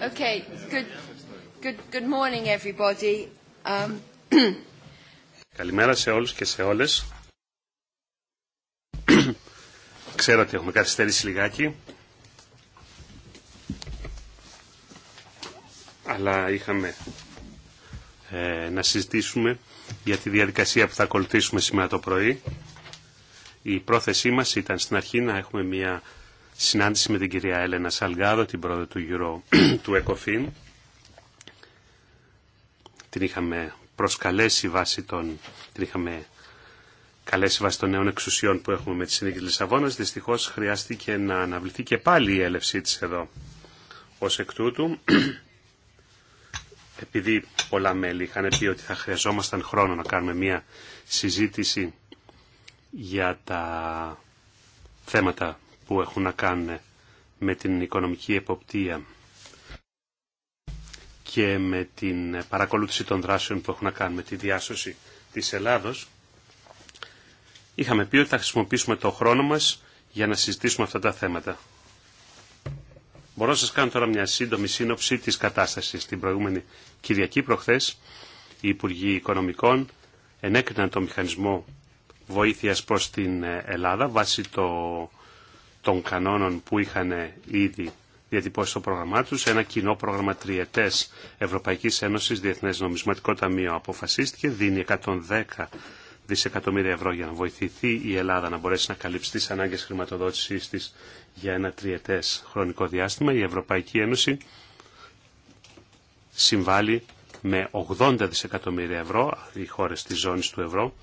Okay, um, Καλημέρα σε όλους και σε όλες. Ξέρω ότι έχουμε καθυστερήσει λιγάκι. Αλλά είχαμε ε, να συζητήσουμε για τη διαδικασία που θα ακολουθήσουμε σήμερα το πρωί. Η πρόθεσή μας ήταν στην αρχή να έχουμε μια συνάντηση με την κυρία Έλενα Σαλγάδο, την πρόεδρο του Euro του ΕΚΟΦΗΝ. Την είχαμε προσκαλέσει βάσει των, την είχαμε καλέσει βάσει των νέων εξουσιών που έχουμε με τη της Λισαβόνας. Δυστυχώς χρειάστηκε να αναβληθεί και πάλι η έλευσή της εδώ. Ως εκ τούτου, επειδή πολλά μέλη είχαν πει ότι θα χρειαζόμασταν χρόνο να κάνουμε μια συζήτηση για τα θέματα που έχουν να κάνουν με την οικονομική εποπτεία και με την παρακολούθηση των δράσεων που έχουν να κάνουν με τη διάσωση της Ελλάδος, είχαμε πει ότι θα χρησιμοποιήσουμε το χρόνο μας για να συζητήσουμε αυτά τα θέματα. Μπορώ να σας κάνω τώρα μια σύντομη σύνοψη της κατάστασης. Την προηγούμενη Κυριακή προχθές, οι Υπουργοί Οικονομικών ενέκριναν το μηχανισμό βοήθειας προς την Ελλάδα βάσει το των κανόνων που είχαν ήδη διατυπώσει το πρόγραμμά του Ένα κοινό πρόγραμμα τριετέ Ευρωπαϊκή Ένωση, διεθνέ Νομισματικό Ταμείο αποφασίστηκε, δίνει 110 δισεκατομμύρια ευρώ για να βοηθηθεί η Ελλάδα να μπορέσει να καλύψει τι ανάγκες χρηματοδότησής της για ένα τριετές χρονικό διάστημα. Η Ευρωπαϊκή Ένωση συμβάλλει με 80 δισεκατομμύρια ευρώ, οι χώρες της ζώνης του ευρώ,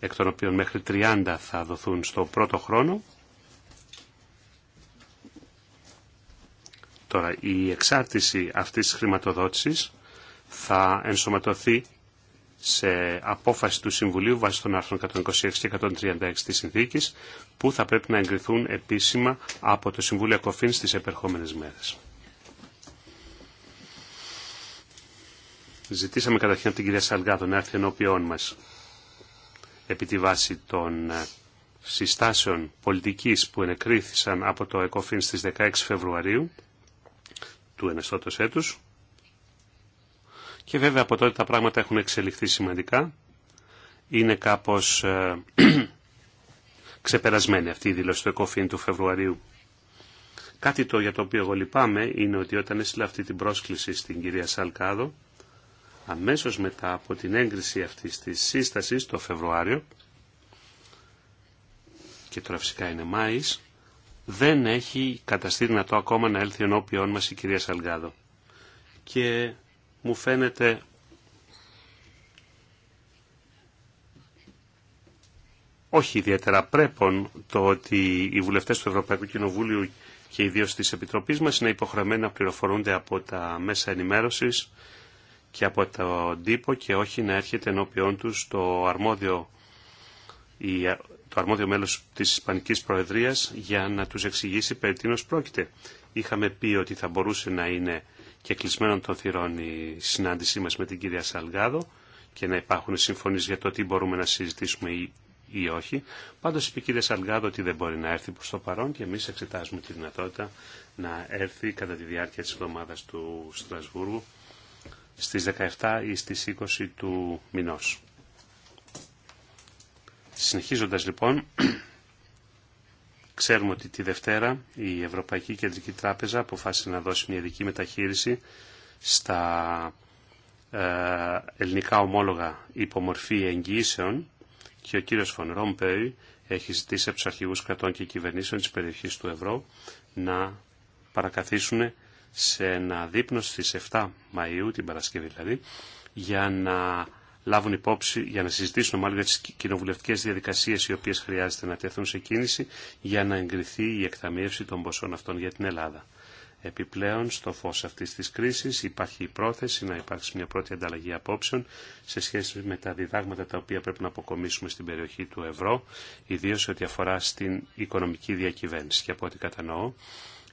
εκ των οποίων μέχρι 30 θα δοθούν στο πρώτο χρόνο Τώρα, η εξάρτηση αυτής της χρηματοδότησης θα ενσωματωθεί σε απόφαση του Συμβουλίου βάσει των άρθρων 126 και 136 της Συνθήκης που θα πρέπει να εγκριθούν επίσημα από το Συμβούλιο Ακοφήν στις επερχόμενες μέρες. Ζητήσαμε καταρχήν από την κυρία Σαλγκάδο να έρθει ενώπιόν μας επί τη βάση των ε, συστάσεων πολιτικής που ενεκρίθησαν από το ΕΚΟΦΗΝ στις 16 Φεβρουαρίου του ενεστώτος έτους. Και βέβαια από τότε τα πράγματα έχουν εξελιχθεί σημαντικά. Είναι κάπως ε, ξεπερασμένη αυτή η δήλωση του ΕΚΟΦΗΝ του Φεβρουαρίου. Κάτι το για το οποίο εγώ λυπάμαι είναι ότι όταν έστειλα αυτή την πρόσκληση στην κυρία Σαλκάδο, αμέσως μετά από την έγκριση αυτής της σύστασης το Φεβρουάριο, και τώρα φυσικά είναι Μάης, δεν έχει καταστεί δυνατό ακόμα να έλθει ενώπιόν μας η κυρία Σαλγάδο. Και μου φαίνεται όχι ιδιαίτερα πρέπον το ότι οι βουλευτές του Ευρωπαϊκού Κοινοβούλιου και ιδίω τη Επιτροπή μα είναι υποχρεωμένοι να πληροφορούνται από τα μέσα ενημέρωση και από το τύπο και όχι να έρχεται ενώπιον του το αρμόδιο το αρμόδιο μέλος της Ισπανικής Προεδρίας για να τους εξηγήσει περί τίνος πρόκειται. Είχαμε πει ότι θα μπορούσε να είναι και κλεισμένο των θυρών η συνάντησή μας με την κυρία Σαλγάδο και να υπάρχουν συμφωνίες για το τι μπορούμε να συζητήσουμε ή, ή όχι. Πάντως είπε η κυρία Σαλγάδο ότι δεν μπορεί να έρθει προς το παρόν και εμείς εξετάζουμε τη δυνατότητα να έρθει κατά τη διάρκεια της εβδομάδας του Στρασβούργου στις 17 ή στις 20 του μηνός. Συνεχίζοντας λοιπόν, ξέρουμε ότι τη Δευτέρα η Ευρωπαϊκή Κεντρική Τράπεζα αποφάσισε να δώσει μια ειδική μεταχείριση στα ε, ελληνικά ομόλογα υπομορφή εγγυήσεων και ο κύριος Φων Ρομπέι έχει ζητήσει από του αρχηγούς κρατών και κυβερνήσεων της περιοχής του ευρώ να παρακαθίσουν σε ένα δείπνο στις 7 Μαΐου, την Παρασκευή δηλαδή, για να λάβουν υπόψη, για να συζητήσουν μάλλον για τι κοινοβουλευτικέ διαδικασίες οι οποίε χρειάζεται να τεθούν σε κίνηση για να εγκριθεί η εκταμείευση των ποσών αυτών για την Ελλάδα. Επιπλέον, στο φω αυτή τη κρίση υπάρχει η πρόθεση να υπάρξει μια πρώτη ανταλλαγή απόψεων σε σχέση με τα διδάγματα τα οποία πρέπει να αποκομίσουμε στην περιοχή του ευρώ, ιδίως ό,τι αφορά στην οικονομική διακυβέρνηση. Και από ό,τι κατανοώ,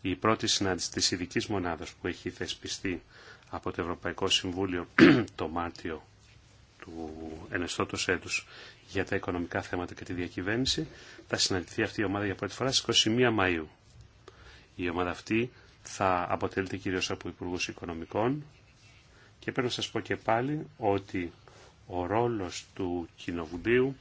η πρώτη συνάντηση τη ειδική μονάδα που έχει θεσπιστεί από το Ευρωπαϊκό Συμβούλιο το Μάρτιο του ενεστώτος έτου για τα οικονομικά θέματα και τη διακυβέρνηση θα συναντηθεί αυτή η ομάδα για πρώτη φορά στις 21 Μαΐου. Η ομάδα αυτή θα αποτελείται κυρίως από υπουργού Οικονομικών και πρέπει να σα πω και πάλι ότι ο ρόλος του Κοινοβουλίου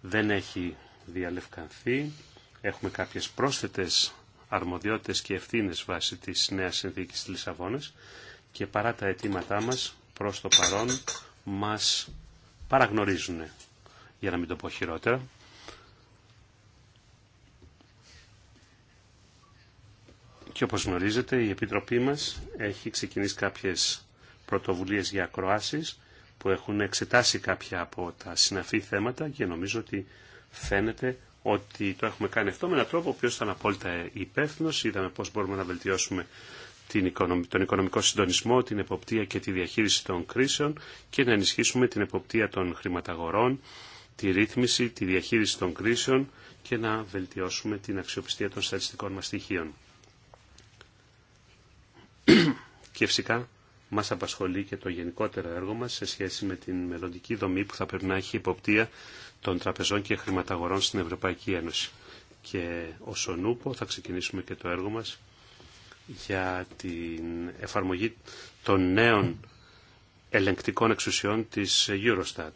δεν έχει διαλευκανθεί. Έχουμε κάποιες πρόσθετες αρμοδιότητες και ευθύνες βάσει της νέας συνθήκης της Λισαβόνας και παρά τα αιτήματά μας προς το παρόν μας παραγνωρίζουν, για να μην το πω χειρότερα. Και όπως γνωρίζετε η Επιτροπή μας έχει ξεκινήσει κάποιες πρωτοβουλίες για ακροάσεις που έχουν εξετάσει κάποια από τα συναφή θέματα και νομίζω ότι φαίνεται ότι το έχουμε κάνει αυτό με έναν τρόπο ο οποίος ήταν απόλυτα υπεύθυνο. Είδαμε πώς μπορούμε να βελτιώσουμε τον οικονομικό συντονισμό, την εποπτεία και τη διαχείριση των κρίσεων και να ενισχύσουμε την εποπτεία των χρηματαγορών, τη ρύθμιση, τη διαχείριση των κρίσεων και να βελτιώσουμε την αξιοπιστία των στατιστικών μας στοιχείων. και φυσικά μας απασχολεί και το γενικότερο έργο μας σε σχέση με την μελλοντική δομή που θα πρέπει να έχει υποπτία των τραπεζών και χρηματαγορών στην Ευρωπαϊκή Ένωση. Και ως Νούπο θα ξεκινήσουμε και το έργο μας για την εφαρμογή των νέων ελεγκτικών εξουσιών της Eurostat.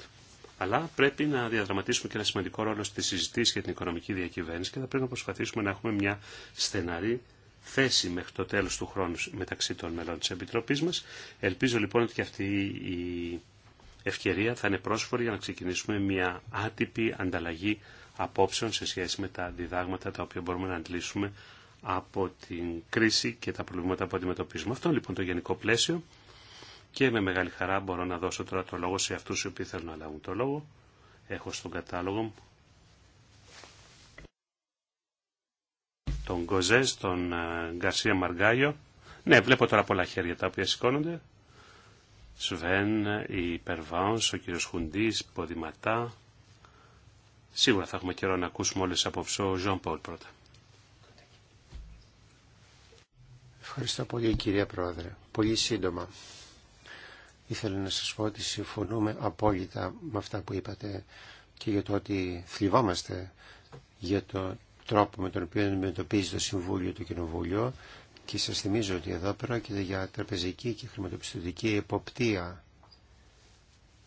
Αλλά πρέπει να διαδραματίσουμε και ένα σημαντικό ρόλο στη συζητήση για την οικονομική διακυβέρνηση και θα πρέπει να προσπαθήσουμε να έχουμε μια στεναρή θέση μέχρι το τέλος του χρόνου μεταξύ των μελών της Επιτροπής μας. Ελπίζω λοιπόν ότι και αυτή η ευκαιρία θα είναι πρόσφορη για να ξεκινήσουμε μια άτυπη ανταλλαγή απόψεων σε σχέση με τα διδάγματα τα οποία μπορούμε να αντλήσουμε από την κρίση και τα προβλήματα που αντιμετωπίζουμε. Αυτό λοιπόν το γενικό πλαίσιο και με μεγάλη χαρά μπορώ να δώσω τώρα το λόγο σε αυτούς οι οποίοι θέλουν να λάβουν το λόγο. Έχω στον κατάλογο μου τον Γκοζές, τον ε, Γκαρσία Μαργκάγιο. Ναι, βλέπω τώρα πολλά χέρια τα οποία σηκώνονται. Σβέν, η Περβάνς, ο κύριος Χουντής, Ποδηματά. Σίγουρα θα έχουμε καιρό να ακούσουμε όλες τις απόψεις. Ο Ζωάν Πολ πρώτα. Ευχαριστώ πολύ κυρία Πρόεδρε. Πολύ σύντομα. Ήθελα να σας πω ότι συμφωνούμε απόλυτα με αυτά που είπατε και για το ότι θλιβόμαστε για το τρόπο με τον οποίο αντιμετωπίζει το Συμβούλιο το Κοινοβούλιο και σας θυμίζω ότι εδώ πρόκειται για τραπεζική και χρηματοπιστωτική εποπτεία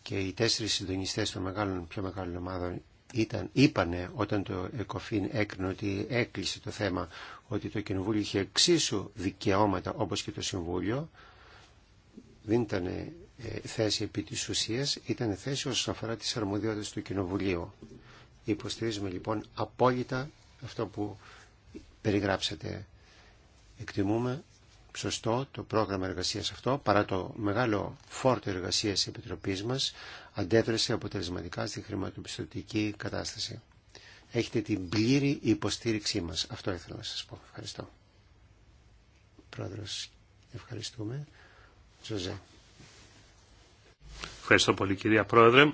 και οι τέσσερις συντονιστές των μεγάλων, πιο μεγάλων ομάδων ήταν, είπανε όταν το ΕΚΟΦΗΝ έκρινε ότι έκλεισε το θέμα ότι το Κοινοβούλιο είχε εξίσου δικαιώματα όπως και το Συμβούλιο. Δεν ήταν ε, θέση επί της ουσίας, ήταν θέση όσον αφορά τις αρμοδιότητες του Κοινοβουλίου. Υποστηρίζουμε λοιπόν απόλυτα αυτό που περιγράψατε. Εκτιμούμε σωστό το πρόγραμμα εργασίας αυτό, παρά το μεγάλο φόρτο εργασίας της Επιτροπής μας, αντέδρασε αποτελεσματικά στη χρηματοπιστωτική κατάσταση έχετε την πλήρη υποστήριξή μας. Αυτό ήθελα να σας πω. Ευχαριστώ. Πρόεδρος, ευχαριστούμε. Ζωζέ. Ευχαριστώ πολύ κυρία Πρόεδρε.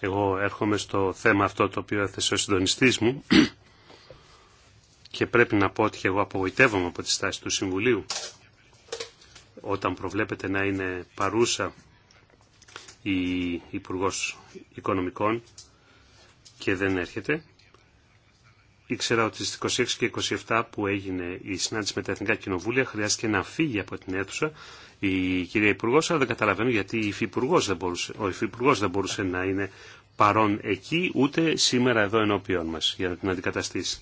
Εγώ έρχομαι στο θέμα αυτό το οποίο έθεσε ο συντονιστής μου και πρέπει να πω ότι εγώ απογοητεύομαι από τη στάση του Συμβουλίου όταν προβλέπεται να είναι παρούσα η Υπουργό Οικονομικών και δεν έρχεται. Ήξερα ότι στις 26 και 27 που έγινε η συνάντηση με τα Εθνικά Κοινοβούλια χρειάστηκε να φύγει από την αίθουσα η κυρία Υπουργό, αλλά δεν καταλαβαίνω γιατί η Υφυπουργός δεν μπορούσε, ο Υφυπουργό δεν μπορούσε να είναι παρόν εκεί, ούτε σήμερα εδώ ενώπιον μας για να την αντικαταστήσει.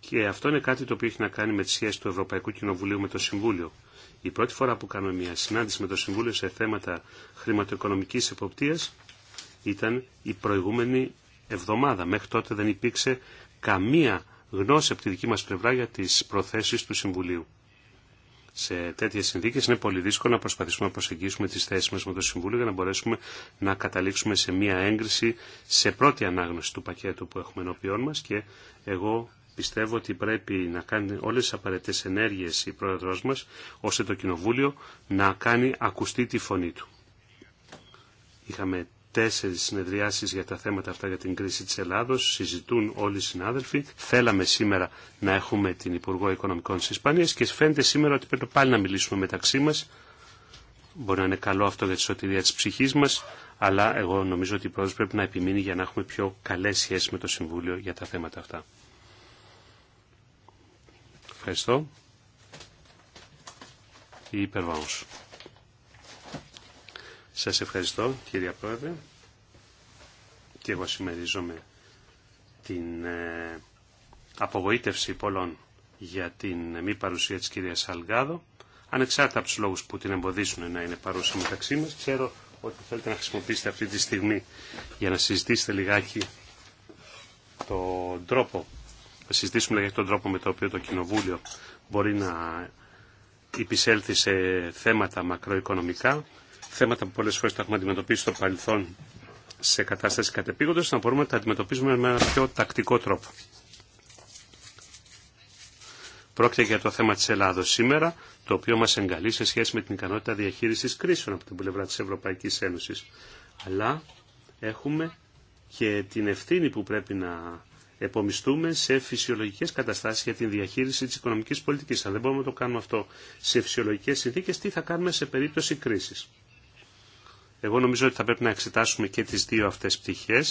Και αυτό είναι κάτι το οποίο έχει να κάνει με τη σχέση του Ευρωπαϊκού Κοινοβουλίου με το Συμβούλιο. Η πρώτη φορά που κάνω μια συνάντηση με το Συμβούλιο σε θέματα χρηματοοικονομικής εποπτείας ήταν η προηγούμενη εβδομάδα. Μέχρι τότε δεν υπήρξε καμία γνώση από τη δική μας πλευρά για τις προθέσεις του Συμβουλίου. Σε τέτοιες συνθήκες είναι πολύ δύσκολο να προσπαθήσουμε να προσεγγίσουμε τις θέσεις μας με το Συμβούλιο για να μπορέσουμε να καταλήξουμε σε μία έγκριση σε πρώτη ανάγνωση του πακέτου που έχουμε ενώπιόν μας και εγώ Πιστεύω ότι πρέπει να κάνει όλες τις απαραίτητες ενέργειες η πρόεδρος μας, ώστε το Κοινοβούλιο να κάνει ακουστή τη φωνή του. Είχαμε τέσσερις συνεδριάσεις για τα θέματα αυτά για την κρίση της Ελλάδος. Συζητούν όλοι οι συνάδελφοι. Θέλαμε σήμερα να έχουμε την Υπουργό Οικονομικών της Ισπανίας και φαίνεται σήμερα ότι πρέπει πάλι να μιλήσουμε μεταξύ μας. Μπορεί να είναι καλό αυτό για τη σωτηρία της ψυχής μας, αλλά εγώ νομίζω ότι η πρόεδρος πρέπει να επιμείνει για να έχουμε πιο καλές σχέσεις με το Συμβούλιο για τα θέματα αυτά. Ευχαριστώ. Η Σας ευχαριστώ κυρία Πρόεδρε και εγώ συμμερίζομαι την ε, απογοήτευση πολλών για την μη παρουσία της κυρίας Αλγάδο ανεξάρτητα από τους λόγους που την εμποδίσουν να είναι παρούσα μεταξύ μας ξέρω ότι θέλετε να χρησιμοποιήσετε αυτή τη στιγμή για να συζητήσετε λιγάκι τον τρόπο συζητήσουμε για τον τρόπο με τον οποίο το Κοινοβούλιο μπορεί να υπησέλθει σε θέματα μακροοικονομικά, θέματα που πολλές φορές τα έχουμε αντιμετωπίσει στο παρελθόν σε κατάσταση κατεπήγοντος, να μπορούμε να τα αντιμετωπίζουμε με ένα πιο τακτικό τρόπο. Πρόκειται για το θέμα της Ελλάδος σήμερα, το οποίο μας εγκαλεί σε σχέση με την ικανότητα διαχείρισης κρίσεων από την πλευρά της Ευρωπαϊκής Ένωσης. Αλλά έχουμε και την ευθύνη που πρέπει να επομιστούμε σε φυσιολογικέ καταστάσει για την διαχείριση τη οικονομική πολιτική. Αν δεν μπορούμε να το κάνουμε αυτό σε φυσιολογικέ συνθήκε, τι θα κάνουμε σε περίπτωση κρίση. Εγώ νομίζω ότι θα πρέπει να εξετάσουμε και τι δύο αυτέ πτυχέ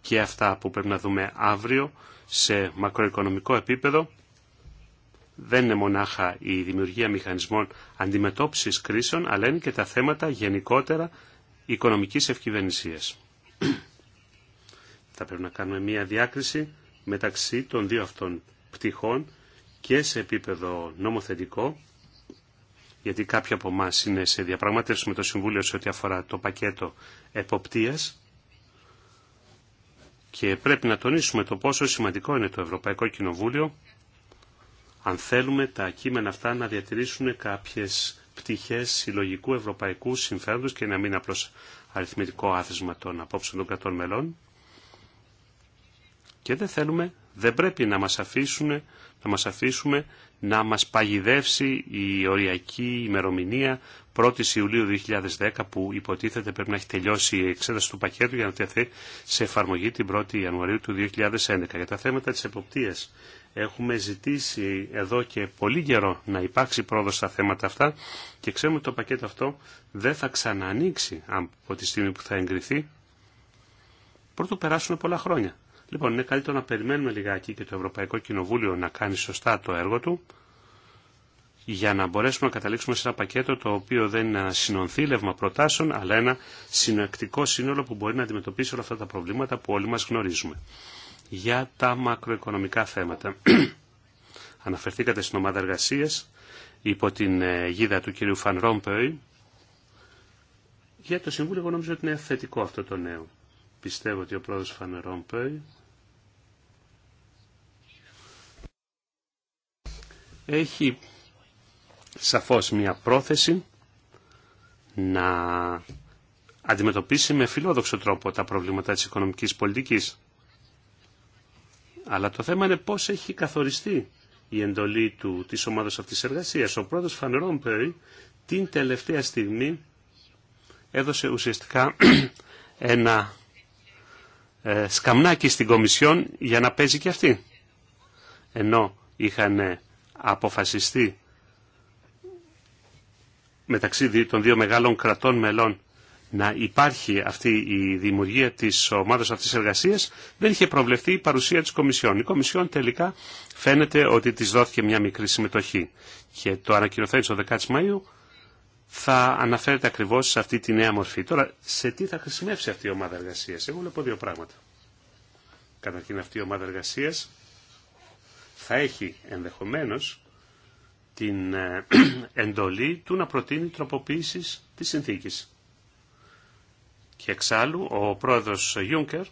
και αυτά που πρέπει να δούμε αύριο σε μακροοικονομικό επίπεδο. Δεν είναι μονάχα η δημιουργία μηχανισμών αντιμετώπισης κρίσεων, αλλά είναι και τα θέματα γενικότερα οικονομικής ευκυβερνησίας. Θα πρέπει να κάνουμε μία διάκριση μεταξύ των δύο αυτών πτυχών και σε επίπεδο νομοθετικό, γιατί κάποιοι από εμά είναι σε διαπραγματεύση με το Συμβούλιο σε ό,τι αφορά το πακέτο εποπτείας και πρέπει να τονίσουμε το πόσο σημαντικό είναι το Ευρωπαϊκό Κοινοβούλιο αν θέλουμε τα κείμενα αυτά να διατηρήσουν κάποιες πτυχές συλλογικού ευρωπαϊκού συμφέροντος και να μην απλώς αριθμητικό άθεσμα των απόψεων των κρατών μελών. Και δεν θέλουμε, δεν πρέπει να μας αφήσουν, να μας αφήσουμε να μας παγιδεύσει η οριακή ημερομηνία 1η Ιουλίου 2010 που υποτίθεται πρέπει να έχει τελειώσει η εξέταση του πακέτου για να τεθεί σε εφαρμογή την 1η Ιανουαρίου του 2011. Για τα θέματα της εποπτείας έχουμε ζητήσει εδώ και πολύ καιρό να υπάρξει πρόοδο στα θέματα αυτά και ξέρουμε ότι το πακέτο αυτό δεν θα ξανανοίξει από τη στιγμή που θα εγκριθεί. Πρώτο περάσουν πολλά χρόνια. Λοιπόν, είναι καλύτερο να περιμένουμε λιγάκι και το Ευρωπαϊκό Κοινοβούλιο να κάνει σωστά το έργο του για να μπορέσουμε να καταλήξουμε σε ένα πακέτο το οποίο δεν είναι ένα συνονθήλευμα προτάσεων, αλλά ένα συνακτικό σύνολο που μπορεί να αντιμετωπίσει όλα αυτά τα προβλήματα που όλοι μας γνωρίζουμε. Για τα μακροοικονομικά θέματα. Αναφερθήκατε στην ομάδα εργασία υπό την ε, γίδα του κυρίου Φαν Ρόμπεϊ. Για το Συμβούλιο, εγώ νομίζω ότι είναι θετικό αυτό το νέο. Πιστεύω ότι ο πρόεδρος Φαν έχει σαφώς μια πρόθεση να αντιμετωπίσει με φιλόδοξο τρόπο τα προβλήματα της οικονομικής πολιτικής. Αλλά το θέμα είναι πώς έχει καθοριστεί η εντολή του, της ομάδας αυτής της εργασίας. Ο πρώτος Φανερόμπερι την τελευταία στιγμή έδωσε ουσιαστικά ένα ε, σκαμνάκι στην Κομισιόν για να παίζει και αυτή. Ενώ είχαν αποφασιστεί μεταξύ των δύο μεγάλων κρατών μελών να υπάρχει αυτή η δημιουργία της ομάδας αυτής της εργασίας, δεν είχε προβλεφθεί η παρουσία της Κομισιόν. Η Κομισιόν τελικά φαίνεται ότι της δόθηκε μια μικρή συμμετοχή. Και το ανακοινωθέν στο 10 Μαΐου θα αναφέρεται ακριβώς σε αυτή τη νέα μορφή. Τώρα, σε τι θα χρησιμεύσει αυτή η ομάδα εργασίας. Εγώ λέω δύο πράγματα. Καταρχήν αυτή η ομάδα εργασίας θα έχει ενδεχομένως την ε, εντολή του να προτείνει τροποποίησης της συνθήκης. Και εξάλλου ο πρόεδρος Γιούνκερ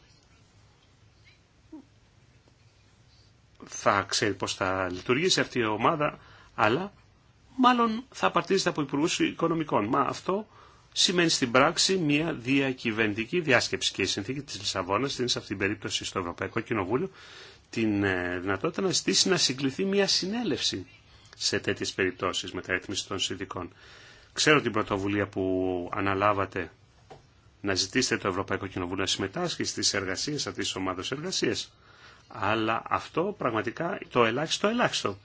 θα ξέρει πώς θα λειτουργήσει αυτή η ομάδα, αλλά μάλλον θα απαρτίζεται από υπουργού οικονομικών. Μα αυτό σημαίνει στην πράξη μια διακυβερνητική διάσκεψη. Και η συνθήκη της Λισαβόνας είναι σε αυτήν την περίπτωση στο Ευρωπαϊκό Κοινοβούλιο την ε, δυνατότητα να ζητήσει να συγκληθεί μια συνέλευση σε τέτοιες περιπτώσεις μεταρρύθμιση των συνδικών. Ξέρω την πρωτοβουλία που αναλάβατε να ζητήσετε το Ευρωπαϊκό Κοινοβούλιο να συμμετάσχει στις εργασίες αυτής της ομάδας εργασίας. Αλλά αυτό πραγματικά το ελάχιστο ελάχιστο.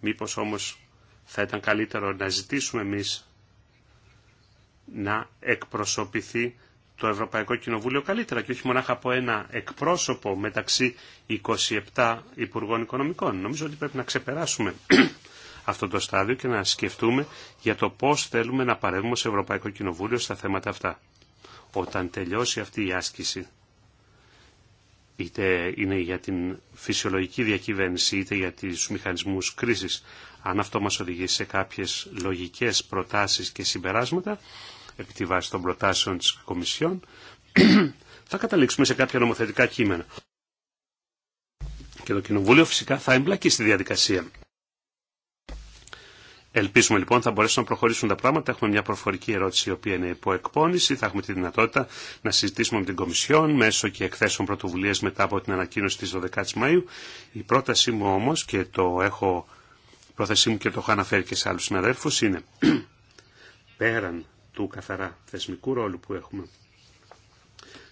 Μήπως όμως θα ήταν καλύτερο να ζητήσουμε εμείς να εκπροσωπηθεί το Ευρωπαϊκό Κοινοβούλιο καλύτερα και όχι μονάχα από ένα εκπρόσωπο μεταξύ 27 Υπουργών Οικονομικών. Νομίζω ότι πρέπει να ξεπεράσουμε αυτό το στάδιο και να σκεφτούμε για το πώς θέλουμε να παρεύουμε σε Ευρωπαϊκό Κοινοβούλιο στα θέματα αυτά. Όταν τελειώσει αυτή η άσκηση, είτε είναι για την φυσιολογική διακυβέρνηση, είτε για τους μηχανισμούς κρίσης, αν αυτό μας οδηγεί σε κάποιες λογικές προτάσεις και συμπεράσματα, επί τη βάση των προτάσεων της Κομισιόν, θα καταλήξουμε σε κάποια νομοθετικά κείμενα. Και το Κοινοβούλιο φυσικά θα εμπλακεί στη διαδικασία. Ελπίζουμε λοιπόν θα μπορέσουν να προχωρήσουν τα πράγματα. Έχουμε μια προφορική ερώτηση η οποία είναι υπό εκπώνηση. Θα έχουμε τη δυνατότητα να συζητήσουμε με την Κομισιόν μέσω και εκθέσεων πρωτοβουλίε μετά από την ανακοίνωση τη 12η Μαου. Η πρότασή μου όμω και το έχω πρόθεσή μου και το έχω αναφέρει και σε άλλου συναδέλφου είναι πέραν του καθαρά θεσμικού ρόλου που έχουμε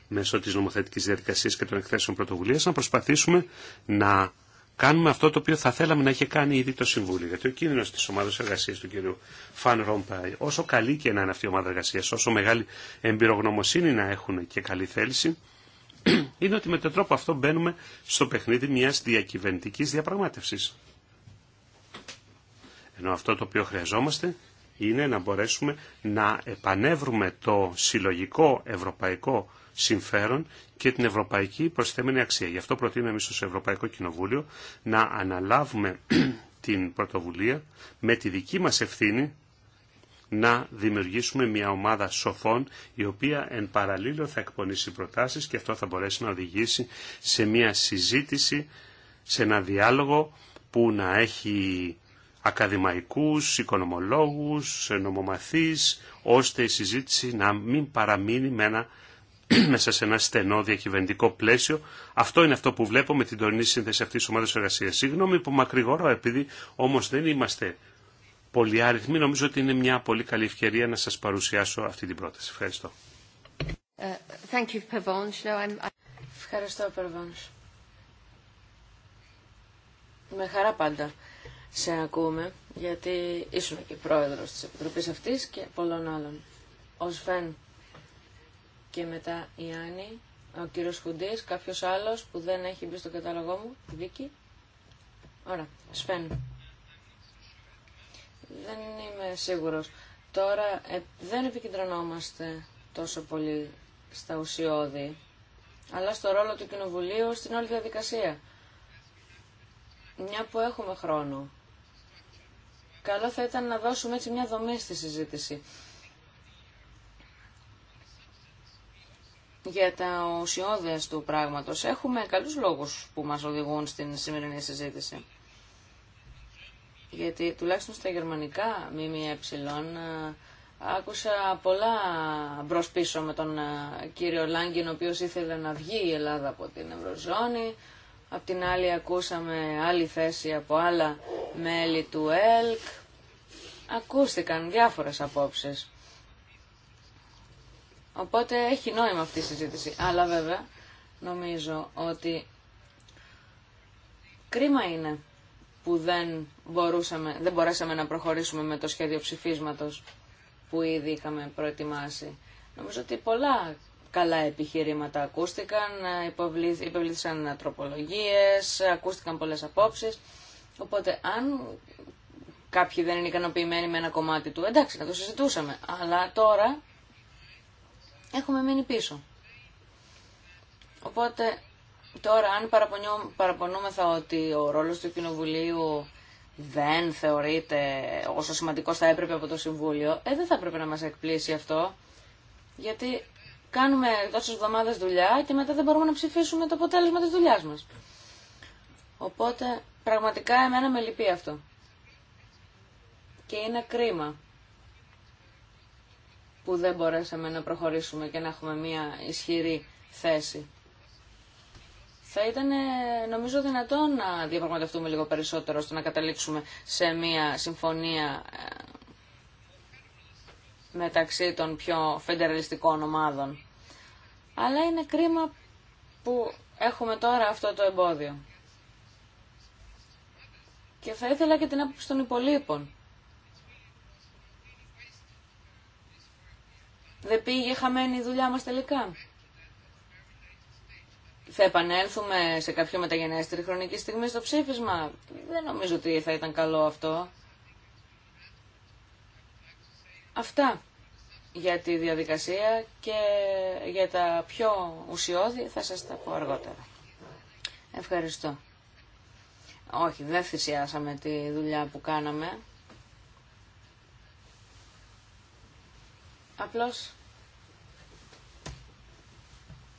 μέσω της νομοθετικής διαδικασίας και των εκθέσεων πρωτοβουλίας να προσπαθήσουμε να κάνουμε αυτό το οποίο θα θέλαμε να είχε κάνει ήδη το Συμβούλιο. Γιατί ο κίνδυνος τη ομάδα εργασία του κ. Φαν Ρόμπα όσο καλή και να είναι αυτή η ομάδα εργασία, όσο μεγάλη εμπειρογνωμοσύνη να έχουν και καλή θέληση, είναι ότι με τον τρόπο αυτό μπαίνουμε στο παιχνίδι μιας διακυβερνητική διαπραγμάτευση. Ενώ αυτό το οποίο χρειαζόμαστε είναι να μπορέσουμε να επανεύρουμε το συλλογικό ευρωπαϊκό συμφέρον και την ευρωπαϊκή προσθέμενη αξία. Γι' αυτό προτείνουμε εμείς στο Ευρωπαϊκό Κοινοβούλιο να αναλάβουμε την πρωτοβουλία με τη δική μας ευθύνη να δημιουργήσουμε μια ομάδα σοφών η οποία εν παραλίλω θα εκπονήσει προτάσεις και αυτό θα μπορέσει να οδηγήσει σε μια συζήτηση, σε ένα διάλογο που να έχει ακαδημαϊκούς, οικονομολόγους, νομομαθείς, ώστε η συζήτηση να μην παραμείνει με μέσα σε ένα στενό διακυβερνητικό πλαίσιο. Αυτό είναι αυτό που βλέπω με την τωρινή σύνθεση αυτής της ομάδας εργασίας. Συγγνώμη που μακρηγορώ, επειδή όμως δεν είμαστε πολύ αριθμοί, νομίζω ότι είναι μια πολύ καλή ευκαιρία να σας παρουσιάσω αυτή την πρόταση. Ευχαριστώ. Ε, Ευχαριστώ, Με χαρά πάντα σε ακούμε, γιατί ήσουν και πρόεδρος της Επιτροπής αυτής και πολλών άλλων. Ο Σφεν και μετά η Άννη, ο κύριος Χουντής, κάποιος άλλος που δεν έχει μπει στο κατάλογό μου, η Βίκη. Ωραία, Σφεν. Δεν είμαι σίγουρος. Τώρα ε, δεν επικεντρωνόμαστε τόσο πολύ στα ουσιώδη, αλλά στο ρόλο του Κοινοβουλίου στην όλη διαδικασία. Μια που έχουμε χρόνο καλό θα ήταν να δώσουμε έτσι μια δομή στη συζήτηση. για τα ουσιώδες του πράγματος. Έχουμε καλούς λόγους που μας οδηγούν στην σημερινή συζήτηση. Γιατί τουλάχιστον στα γερμανικά έψιλον άκουσα πολλά μπρος πίσω με τον ε, κύριο Λάγκιν, ο οποίος ήθελε να βγει η Ελλάδα από την Ευρωζώνη. Απ' την άλλη ακούσαμε άλλη θέση από άλλα μέλη του ΕΛΚ. Ακούστηκαν διάφορες απόψεις. Οπότε έχει νόημα αυτή η συζήτηση. Αλλά βέβαια νομίζω ότι κρίμα είναι που δεν, μπορούσαμε, δεν μπορέσαμε να προχωρήσουμε με το σχέδιο ψηφίσματος που ήδη είχαμε προετοιμάσει. Νομίζω ότι πολλά καλά επιχειρήματα ακούστηκαν, υπευλήθησαν τροπολογίες, ακούστηκαν πολλές απόψεις. Οπότε αν κάποιοι δεν είναι ικανοποιημένοι με ένα κομμάτι του, εντάξει να το συζητούσαμε. Αλλά τώρα έχουμε μείνει πίσω. Οπότε τώρα αν παραπονούμεθα ότι ο ρόλος του Κοινοβουλίου δεν θεωρείται όσο σημαντικός θα έπρεπε από το Συμβούλιο, ε, δεν θα έπρεπε να μας εκπλήσει αυτό, γιατί κάνουμε τόσες εβδομάδες δουλειά και μετά δεν μπορούμε να ψηφίσουμε το αποτέλεσμα της δουλειά μας. Οπότε πραγματικά εμένα με λυπεί αυτό. Και είναι κρίμα που δεν μπορέσαμε να προχωρήσουμε και να έχουμε μια ισχυρή θέση. Θα ήταν νομίζω δυνατόν να διαπραγματευτούμε λίγο περισσότερο ώστε να καταλήξουμε σε μια συμφωνία ε, μεταξύ των πιο φεντεραλιστικών ομάδων. Αλλά είναι κρίμα που έχουμε τώρα αυτό το εμπόδιο. Και θα ήθελα και την άποψη των υπολείπων. Δεν πήγε χαμένη η δουλειά μας τελικά. Θα επανέλθουμε σε κάποιο μεταγενέστερη χρονική στιγμή στο ψήφισμα. Δεν νομίζω ότι θα ήταν καλό αυτό. Αυτά για τη διαδικασία και για τα πιο ουσιώδη θα σας τα πω αργότερα. Ευχαριστώ. Όχι, δεν θυσιάσαμε τη δουλειά που κάναμε. Απλώς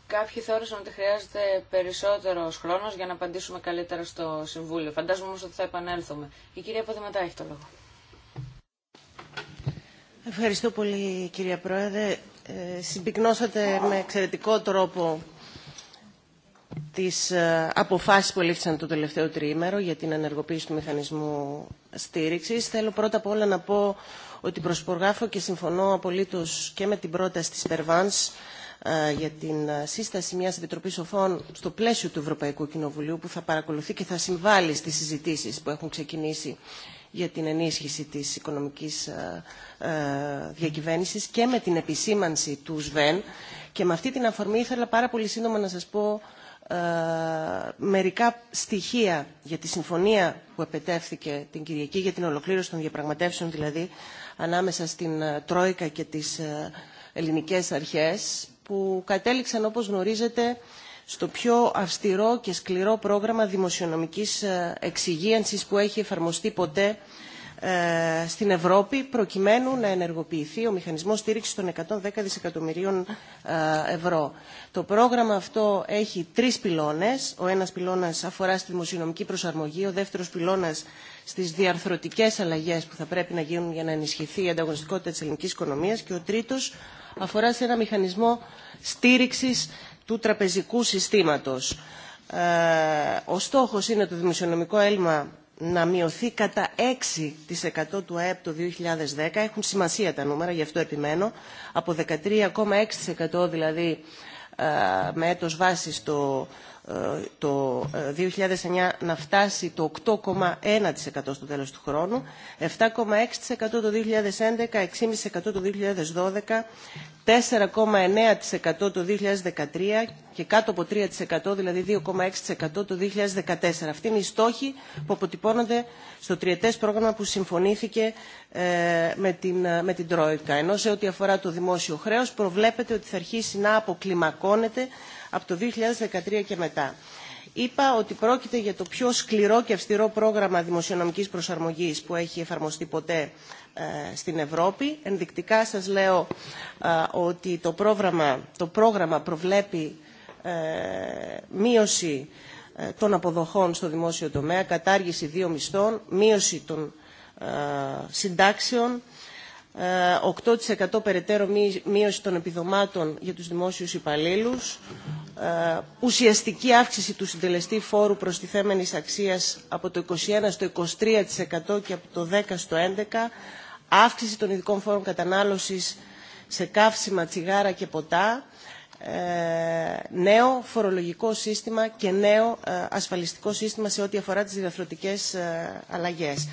κάποιοι θεώρησαν ότι χρειάζεται περισσότερο χρόνος για να απαντήσουμε καλύτερα στο Συμβούλιο. Φαντάζομαι όμως ότι θα επανέλθουμε. Η κυρία Ποδηματά έχει το λόγο. Ευχαριστώ πολύ κυρία Πρόεδρε. Ε, συμπυκνώσατε με εξαιρετικό τρόπο τις ε, αποφάσεις που λήφθησαν το τελευταίο τριήμερο για την ενεργοποίηση του μηχανισμού στήριξης. Θέλω πρώτα απ' όλα να πω ότι προσπογράφω και συμφωνώ απολύτως και με την πρόταση της Περβάνς ε, για την ε, σύσταση μιας Επιτροπής Οφών στο πλαίσιο του Ευρωπαϊκού Κοινοβουλίου που θα παρακολουθεί και θα συμβάλλει στις συζητήσεις που έχουν ξεκινήσει για την ενίσχυση της οικονομικής ε, ε, διακυβέρνησης και με την επισήμανση του ΣΒΕΝ. Και με αυτή την αφορμή ήθελα πάρα πολύ σύντομα να σας πω ε, μερικά στοιχεία για τη συμφωνία που επετεύθηκε την Κυριακή για την ολοκλήρωση των διαπραγματεύσεων δηλαδή ανάμεσα στην Τρόικα και τις ελληνικές αρχές που κατέληξαν όπως γνωρίζετε στο πιο αυστηρό και σκληρό πρόγραμμα δημοσιονομικής ε, εξυγίανσης που έχει εφαρμοστεί ποτέ ε, στην Ευρώπη προκειμένου να ενεργοποιηθεί ο μηχανισμός στήριξης των 110 δισεκατομμυρίων ε, ευρώ. Το πρόγραμμα αυτό έχει τρεις πυλώνες. Ο ένας πυλώνας αφορά στη δημοσιονομική προσαρμογή, ο δεύτερος πυλώνας στις διαρθρωτικές αλλαγές που θα πρέπει να γίνουν για να ενισχυθεί η ανταγωνιστικότητα της ελληνικής οικονομίας και ο τρίτος αφορά σε ένα μηχανισμό στήριξης του τραπεζικού συστήματος. Ε, ο στόχος είναι το δημοσιονομικό έλλειμμα να μειωθεί κατά 6% του ΑΕΠ το 2010. Έχουν σημασία τα νούμερα, γι' αυτό επιμένω. Από 13,6% δηλαδή ε, με έτος βάσης το το 2009 ε, να φτάσει το 8,1% στο τέλος του χρόνου, 7,6% το 2011, 6,5% το 2012, 4,9% το 2013 και κάτω από 3%, δηλαδή 2,6% το 2014. Αυτή είναι η στόχη που αποτυπώνονται στο τριετές πρόγραμμα που συμφωνήθηκε ε, με την, με την Τρόικα. Ενώ σε ό,τι αφορά το δημόσιο χρέος προβλέπεται ότι θα αρχίσει να αποκλιμακώνεται από το 2013 και μετά. Είπα ότι πρόκειται για το πιο σκληρό και αυστηρό πρόγραμμα δημοσιονομικής προσαρμογής που έχει εφαρμοστεί ποτέ ε, στην Ευρώπη. Ενδεικτικά σας λέω ε, ότι το πρόγραμμα, το πρόγραμμα προβλέπει ε, μείωση των αποδοχών στο δημόσιο τομέα, κατάργηση δύο μισθών, μείωση των συντάξεων, 8% ε, περαιτέρω μείωση των επιδομάτων για τους δημόσιους υπαλλήλους, ε, ουσιαστική αύξηση του συντελεστή φόρου προστιθέμενης αξίας από το 21% στο 23% και από το 10% στο 11%, αύξηση των ειδικών φόρων κατανάλωσης σε καύσιμα, τσιγάρα και ποτά, ε, νέο φορολογικό σύστημα και νέο ασφαλιστικό σύστημα σε ό,τι αφορά τις διαφορετικές αλλαγές.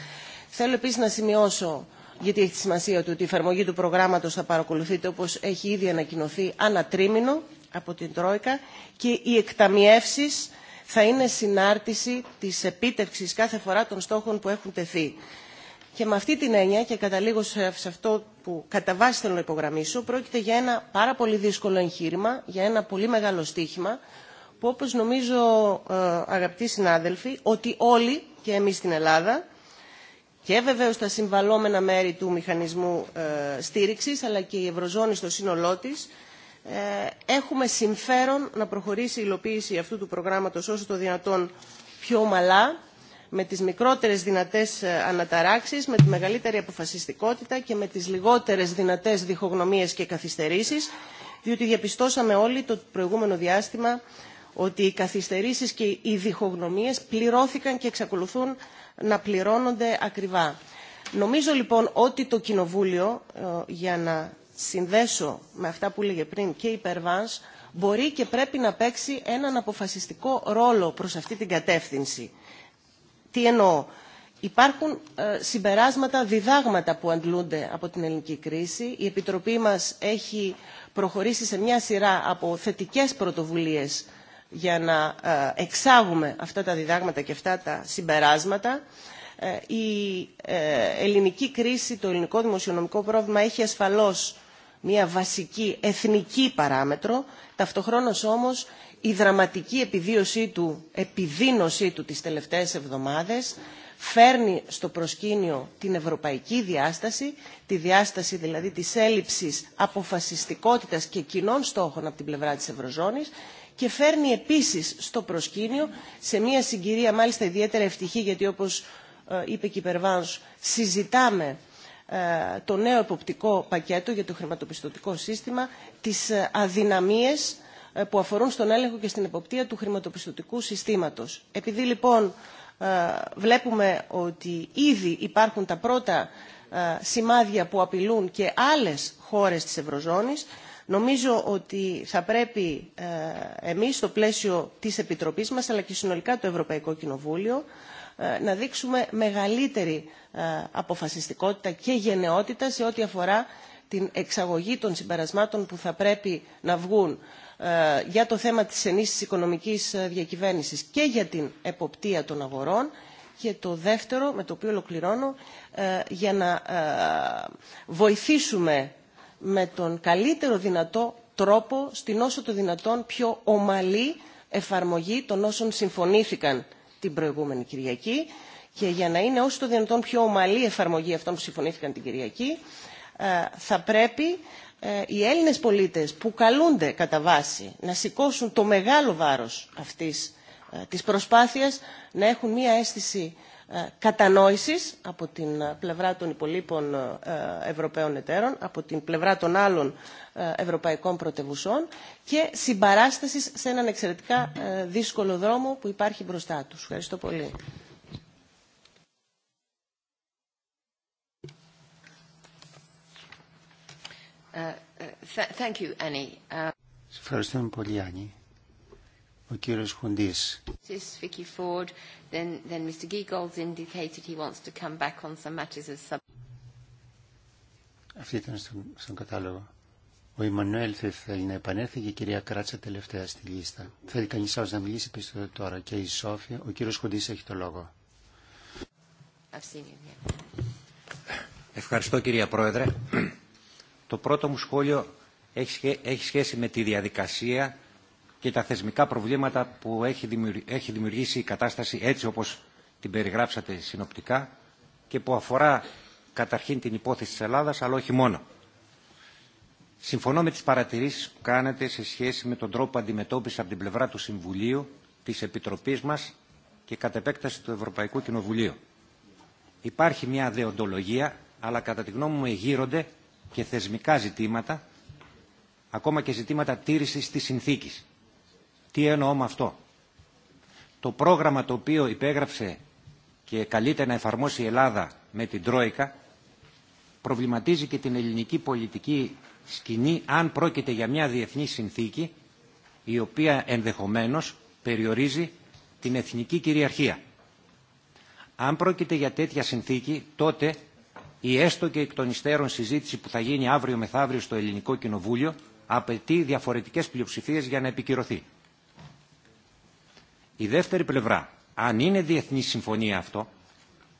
Θέλω επίσης να σημειώσω γιατί έχει τη σημασία ότι η εφαρμογή του προγράμματος θα παρακολουθείται όπως έχει ήδη ανακοινωθεί ανατρίμηνο από την Τρόικα και οι εκταμιεύσεις θα είναι συνάρτηση της επίτευξης κάθε φορά των στόχων που έχουν τεθεί. Και με αυτή την έννοια, και καταλήγω σε αυτό που κατά βάση θέλω να υπογραμμίσω, πρόκειται για ένα πάρα πολύ δύσκολο εγχείρημα, για ένα πολύ μεγάλο στίχημα, που όπως νομίζω ε, αγαπητοί συνάδελφοι, ότι όλοι και εμείς στην Ελλάδα και βεβαίω τα συμβαλόμενα μέρη του μηχανισμού ε, στήριξης αλλά και η Ευρωζώνη στο σύνολό της ε, έχουμε συμφέρον να προχωρήσει η υλοποίηση αυτού του προγράμματος όσο το δυνατόν πιο ομαλά με τις μικρότερες δυνατές ε, αναταράξεις, με τη μεγαλύτερη αποφασιστικότητα και με τις λιγότερες δυνατές διχογνωμίες και καθυστερήσεις, διότι διαπιστώσαμε όλοι το προηγούμενο διάστημα ότι οι καθυστερήσεις και οι διχογνωμίες πληρώθηκαν και εξακολουθούν να πληρώνονται ακριβά. Νομίζω λοιπόν ότι το Κοινοβούλιο, ε, για να συνδέσω με αυτά που έλεγε πριν και η Περβάνς, μπορεί και πρέπει να παίξει έναν αποφασιστικό ρόλο προς αυτή την κατεύθυνση. Τι εννοώ. Υπάρχουν ε, συμπεράσματα, διδάγματα που αντλούνται από την ελληνική κρίση. Η Επιτροπή μας έχει προχωρήσει σε μια σειρά από θετικές πρωτοβουλίες για να ε, εξάγουμε αυτά τα διδάγματα και αυτά τα συμπεράσματα. Ε, η ε, ελληνική κρίση, το ελληνικό δημοσιονομικό πρόβλημα έχει ασφαλώς μια βασική εθνική παράμετρο, ταυτοχρόνως όμως η δραματική επιδίωσή του, επιδίνωσή του τις τελευταίες εβδομάδες φέρνει στο προσκήνιο την ευρωπαϊκή διάσταση, τη διάσταση δηλαδή της έλλειψης αποφασιστικότητας και κοινών στόχων από την πλευρά της Ευρωζώνης και φέρνει επίσης στο προσκήνιο σε μια συγκυρία μάλιστα ιδιαίτερα ευτυχή γιατί όπως ε, είπε και η συζητάμε ε, το νέο εποπτικό πακέτο για το χρηματοπιστωτικό σύστημα τις ε, αδυναμίες που αφορούν στον έλεγχο και στην εποπτεία του χρηματοπιστωτικού συστήματος. Επειδή λοιπόν βλέπουμε ότι ήδη υπάρχουν τα πρώτα σημάδια που απειλούν και άλλες χώρες της Ευρωζώνης Νομίζω ότι θα πρέπει ε, εμείς στο πλαίσιο της Επιτροπής μας αλλά και συνολικά το Ευρωπαϊκό Κοινοβούλιο ε, να δείξουμε μεγαλύτερη ε, αποφασιστικότητα και γενναιότητα σε ό,τι αφορά την εξαγωγή των συμπερασμάτων που θα πρέπει να βγουν για το θέμα της ενίσχυσης οικονομικής διακυβέρνησης και για την εποπτεία των αγορών και το δεύτερο, με το οποίο ολοκληρώνω, για να βοηθήσουμε με τον καλύτερο δυνατό τρόπο στην όσο το δυνατόν πιο ομαλή εφαρμογή των όσων συμφωνήθηκαν την προηγούμενη Κυριακή και για να είναι όσο το δυνατόν πιο ομαλή εφαρμογή αυτών που συμφωνήθηκαν την Κυριακή ε, θα πρέπει ε, οι Έλληνες πολίτες που καλούνται κατά βάση να σηκώσουν το μεγάλο βάρος αυτής ε, της προσπάθειας να έχουν μία αίσθηση ε, κατανόησης από την ε, πλευρά των υπολείπων ε, Ευρωπαίων εταίρων, από την πλευρά των άλλων ευρωπαϊκών πρωτευουσών και συμπαράστασης σε έναν εξαιρετικά δύσκολο δρόμο που υπάρχει μπροστά τους. Ευχαριστώ πολύ. πολύ, ο κύριος Χουντής. Αυτή ήταν στον, στον κατάλογο. Ο Ιμανουέλ θα ήθελε να επανέλθει και η κυρία Κράτσα τελευταία στη λίστα. Θέλει κανείς άλλος να μιλήσει πίσω τώρα και η Σόφια. Ο κύριος Χουντής έχει το λόγο. Ευχαριστώ κυρία Πρόεδρε. Το πρώτο μου σχόλιο έχει σχέση με τη διαδικασία και τα θεσμικά προβλήματα που έχει δημιουργήσει η κατάσταση έτσι όπως την περιγράψατε συνοπτικά και που αφορά καταρχήν την υπόθεση της Ελλάδας, αλλά όχι μόνο. Συμφωνώ με τις παρατηρήσεις που κάνετε σε σχέση με τον τρόπο αντιμετώπισης από την πλευρά του Συμβουλίου, της Επιτροπής μας και κατ' επέκταση του Ευρωπαϊκού Κοινοβουλίου. Υπάρχει μια δεοντολογία, αλλά κατά τη γνώμη μου εγείρονται και θεσμικά ζητήματα, ακόμα και ζητήματα τήρησης της συνθήκης. Τι εννοώ με αυτό. Το πρόγραμμα το οποίο υπέγραψε και καλείται να εφαρμόσει η Ελλάδα με την Τρόικα προβληματίζει και την ελληνική πολιτική σκηνή αν πρόκειται για μια διεθνή συνθήκη η οποία ενδεχομένως περιορίζει την εθνική κυριαρχία. Αν πρόκειται για τέτοια συνθήκη, τότε η έστω και εκ των υστέρων συζήτηση που θα γίνει αύριο μεθαύριο στο Ελληνικό Κοινοβούλιο απαιτεί διαφορετικές πλειοψηφίες για να επικυρωθεί. Η δεύτερη πλευρά, αν είναι διεθνή συμφωνία αυτό,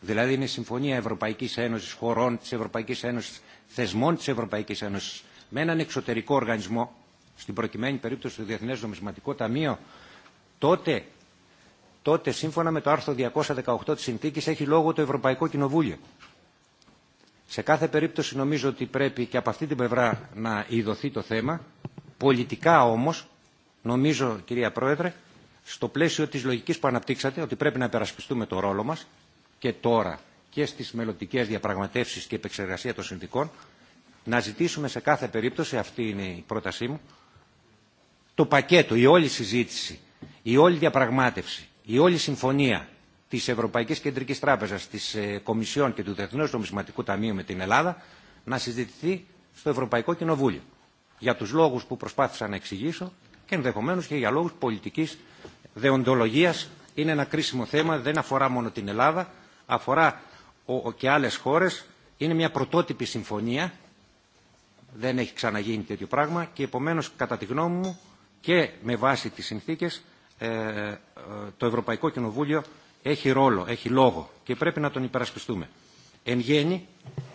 δηλαδή είναι συμφωνία Ευρωπαϊκής Ένωσης, χωρών της Ευρωπαϊκής Ένωσης, θεσμών της Ευρωπαϊκής Ένωσης, με έναν εξωτερικό οργανισμό, στην προκειμένη περίπτωση του Διεθνές Νομισματικό Ταμείο, τότε, τότε σύμφωνα με το άρθρο 218 της Συνθήκης έχει λόγο το Ευρωπαϊκό Κοινοβούλιο. Σε κάθε περίπτωση νομίζω ότι πρέπει και από αυτή την πλευρά να ειδωθεί το θέμα. Πολιτικά όμως, νομίζω κυρία Πρόεδρε, στο πλαίσιο της λογικής που αναπτύξατε ότι πρέπει να υπερασπιστούμε το ρόλο μας και τώρα και στις μελλοντικές διαπραγματεύσεις και επεξεργασία των συνδικών να ζητήσουμε σε κάθε περίπτωση, αυτή είναι η πρότασή μου, το πακέτο, η όλη συζήτηση, η όλη διαπραγμάτευση, η όλη συμφωνία της Ευρωπαϊκής Κεντρικής Τράπεζας, της ε, Κομισιόν και του Διεθνούς Νομισματικού Ταμείου με την Ελλάδα να συζητηθεί στο Ευρωπαϊκό Κοινοβούλιο. Για τους λόγους που προσπάθησα να εξηγήσω και ενδεχομένως και για λόγους πολιτικής δεοντολογίας είναι ένα κρίσιμο θέμα, δεν αφορά μόνο την Ελλάδα, αφορά και άλλες χώρες. Είναι μια πρωτότυπη συμφωνία, δεν έχει ξαναγίνει τέτοιο πράγμα και επομένως κατά τη γνώμη μου και με βάση τις συνθήκες ε, ε, το Ευρωπαϊκό Κοινοβούλιο έχει ρόλο, έχει λόγο και πρέπει να τον υπερασπιστούμε. Εν γέννη,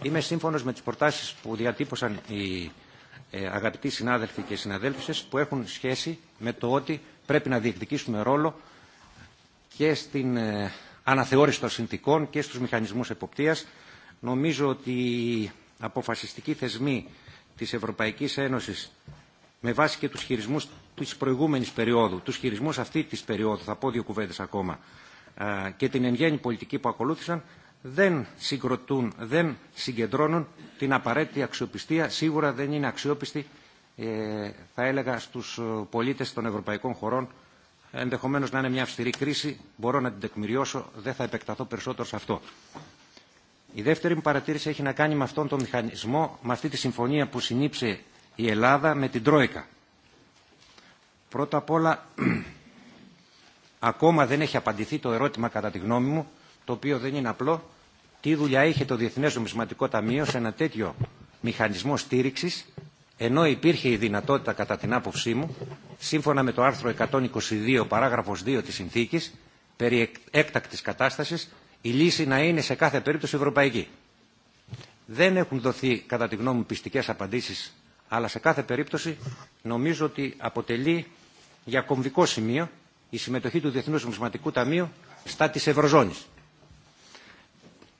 είμαι σύμφωνος με τις προτάσεις που διατύπωσαν οι ε, αγαπητοί συνάδελφοι και συναδέλφισες που έχουν σχέση με το ότι πρέπει να διεκδικήσουμε ρόλο και στην ε, αναθεώρηση των συνθηκών και στους μηχανισμούς εποπτείας. Νομίζω ότι οι αποφασιστική θεσμοί της Ευρωπαϊκής Ένωσης με βάση και τους χειρισμούς της προηγούμενης περίοδου, τους χειρισμούς αυτή της περίοδου, θα πω δύο κουβέντες ακόμα, ε, και την εν γέννη πολιτική που ακολούθησαν, δεν συγκροτούν, δεν συγκεντρώνουν την απαραίτητη αξιοπιστία. Σίγουρα δεν είναι αξιόπιστη, ε, θα έλεγα, στους ε, πολίτες των ευρωπαϊκών χωρών. Ενδεχομένως να είναι μια αυστηρή κρίση, μπορώ να την τεκμηριώσω, δεν θα επεκταθώ περισσότερο σε αυτό. Η δεύτερη μου παρατήρηση έχει να κάνει με αυτόν τον μηχανισμό, με αυτή τη συμφωνία που συνήψε η Ελλάδα με την Τρόικα. Πρώτα απ' όλα, ακόμα δεν έχει απαντηθεί το ερώτημα κατά τη γνώμη μου, το οποίο δεν είναι απλό, τι δουλειά είχε το Διεθνές Νομισματικό Ταμείο σε ένα τέτοιο μηχανισμό στήριξης, ενώ υπήρχε η δυνατότητα, κατά την άποψή μου, σύμφωνα με το άρθρο 122 παράγραφος 2 της Συνθήκης, περί έκτακτης κατάστασης, η λύση να είναι σε κάθε περίπτωση ευρωπαϊκή. Δεν έχουν δοθεί, κατά τη γνώμη μου, πιστικές απαντήσεις, αλλά σε κάθε περίπτωση νομίζω ότι αποτελεί για κομβικό σημείο η συμμετοχή του Διεθνούς Νομισματικού Ταμείου στα της Ευρωζώνης.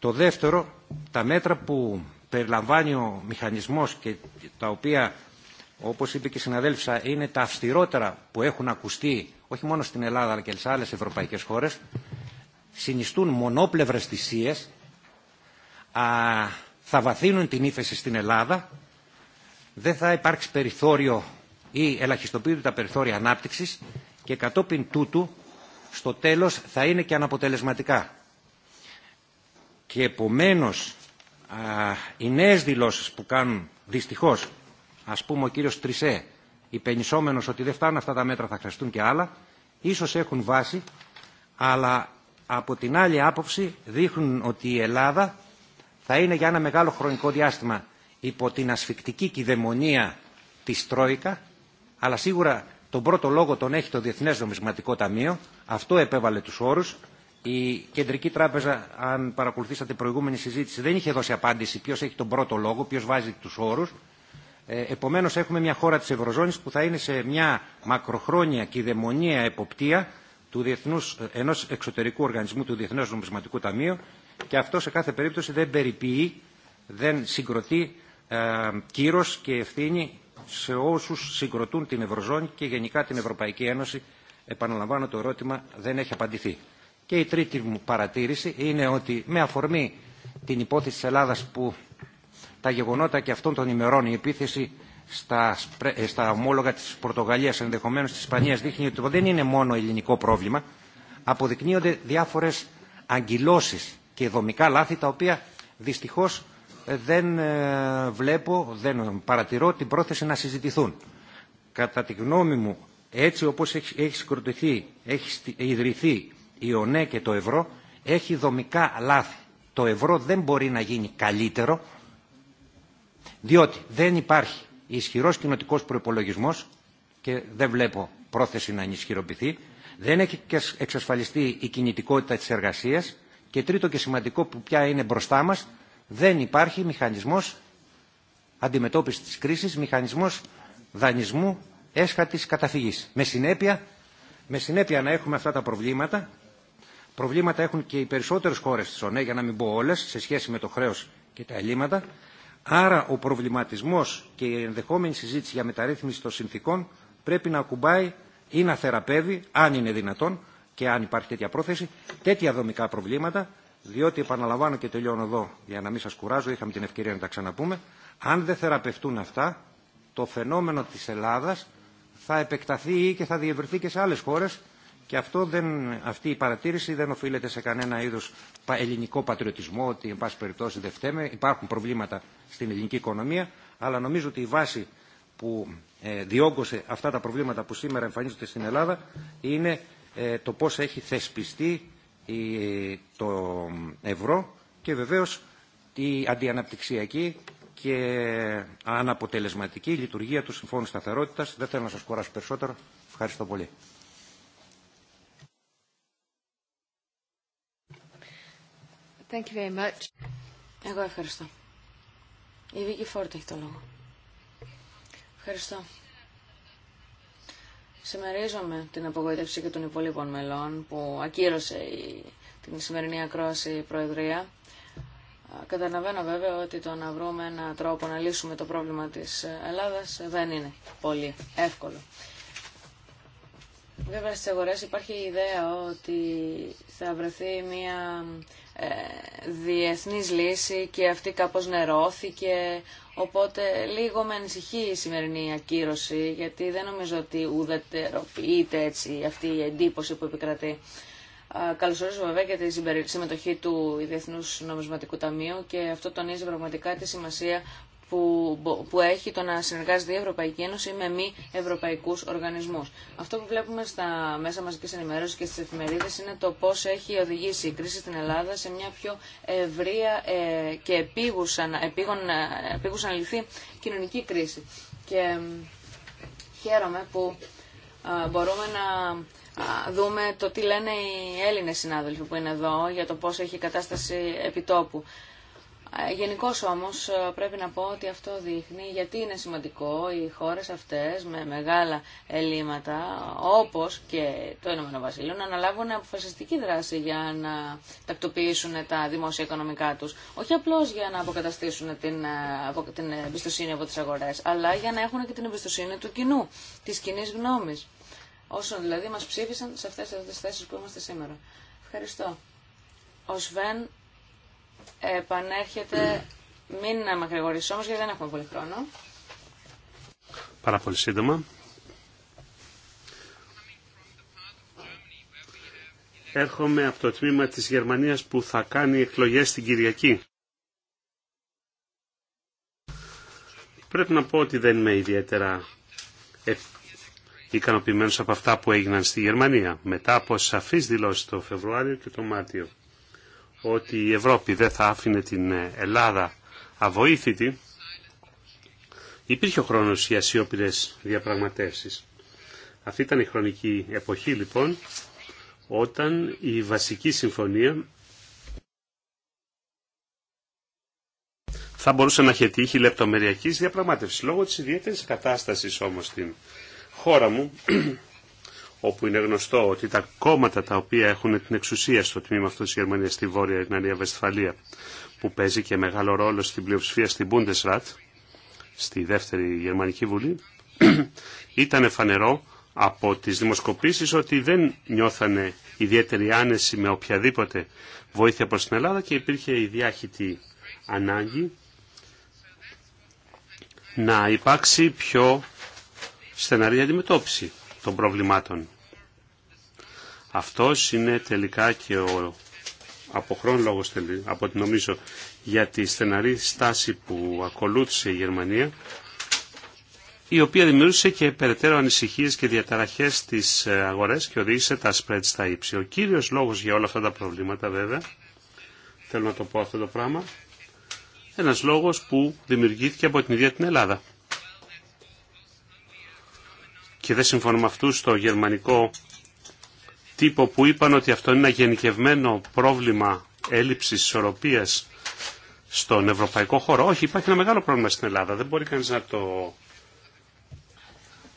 Το δεύτερο, τα μέτρα που περιλαμβάνει ο μηχανισμός και τα οποία, όπως είπε και η συναδέλφισσα, είναι τα αυστηρότερα που έχουν ακουστεί όχι μόνο στην Ελλάδα αλλά και σε άλλες ευρωπαϊκές χώρες, συνιστούν μονόπλευρες θυσίες, θα βαθύνουν την ύφεση στην Ελλάδα, δεν θα υπάρξει περιθώριο ή ελαχιστοποιούνται τα περιθώρια ανάπτυξης και κατόπιν τούτου στο τέλος θα είναι και αναποτελεσματικά και επομένως α, οι νέες δηλώσεις που κάνουν δυστυχώς ας πούμε ο κύριος Τρισέ υπενισόμενος ότι δεν φτάνουν αυτά τα μέτρα θα χρειαστούν και άλλα ίσως έχουν βάση αλλά από την άλλη άποψη δείχνουν ότι η Ελλάδα θα είναι για ένα μεγάλο χρονικό διάστημα υπό την ασφικτική κυδαιμονία της Τρόικα αλλά σίγουρα τον πρώτο λόγο τον έχει το Διεθνές Νομισματικό Ταμείο αυτό επέβαλε τους όρους η Κεντρική Τράπεζα, αν παρακολουθήσατε προηγούμενη συζήτηση, δεν είχε δώσει απάντηση ποιο έχει τον πρώτο λόγο, ποιο βάζει του όρου. Ε, Επομένω, έχουμε μια χώρα τη Ευρωζώνης που θα είναι σε μια μακροχρόνια και δαιμονία εποπτεία του ε, εξωτερικού οργανισμού του Διεθνούς Νομισματικού Ταμείου και αυτό σε κάθε περίπτωση δεν περιποιεί, δεν συγκροτεί ε, κύρος και ευθύνη σε όσου συγκροτούν την Ευρωζώνη και γενικά την Ευρωπαϊκή Ένωση. Επαναλαμβάνω το ερώτημα, δεν έχει απαντηθεί. Και η τρίτη μου παρατήρηση είναι ότι με αφορμή την υπόθεση της Ελλάδας που τα γεγονότα και αυτών των ημερών η επίθεση στα, ε, στα ομόλογα της Πορτογαλίας, ενδεχομένως της Ισπανίας, δείχνει ότι δεν είναι μόνο ελληνικό πρόβλημα. Αποδεικνύονται διάφορες αγκυλώσεις και δομικά λάθη τα οποία δυστυχώς ε, δεν ε, βλέπω, δεν παρατηρώ την πρόθεση να συζητηθούν. Κατά τη γνώμη μου, έτσι όπως έχει συγκροτηθεί, έχει ιδρυθεί η ΟΝΕ και το ευρώ έχει δομικά λάθη. Το ευρώ δεν μπορεί να γίνει καλύτερο διότι δεν υπάρχει ισχυρός κοινοτικό προπολογισμό και δεν βλέπω πρόθεση να ενισχυροποιηθεί, δεν έχει εξασφαλιστεί η κινητικότητα της εργασίας και τρίτο και σημαντικό που πια είναι μπροστά μας, δεν υπάρχει μηχανισμός αντιμετώπισης της κρίσης, μηχανισμός δανεισμού έσχατης καταφυγής. Με με συνέπεια να έχουμε αυτά τα προβλήματα Προβλήματα έχουν και οι περισσότερες χώρες της ΟΝΕ, για να μην πω όλες, σε σχέση με το χρέος και τα ελλείμματα. Άρα ο προβληματισμός και η ενδεχόμενη συζήτηση για μεταρρύθμιση των συνθήκων πρέπει να ακουμπάει ή να θεραπεύει, αν είναι δυνατόν και αν υπάρχει τέτοια πρόθεση, τέτοια δομικά προβλήματα, διότι επαναλαμβάνω και τελειώνω εδώ για να μην σας κουράζω, είχαμε την ευκαιρία να τα ξαναπούμε, αν δεν θεραπευτούν αυτά, το φαινόμενο της Ελλάδας θα επεκταθεί ή και θα διευρυνθεί και σε άλλες χώρες και αυτό δεν, αυτή η παρατήρηση δεν οφείλεται σε κανένα είδο ελληνικό πατριωτισμό, ότι εν πάση περιπτώσει δεν φταίμε. Υπάρχουν προβλήματα στην ελληνική οικονομία, αλλά νομίζω ότι η βάση που ε, διόγκωσε αυτά τα προβλήματα που σήμερα εμφανίζονται στην Ελλάδα είναι ε, το πώς έχει θεσπιστεί το ευρώ και βεβαίως η αντιαναπτυξιακή και αναποτελεσματική λειτουργία του Συμφώνου Σταθερότητας. Δεν θέλω να σας κουράσω περισσότερο. Ευχαριστώ πολύ. Thank you very much. Εγώ ευχαριστώ. Η Βίκη Φόρτ έχει το λόγο. Ευχαριστώ. Σημερίζομαι την απογοήτευση και των υπολείπων μελών που ακύρωσε την σημερινή ακρόαση Προεδρία. Καταλαβαίνω βέβαια ότι το να βρούμε έναν τρόπο να λύσουμε το πρόβλημα της Ελλάδας δεν είναι πολύ εύκολο. Βέβαια στις αγορές υπάρχει η ιδέα ότι θα βρεθεί μια ε, διεθνής λύση και αυτή κάπως νερώθηκε. Οπότε λίγο με ανησυχεί η σημερινή ακύρωση γιατί δεν νομίζω ότι ουδετεροποιείται έτσι αυτή η εντύπωση που επικρατεί. Καλωσορίζω βέβαια και τη συμμετοχή του Διεθνούς Νομισματικού Ταμείου και αυτό τονίζει πραγματικά τη σημασία που, έχει το να συνεργάζεται η Ευρωπαϊκή Ένωση με μη ευρωπαϊκούς οργανισμούς. Αυτό που βλέπουμε στα μέσα μαζική ενημέρωση και στι εφημερίδε είναι το πώς έχει οδηγήσει η κρίση στην Ελλάδα σε μια πιο ευρεία ε, και επίγουσα, επίγον, ε, επίγουσα να κοινωνική κρίση. Και ε, χαίρομαι που μπορούμε να δούμε το τι λένε οι Έλληνες συνάδελφοι που είναι εδώ για το πώς έχει η κατάσταση επιτόπου. Ε, Γενικώ όμως ε, πρέπει να πω ότι αυτό δείχνει γιατί είναι σημαντικό οι χώρες αυτές με μεγάλα ελλείμματα όπως και το Ηνωμένο Βασίλειο να αναλάβουν αποφασιστική δράση για να τακτοποιήσουν τα δημόσια οικονομικά τους. Όχι απλώς για να αποκαταστήσουν την, ε, την εμπιστοσύνη από τι αγορές αλλά για να έχουν και την εμπιστοσύνη του κοινού, τη κοινή γνώμη. Όσο δηλαδή μα ψήφισαν σε αυτέ τι θέσει που είμαστε σήμερα. Ευχαριστώ. Ο Σβέν επανέρχεται. Μην να μακρηγορήσω όμως γιατί δεν έχουμε πολύ χρόνο. Πάρα πολύ σύντομα. Έρχομαι από το τμήμα της Γερμανίας που θα κάνει εκλογές την Κυριακή. Πρέπει να πω ότι δεν είμαι ιδιαίτερα ε, ικανοποιημένος από αυτά που έγιναν στη Γερμανία μετά από σαφείς δηλώσεις το Φεβρουάριο και το Μάρτιο ότι η Ευρώπη δεν θα άφηνε την ε, Ελλάδα αβοήθητη, υπήρχε ο χρόνος για σιωπηρές διαπραγματεύσεις. Αυτή ήταν η χρονική εποχή λοιπόν, όταν η βασική συμφωνία θα μπορούσε να είχε τύχει λεπτομεριακής διαπραγμάτευσης. Λόγω της ιδιαίτερης κατάστασης όμως στην χώρα μου, όπου είναι γνωστό ότι τα κόμματα τα οποία έχουν την εξουσία στο τμήμα αυτό της Γερμανία στη Βόρεια Ιρλανδία Βεσφαλία που παίζει και μεγάλο ρόλο στην πλειοψηφία στην Bundesrat στη δεύτερη Γερμανική Βουλή ήταν φανερό από τις δημοσκοπήσεις ότι δεν νιώθανε ιδιαίτερη άνεση με οποιαδήποτε βοήθεια προς την Ελλάδα και υπήρχε η διάχυτη ανάγκη να υπάρξει πιο στεναρή αντιμετώπιση των προβλημάτων. Αυτός είναι τελικά και ο αποχρόν λόγος, από την νομίζω, για τη στεναρή στάση που ακολούθησε η Γερμανία, η οποία δημιούργησε και περαιτέρω ανησυχίες και διαταραχές στις ε, αγορές και οδήγησε τα spread στα ύψη. Ο κύριος λόγος για όλα αυτά τα προβλήματα βέβαια, θέλω να το πω αυτό το πράγμα, ένας λόγος που δημιουργήθηκε από την ίδια την Ελλάδα. Και δεν συμφωνώ με αυτούς στο γερμανικό τύπο που είπαν ότι αυτό είναι ένα γενικευμένο πρόβλημα έλλειψης ισορροπίας στον ευρωπαϊκό χώρο. Όχι, υπάρχει ένα μεγάλο πρόβλημα στην Ελλάδα. Δεν μπορεί κανείς να το,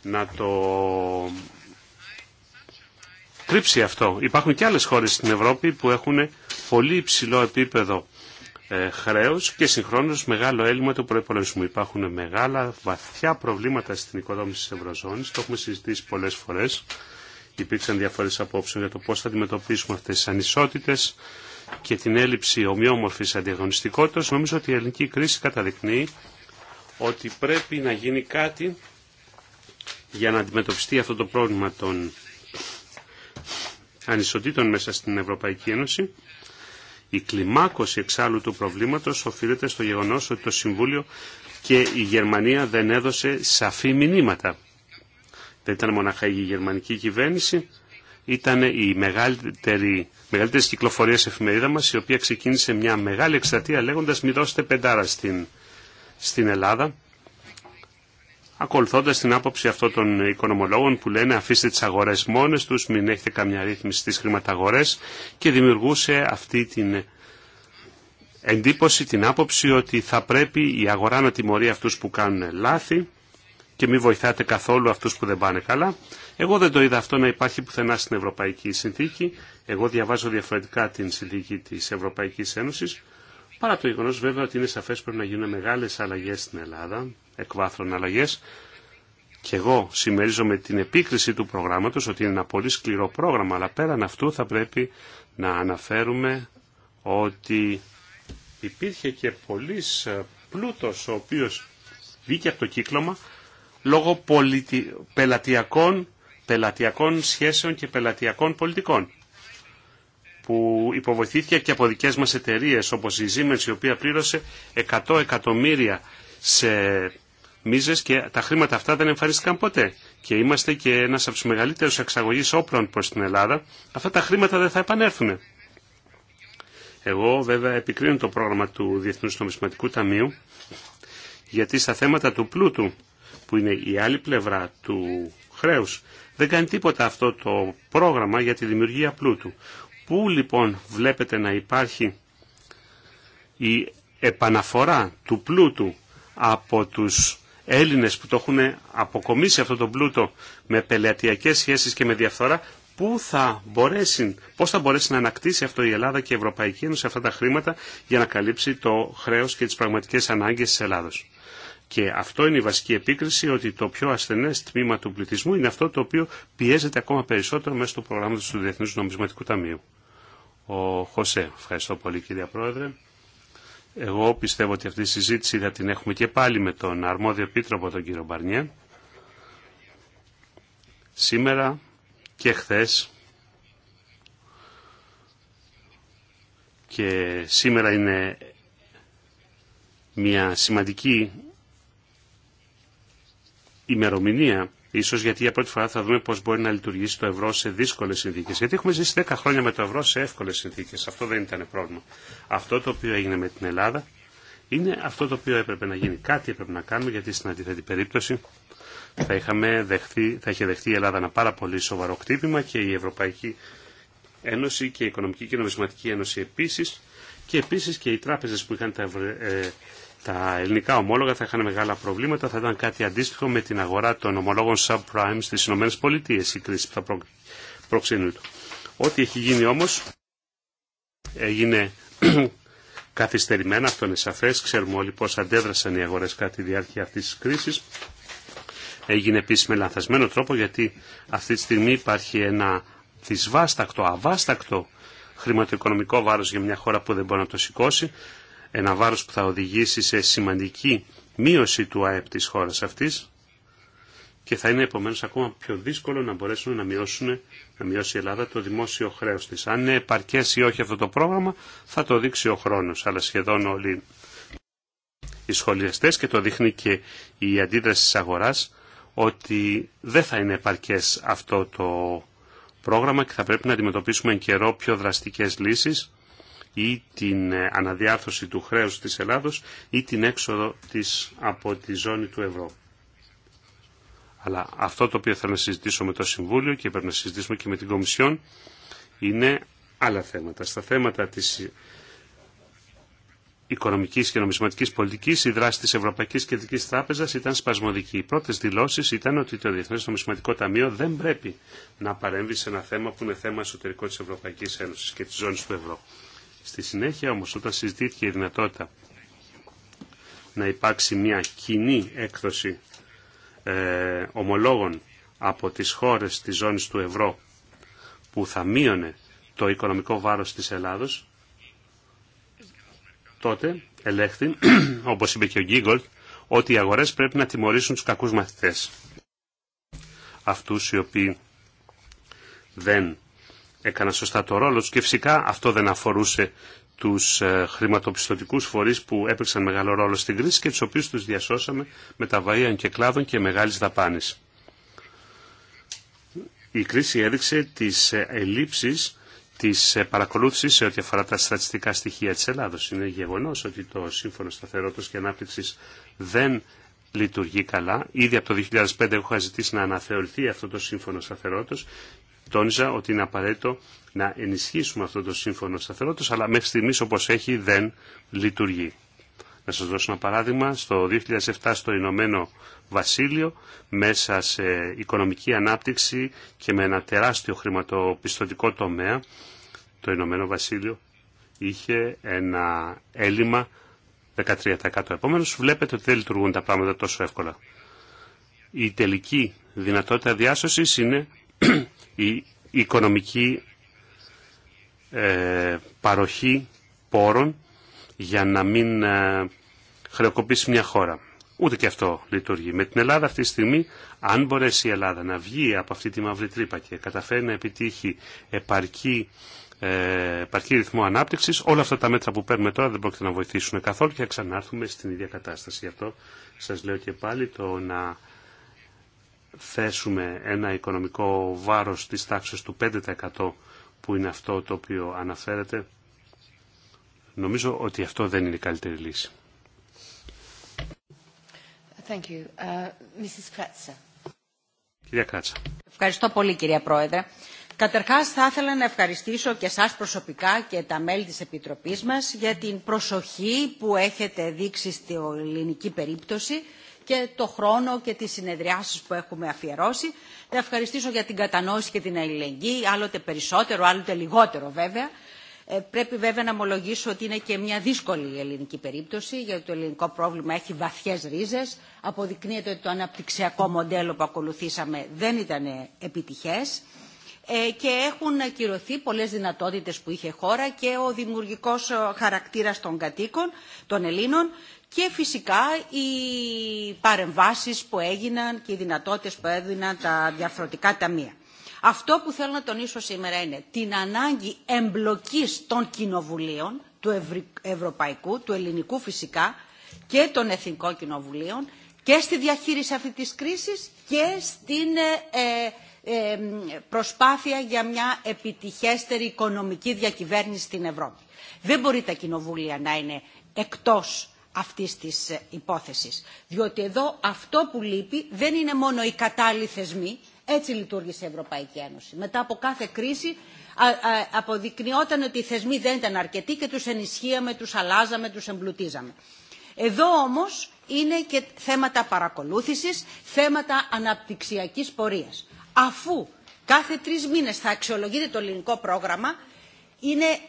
να το κρύψει αυτό. Υπάρχουν και άλλες χώρες στην Ευρώπη που έχουν πολύ υψηλό επίπεδο ε, χρέους και συγχρόνως μεγάλο έλλειμμα του προϋπολογισμού. Υπάρχουν μεγάλα βαθιά προβλήματα στην οικοδόμηση της Ευρωζώνης. Το έχουμε συζητήσει πολλές φορές υπήρξαν διαφορέ απόψεων για το πώς θα αντιμετωπίσουμε αυτές τις ανισότητες και την έλλειψη ομοιόμορφης αντιαγωνιστικότητας. Νομίζω ότι η ελληνική κρίση καταδεικνύει ότι πρέπει να γίνει κάτι για να αντιμετωπιστεί αυτό το πρόβλημα των ανισοτήτων μέσα στην Ευρωπαϊκή Ένωση. Η κλιμάκωση εξάλλου του προβλήματος οφείλεται στο γεγονός ότι το Συμβούλιο και η Γερμανία δεν έδωσε σαφή μηνύματα δεν ήταν μοναχά η γερμανική κυβέρνηση, ήταν η μεγαλύτερη, μεγαλύτερη κυκλοφορία εφημερίδα μας, η οποία ξεκίνησε μια μεγάλη εκστρατεία λέγοντας «Μη δώσετε πεντάρα στην, στην Ελλάδα», ακολουθώντας την άποψη αυτών των οικονομολόγων που λένε «Αφήστε τις αγορές μόνες τους, μην έχετε καμιά ρύθμιση στις χρηματαγορές» και δημιουργούσε αυτή την εντύπωση, την άποψη ότι θα πρέπει η αγορά να τιμωρεί αυτούς που κάνουν λάθη και μη βοηθάτε καθόλου αυτούς που δεν πάνε καλά. Εγώ δεν το είδα αυτό να υπάρχει πουθενά στην Ευρωπαϊκή Συνθήκη. Εγώ διαβάζω διαφορετικά την Συνθήκη της Ευρωπαϊκής Ένωσης. Παρά το γεγονό βέβαια ότι είναι σαφές πρέπει να γίνουν μεγάλες αλλαγές στην Ελλάδα, εκβάθρων αλλαγές. Και εγώ με την επίκριση του προγράμματος ότι είναι ένα πολύ σκληρό πρόγραμμα, αλλά πέραν αυτού θα πρέπει να αναφέρουμε ότι υπήρχε και πολλή ε, πλούτος ο οποίος βγήκε από το κύκλωμα λόγω πολιτι... πελατειακών, σχέσεων και πελατειακών πολιτικών που υποβοηθήθηκε και από δικές μας εταιρείες όπως η Siemens η οποία πλήρωσε 100 εκατομμύρια σε μίζες και τα χρήματα αυτά δεν εμφανίστηκαν ποτέ. Και είμαστε και ένας από τους μεγαλύτερους εξαγωγείς όπλων προς την Ελλάδα. Αυτά τα χρήματα δεν θα επανέλθουν. Εγώ βέβαια επικρίνω το πρόγραμμα του Διεθνούς Νομισματικού Ταμείου γιατί στα θέματα του πλούτου που είναι η άλλη πλευρά του χρέους, δεν κάνει τίποτα αυτό το πρόγραμμα για τη δημιουργία πλούτου. Πού λοιπόν βλέπετε να υπάρχει η επαναφορά του πλούτου από τους Έλληνες που το έχουν αποκομίσει αυτό το πλούτο με πελατειακές σχέσεις και με διαφθορά, πού θα μπορέσει, πώς θα μπορέσει να ανακτήσει αυτό η Ελλάδα και η Ευρωπαϊκή Ένωση αυτά τα χρήματα για να καλύψει το χρέος και τις πραγματικές ανάγκες της Ελλάδος. Και αυτό είναι η βασική επίκριση ότι το πιο ασθενέ τμήμα του πληθυσμού είναι αυτό το οποίο πιέζεται ακόμα περισσότερο μέσα στο προγράμμα του Διεθνού Νομισματικού Ταμείου. Ο Χωσέ, ευχαριστώ πολύ κύριε Πρόεδρε. Εγώ πιστεύω ότι αυτή η συζήτηση θα την έχουμε και πάλι με τον αρμόδιο επίτροπο τον κύριο Μπαρνιέ. Σήμερα και χθες και σήμερα είναι μια σημαντική ημερομηνία. Ίσως γιατί για πρώτη φορά θα δούμε πώς μπορεί να λειτουργήσει το ευρώ σε δύσκολες συνθήκες. Γιατί έχουμε ζήσει 10 χρόνια με το ευρώ σε εύκολες συνθήκες. Αυτό δεν ήταν πρόβλημα. Αυτό το οποίο έγινε με την Ελλάδα είναι αυτό το οποίο έπρεπε να γίνει. Κάτι έπρεπε να κάνουμε γιατί στην αντίθετη περίπτωση θα, είχαμε δεχθεί, θα είχε δεχτεί η Ελλάδα ένα πάρα πολύ σοβαρό κτύπημα και η Ευρωπαϊκή Ένωση και η Οικονομική και Νομισματική Ένωση επίσης και επίση και οι τράπεζες που είχαν τα ευρω... Ε, τα ελληνικά ομόλογα θα είχαν μεγάλα προβλήματα, θα ήταν κάτι αντίστοιχο με την αγορά των ομολόγων subprime στις Πολιτείες η κρίση που θα προξενούν Ό,τι έχει γίνει όμως έγινε καθυστερημένα, αυτό είναι σαφές. Ξέρουμε όλοι πώς αντέδρασαν οι αγορές κατά τη διάρκεια αυτής της κρίσης. Έγινε επίσης με λανθασμένο τρόπο γιατί αυτή τη στιγμή υπάρχει ένα δυσβάστακτο, αβάστακτο χρηματοοικονομικό βάρος για μια χώρα που δεν μπορεί να το σηκώσει ένα βάρος που θα οδηγήσει σε σημαντική μείωση του ΑΕΠ της χώρας αυτής και θα είναι επομένως ακόμα πιο δύσκολο να μπορέσουν να, μειώσουν, να μειώσει η Ελλάδα το δημόσιο χρέος της. Αν είναι επαρκές ή όχι αυτό το πρόγραμμα θα το δείξει ο χρόνος, αλλά σχεδόν όλοι οι σχολιαστές και το δείχνει και η αντίδραση της αγοράς ότι δεν θα είναι επαρκές αυτό το πρόγραμμα και θα πρέπει να αντιμετωπίσουμε εν καιρό πιο δραστικές λύσεις ή την ε, αναδιάρθρωση του χρέους της Ελλάδος ή την έξοδο της από τη ζώνη του ευρώ. Αλλά αυτό το οποίο θέλω να συζητήσω με το Συμβούλιο και πρέπει να συζητήσουμε και με την Κομισιόν είναι άλλα θέματα. Στα θέματα της οικονομικής και νομισματικής πολιτικής η δράση της Ευρωπαϊκής Κεντρικής Τράπεζας ήταν σπασμωδική. Οι πρώτες δηλώσεις ήταν ότι το Διεθνές Νομισματικό Ταμείο δεν πρέπει να παρέμβει σε ένα θέμα που είναι θέμα εσωτερικό της Ευρωπαϊκής Ένωσης και της ζώνης του ευρώ. Στη συνέχεια όμως όταν συζητήθηκε η δυνατότητα να υπάρξει μια κοινή έκδοση ε, ομολόγων από τις χώρες της ζώνης του ευρώ που θα μείωνε το οικονομικό βάρος της Ελλάδος, τότε ελέγχθη, όπως είπε και ο Γκίγκολτ, ότι οι αγορές πρέπει να τιμωρήσουν τους κακούς μαθητές. Αυτούς οι οποίοι δεν έκαναν σωστά το ρόλο του και φυσικά αυτό δεν αφορούσε τους ε, χρηματοπιστωτικούς φορείς που έπαιξαν μεγάλο ρόλο στην κρίση και τους οποίους τους διασώσαμε με τα βαΐα και κλάδων και μεγάλης δαπάνης. Η κρίση έδειξε τις ε, ελλείψεις της ε, παρακολούθησης σε ό,τι αφορά τα στατιστικά στοιχεία της Ελλάδος. Είναι γεγονός ότι το Σύμφωνο Σταθερότητας και Ανάπτυξης δεν λειτουργεί καλά. Ήδη από το 2005 έχω ζητήσει να αναθεωρηθεί αυτό το Σύμφωνο Σταθερότητας τόνιζα ότι είναι απαραίτητο να ενισχύσουμε αυτό το σύμφωνο σταθερότητα, αλλά μέχρι στιγμή όπω έχει δεν λειτουργεί. Να σα δώσω ένα παράδειγμα. Στο 2007 στο Ηνωμένο Βασίλειο, μέσα σε οικονομική ανάπτυξη και με ένα τεράστιο χρηματοπιστωτικό τομέα, το Ηνωμένο Βασίλειο είχε ένα έλλειμμα 13%. Επομένως βλέπετε ότι δεν λειτουργούν τα πράγματα τόσο εύκολα. Η τελική δυνατότητα διάσωσης είναι η οικονομική ε, παροχή πόρων για να μην ε, χρεοκοπήσει μια χώρα. Ούτε και αυτό λειτουργεί. Με την Ελλάδα αυτή τη στιγμή, αν μπορέσει η Ελλάδα να βγει από αυτή τη μαύρη τρύπα και καταφέρει να επιτύχει επαρκή, ε, επαρκή ρυθμό ανάπτυξη, όλα αυτά τα μέτρα που παίρνουμε τώρα δεν πρόκειται να βοηθήσουν καθόλου και θα ξανάρθουμε στην ίδια κατάσταση. Γι' αυτό σα λέω και πάλι το να θέσουμε ένα οικονομικό βάρος της τάξης του 5% που είναι αυτό το οποίο αναφέρεται, νομίζω ότι αυτό δεν είναι η καλύτερη λύση. Thank you. Uh, κυρία Κράτσα. Ευχαριστώ πολύ κυρία Πρόεδρε. Καταρχάς θα ήθελα να ευχαριστήσω και σας προσωπικά και τα μέλη της Επιτροπής μας για την προσοχή που έχετε δείξει στη ελληνική περίπτωση και το χρόνο και τις συνεδριάσεις που έχουμε αφιερώσει. Θα ευχαριστήσω για την κατανόηση και την αλληλεγγύη, άλλοτε περισσότερο, άλλοτε λιγότερο βέβαια. Ε, πρέπει βέβαια να ομολογήσω ότι είναι και μια δύσκολη ελληνική περίπτωση, γιατί το ελληνικό πρόβλημα έχει βαθιές ρίζες. Αποδεικνύεται ότι το αναπτυξιακό μοντέλο που ακολουθήσαμε δεν ήταν επιτυχές ε, και έχουν ακυρωθεί πολλές δυνατότητες που είχε χώρα και ο δημιουργικός ε, χαρακτήρας των κατοίκων, των Ελλήνων και φυσικά οι παρεμβάσεις που έγιναν και οι δυνατότητες που έδιναν τα διαφορετικά ταμεία. Αυτό που θέλω να τονίσω σήμερα είναι την ανάγκη εμπλοκής των κοινοβουλίων, του ευρωπαϊκού, του ελληνικού φυσικά και των εθνικών κοινοβουλίων και στη διαχείριση αυτής της κρίσης και στην ε, ε, ε, προσπάθεια για μια επιτυχέστερη οικονομική διακυβέρνηση στην Ευρώπη. Δεν μπορεί τα κοινοβούλια να είναι εκτός αυτής της ε, υπόθεσης. Διότι εδώ αυτό που λείπει δεν είναι μόνο οι κατάλληλοι θεσμοί, έτσι λειτουργήσε η Ευρωπαϊκή Ένωση. Μετά από κάθε κρίση αποδεικνυόταν ότι οι θεσμοί δεν ήταν αρκετοί και τους ενισχύαμε, τους αλλάζαμε, τους εμπλουτίζαμε. Εδώ όμως είναι και θέματα παρακολούθησης, θέματα αναπτυξιακής πορείας. Αφού κάθε τρεις μήνες θα αξιολογείται το ελληνικό πρόγραμμα, είναι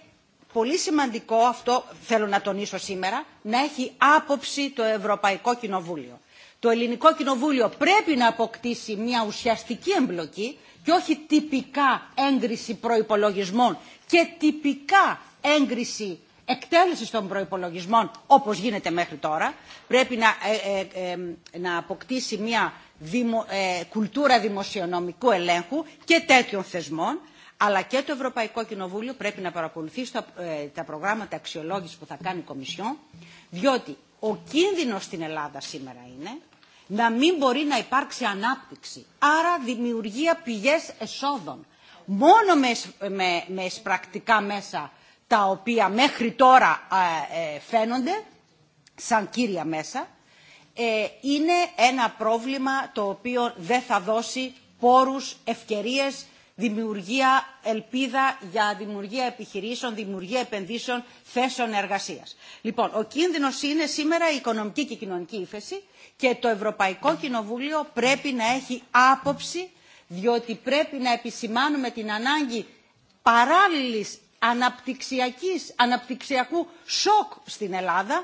πολύ σημαντικό, αυτό θέλω να τονίσω σήμερα, να έχει άποψη το Ευρωπαϊκό Κοινοβούλιο. Το Ελληνικό Κοινοβούλιο πρέπει να αποκτήσει μια ουσιαστική εμπλοκή και όχι τυπικά έγκριση προϋπολογισμών και τυπικά έγκριση εκτέλεσης των προϋπολογισμών όπως γίνεται μέχρι τώρα. Πρέπει να, ε, ε, ε, να αποκτήσει μια δημο, κουλτούρα δημοσιονομικού ελέγχου και τέτοιων θεσμών αλλά και το Ευρωπαϊκό Κοινοβούλιο πρέπει να παρακολουθεί στα, ε, τα προγράμματα αξιολόγηση που θα κάνει η Κομισιόν, διότι ο κίνδυνος στην Ελλάδα σήμερα είναι να μην μπορεί να υπάρξει ανάπτυξη, άρα δημιουργία πηγές εσόδων. Μόνο με, με, μέσα τα οποία μέχρι τώρα ε, φαίνονται σαν κύρια μέσα, ε, είναι ένα πρόβλημα το οποίο δεν θα δώσει πόρους, ευκαιρίες δημιουργία ελπίδα για δημιουργία επιχειρήσεων, δημιουργία επενδύσεων, θέσεων εργασία. Λοιπόν, ο κίνδυνο είναι σήμερα η οικονομική και κοινωνική ύφεση και το Ευρωπαϊκό Κοινοβούλιο πρέπει να έχει άποψη διότι πρέπει να επισημάνουμε την ανάγκη παράλληλης αναπτυξιακού σοκ στην Ελλάδα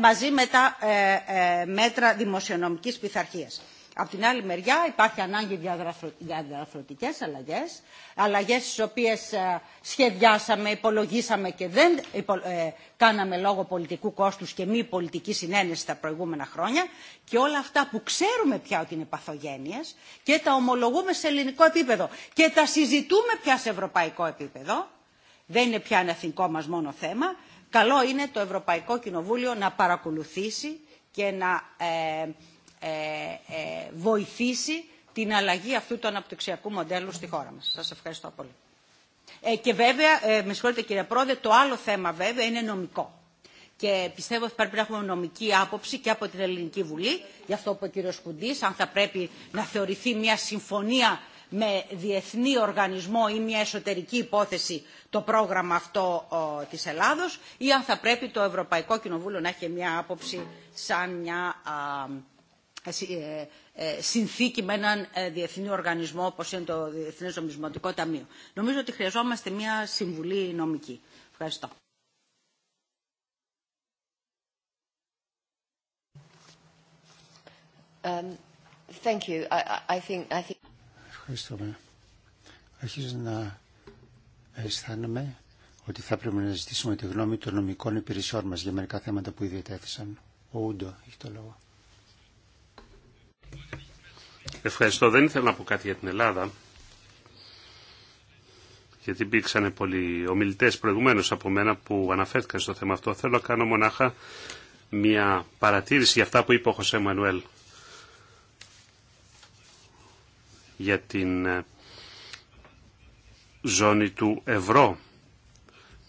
μαζί με τα ε, ε, μέτρα δημοσιονομικής πειθαρχίας. Από την άλλη μεριά υπάρχει ανάγκη για διαδραστικές αλλαγές, αλλαγές στις οποίες ε, σχεδιάσαμε, υπολογίσαμε και δεν ε, κάναμε λόγω πολιτικού κόστους και μη πολιτική συνένεση τα προηγούμενα χρόνια και όλα αυτά που ξέρουμε πια ότι είναι παθογένειες και τα ομολογούμε σε ελληνικό επίπεδο και τα συζητούμε πια σε ευρωπαϊκό επίπεδο, δεν είναι πια ένα εθνικό μας μόνο θέμα, καλό είναι το Ευρωπαϊκό Κοινοβούλιο να παρακολουθήσει και να... Ε, ε, ε, βοηθήσει την αλλαγή αυτού του αναπτυξιακού μοντέλου στη χώρα μας. Σας ευχαριστώ πολύ. Ε, και βέβαια, ε, με συγχωρείτε κύριε Πρόεδρε, το άλλο θέμα βέβαια είναι νομικό. Και πιστεύω ότι πρέπει να έχουμε νομική άποψη και από την Ελληνική Βουλή, γι' αυτό που ο κύριος Κουντής, αν θα πρέπει να θεωρηθεί μια συμφωνία με διεθνή οργανισμό ή μια εσωτερική υπόθεση το πρόγραμμα αυτό ο, της Ελλάδος ή αν θα πρέπει το Ευρωπαϊκό Κοινοβούλιο να έχει μια άποψη σαν μια ε, ε, συνθήκη με έναν ε, διεθνή οργανισμό όπως είναι το Διεθνές Νομισματικό Ταμείο. Νομίζω ότι χρειαζόμαστε μια συμβουλή νομική. Ευχαριστώ. Αρχίζω να αισθάνομαι ότι θα πρέπει να ζητήσουμε τη γνώμη των νομικών υπηρεσιών μας για μερικά θέματα που ήδη ετέθησαν. Ο Ούντο έχει το λόγο. Ευχαριστώ. Δεν ήθελα να πω κάτι για την Ελλάδα, γιατί υπήρξαν πολλοί ομιλητέ προηγουμένω από μένα που αναφέρθηκαν στο θέμα αυτό. Θέλω να κάνω μονάχα μια παρατήρηση για αυτά που είπε ο Χωσέ Μανουέλ για την ε, ζώνη του ευρώ.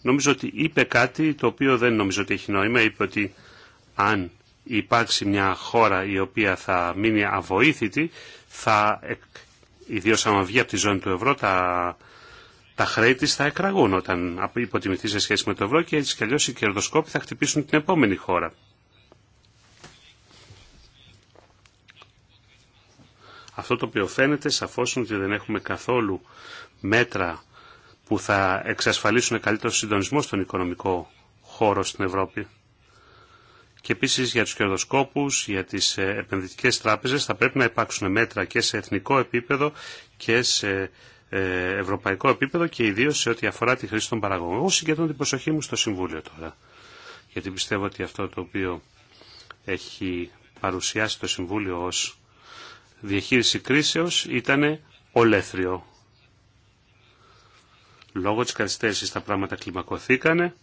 Νομίζω ότι είπε κάτι το οποίο δεν νομίζω ότι έχει νόημα. Είπε ότι αν υπάρξει μια χώρα η οποία θα μείνει αβοήθητη, θα, ιδίως άμα βγει από τη ζώνη του ευρώ, τα, τα χρέη της θα εκραγούν όταν υποτιμηθεί σε σχέση με το ευρώ και έτσι κι αλλιώς οι κερδοσκόποι θα χτυπήσουν την επόμενη χώρα. Αυτό το οποίο φαίνεται σαφώς είναι ότι δεν έχουμε καθόλου μέτρα που θα εξασφαλίσουν καλύτερο συντονισμό στον οικονομικό χώρο στην Ευρώπη και επίση για τους κερδόσκόπου για τις ε, επενδυτικές τράπεζες θα πρέπει να υπάρξουν μέτρα και σε εθνικό επίπεδο και σε ε, ευρωπαϊκό επίπεδο και ιδίω σε ό,τι αφορά τη χρήση των παραγωγών. Εγώ συγκεντρώνω την προσοχή μου στο Συμβούλιο τώρα. Γιατί πιστεύω ότι αυτό το οποίο έχει παρουσιάσει το Συμβούλιο ως διαχείριση κρίσεως ήταν ολέθριο. Λόγω της καθυστέρησης τα πράγματα κλιμακωθήκανε,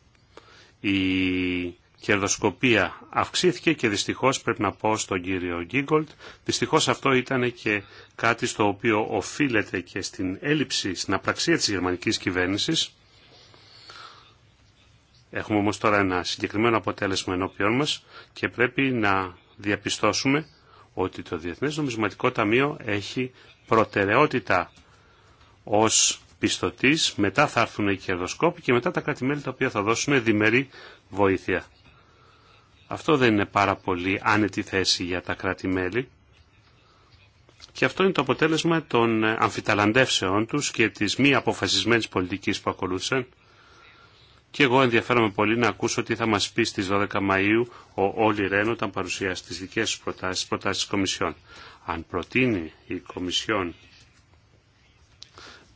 κερδοσκοπία αυξήθηκε και δυστυχώς πρέπει να πω στον κύριο Γκίγκολτ, δυστυχώς αυτό ήταν και κάτι στο οποίο οφείλεται και στην έλλειψη, στην απραξία της γερμανικής κυβέρνησης. Έχουμε όμως τώρα ένα συγκεκριμένο αποτέλεσμα ενώπιόν μας και πρέπει να διαπιστώσουμε ότι το Διεθνές Νομισματικό Ταμείο έχει προτεραιότητα ως πιστωτής, μετά θα έρθουν οι κερδοσκόποι και μετά τα κρατη τα οποία θα δώσουν διμερή βοήθεια. Αυτό δεν είναι πάρα πολύ άνετη θέση για τα κράτη-μέλη. Και αυτό είναι το αποτέλεσμα των ε, αμφιταλαντεύσεών τους και της μη αποφασισμένης πολιτικής που ακολούθησαν. Και εγώ ενδιαφέρομαι πολύ να ακούσω τι θα μας πει στις 12 Μαΐου ο Όλη Ρέν όταν παρουσιάσει τις δικές προτάσεις, προτάσεις της Κομισιόν. Αν προτείνει η Κομισιόν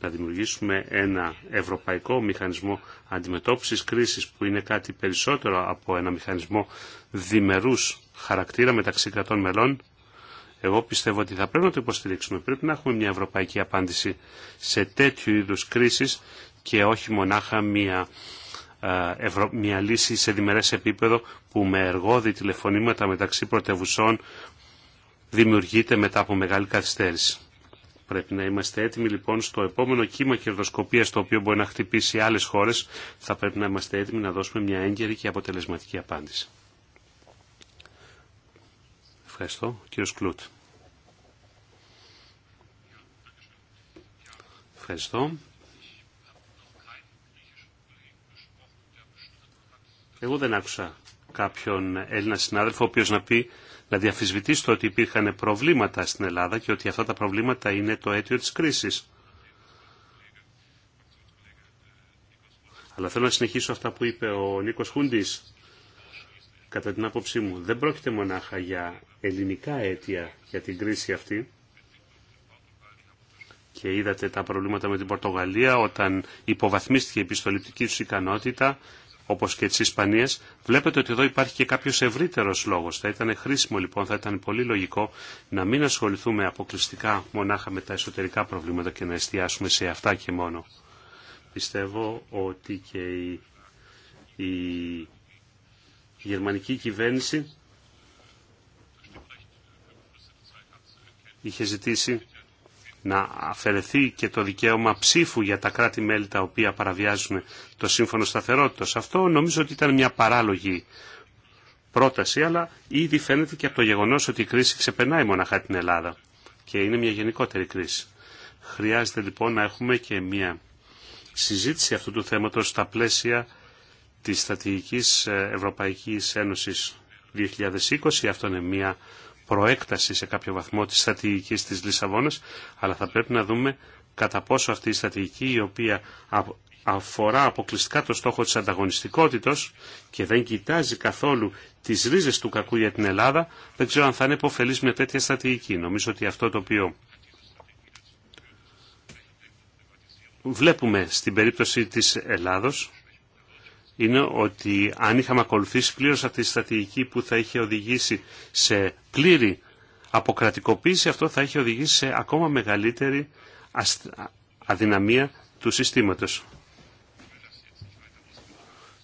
να δημιουργήσουμε ένα ευρωπαϊκό μηχανισμό αντιμετώπισης κρίσης που είναι κάτι περισσότερο από ένα μηχανισμό διμερούς χαρακτήρα μεταξύ κρατών μελών, εγώ πιστεύω ότι θα πρέπει να το υποστηρίξουμε. Πρέπει να έχουμε μια ευρωπαϊκή απάντηση σε τέτοιου είδους κρίσεις και όχι μονάχα μια, ε, ευρω... λύση σε διμερές επίπεδο που με εργόδη τηλεφωνήματα μεταξύ πρωτευουσών δημιουργείται μετά από μεγάλη καθυστέρηση. Πρέπει να είμαστε έτοιμοι λοιπόν στο επόμενο κύμα κερδοσκοπία το οποίο μπορεί να χτυπήσει άλλε χώρε. Θα πρέπει να είμαστε έτοιμοι να δώσουμε μια έγκαιρη και αποτελεσματική απάντηση. Ευχαριστώ. Κύριο Κλούτ. Ευχαριστώ. Εγώ δεν άκουσα κάποιον Έλληνα συνάδελφο ο οποίος να πει να διαφυσβητήσει ότι υπήρχαν προβλήματα στην Ελλάδα και ότι αυτά τα προβλήματα είναι το αίτιο της κρίσης. Αλλά θέλω να συνεχίσω αυτά που είπε ο Νίκος Χούντης. Κατά την άποψή μου, δεν πρόκειται μονάχα για ελληνικά αίτια για την κρίση αυτή. Και είδατε τα προβλήματα με την Πορτογαλία όταν υποβαθμίστηκε η επιστολιπτική του ικανότητα όπως και της Ισπανίας, βλέπετε ότι εδώ υπάρχει και κάποιος ευρύτερος λόγος. Θα ήταν χρήσιμο λοιπόν, θα ήταν πολύ λογικό να μην ασχοληθούμε αποκλειστικά μονάχα με τα εσωτερικά προβλήματα και να εστιάσουμε σε αυτά και μόνο. Πιστεύω ότι και η, η γερμανική κυβέρνηση είχε ζητήσει να αφαιρεθεί και το δικαίωμα ψήφου για τα κράτη-μέλη τα οποία παραβιάζουν το Σύμφωνο σταθερότητα. Αυτό νομίζω ότι ήταν μια παράλογη πρόταση, αλλά ήδη φαίνεται και από το γεγονός ότι η κρίση ξεπερνάει μοναχά την Ελλάδα και είναι μια γενικότερη κρίση. Χρειάζεται λοιπόν να έχουμε και μια συζήτηση αυτού του θέματος στα πλαίσια της Στατηγικής Ευρωπαϊκής Ένωσης 2020. Αυτό είναι μια προέκταση σε κάποιο βαθμό της στρατηγικής της Λισαβόνας, αλλά θα πρέπει να δούμε κατά πόσο αυτή η στρατηγική η οποία αφορά αποκλειστικά το στόχο της ανταγωνιστικότητος και δεν κοιτάζει καθόλου τις ρίζες του κακού για την Ελλάδα, δεν ξέρω αν θα είναι υποφελής με τέτοια στρατηγική. Νομίζω ότι αυτό το οποίο βλέπουμε στην περίπτωση της Ελλάδος είναι ότι αν είχαμε ακολουθήσει πλήρως αυτή τη στρατηγική που θα είχε οδηγήσει σε πλήρη αποκρατικοποίηση, αυτό θα είχε οδηγήσει σε ακόμα μεγαλύτερη αδυναμία του συστήματος.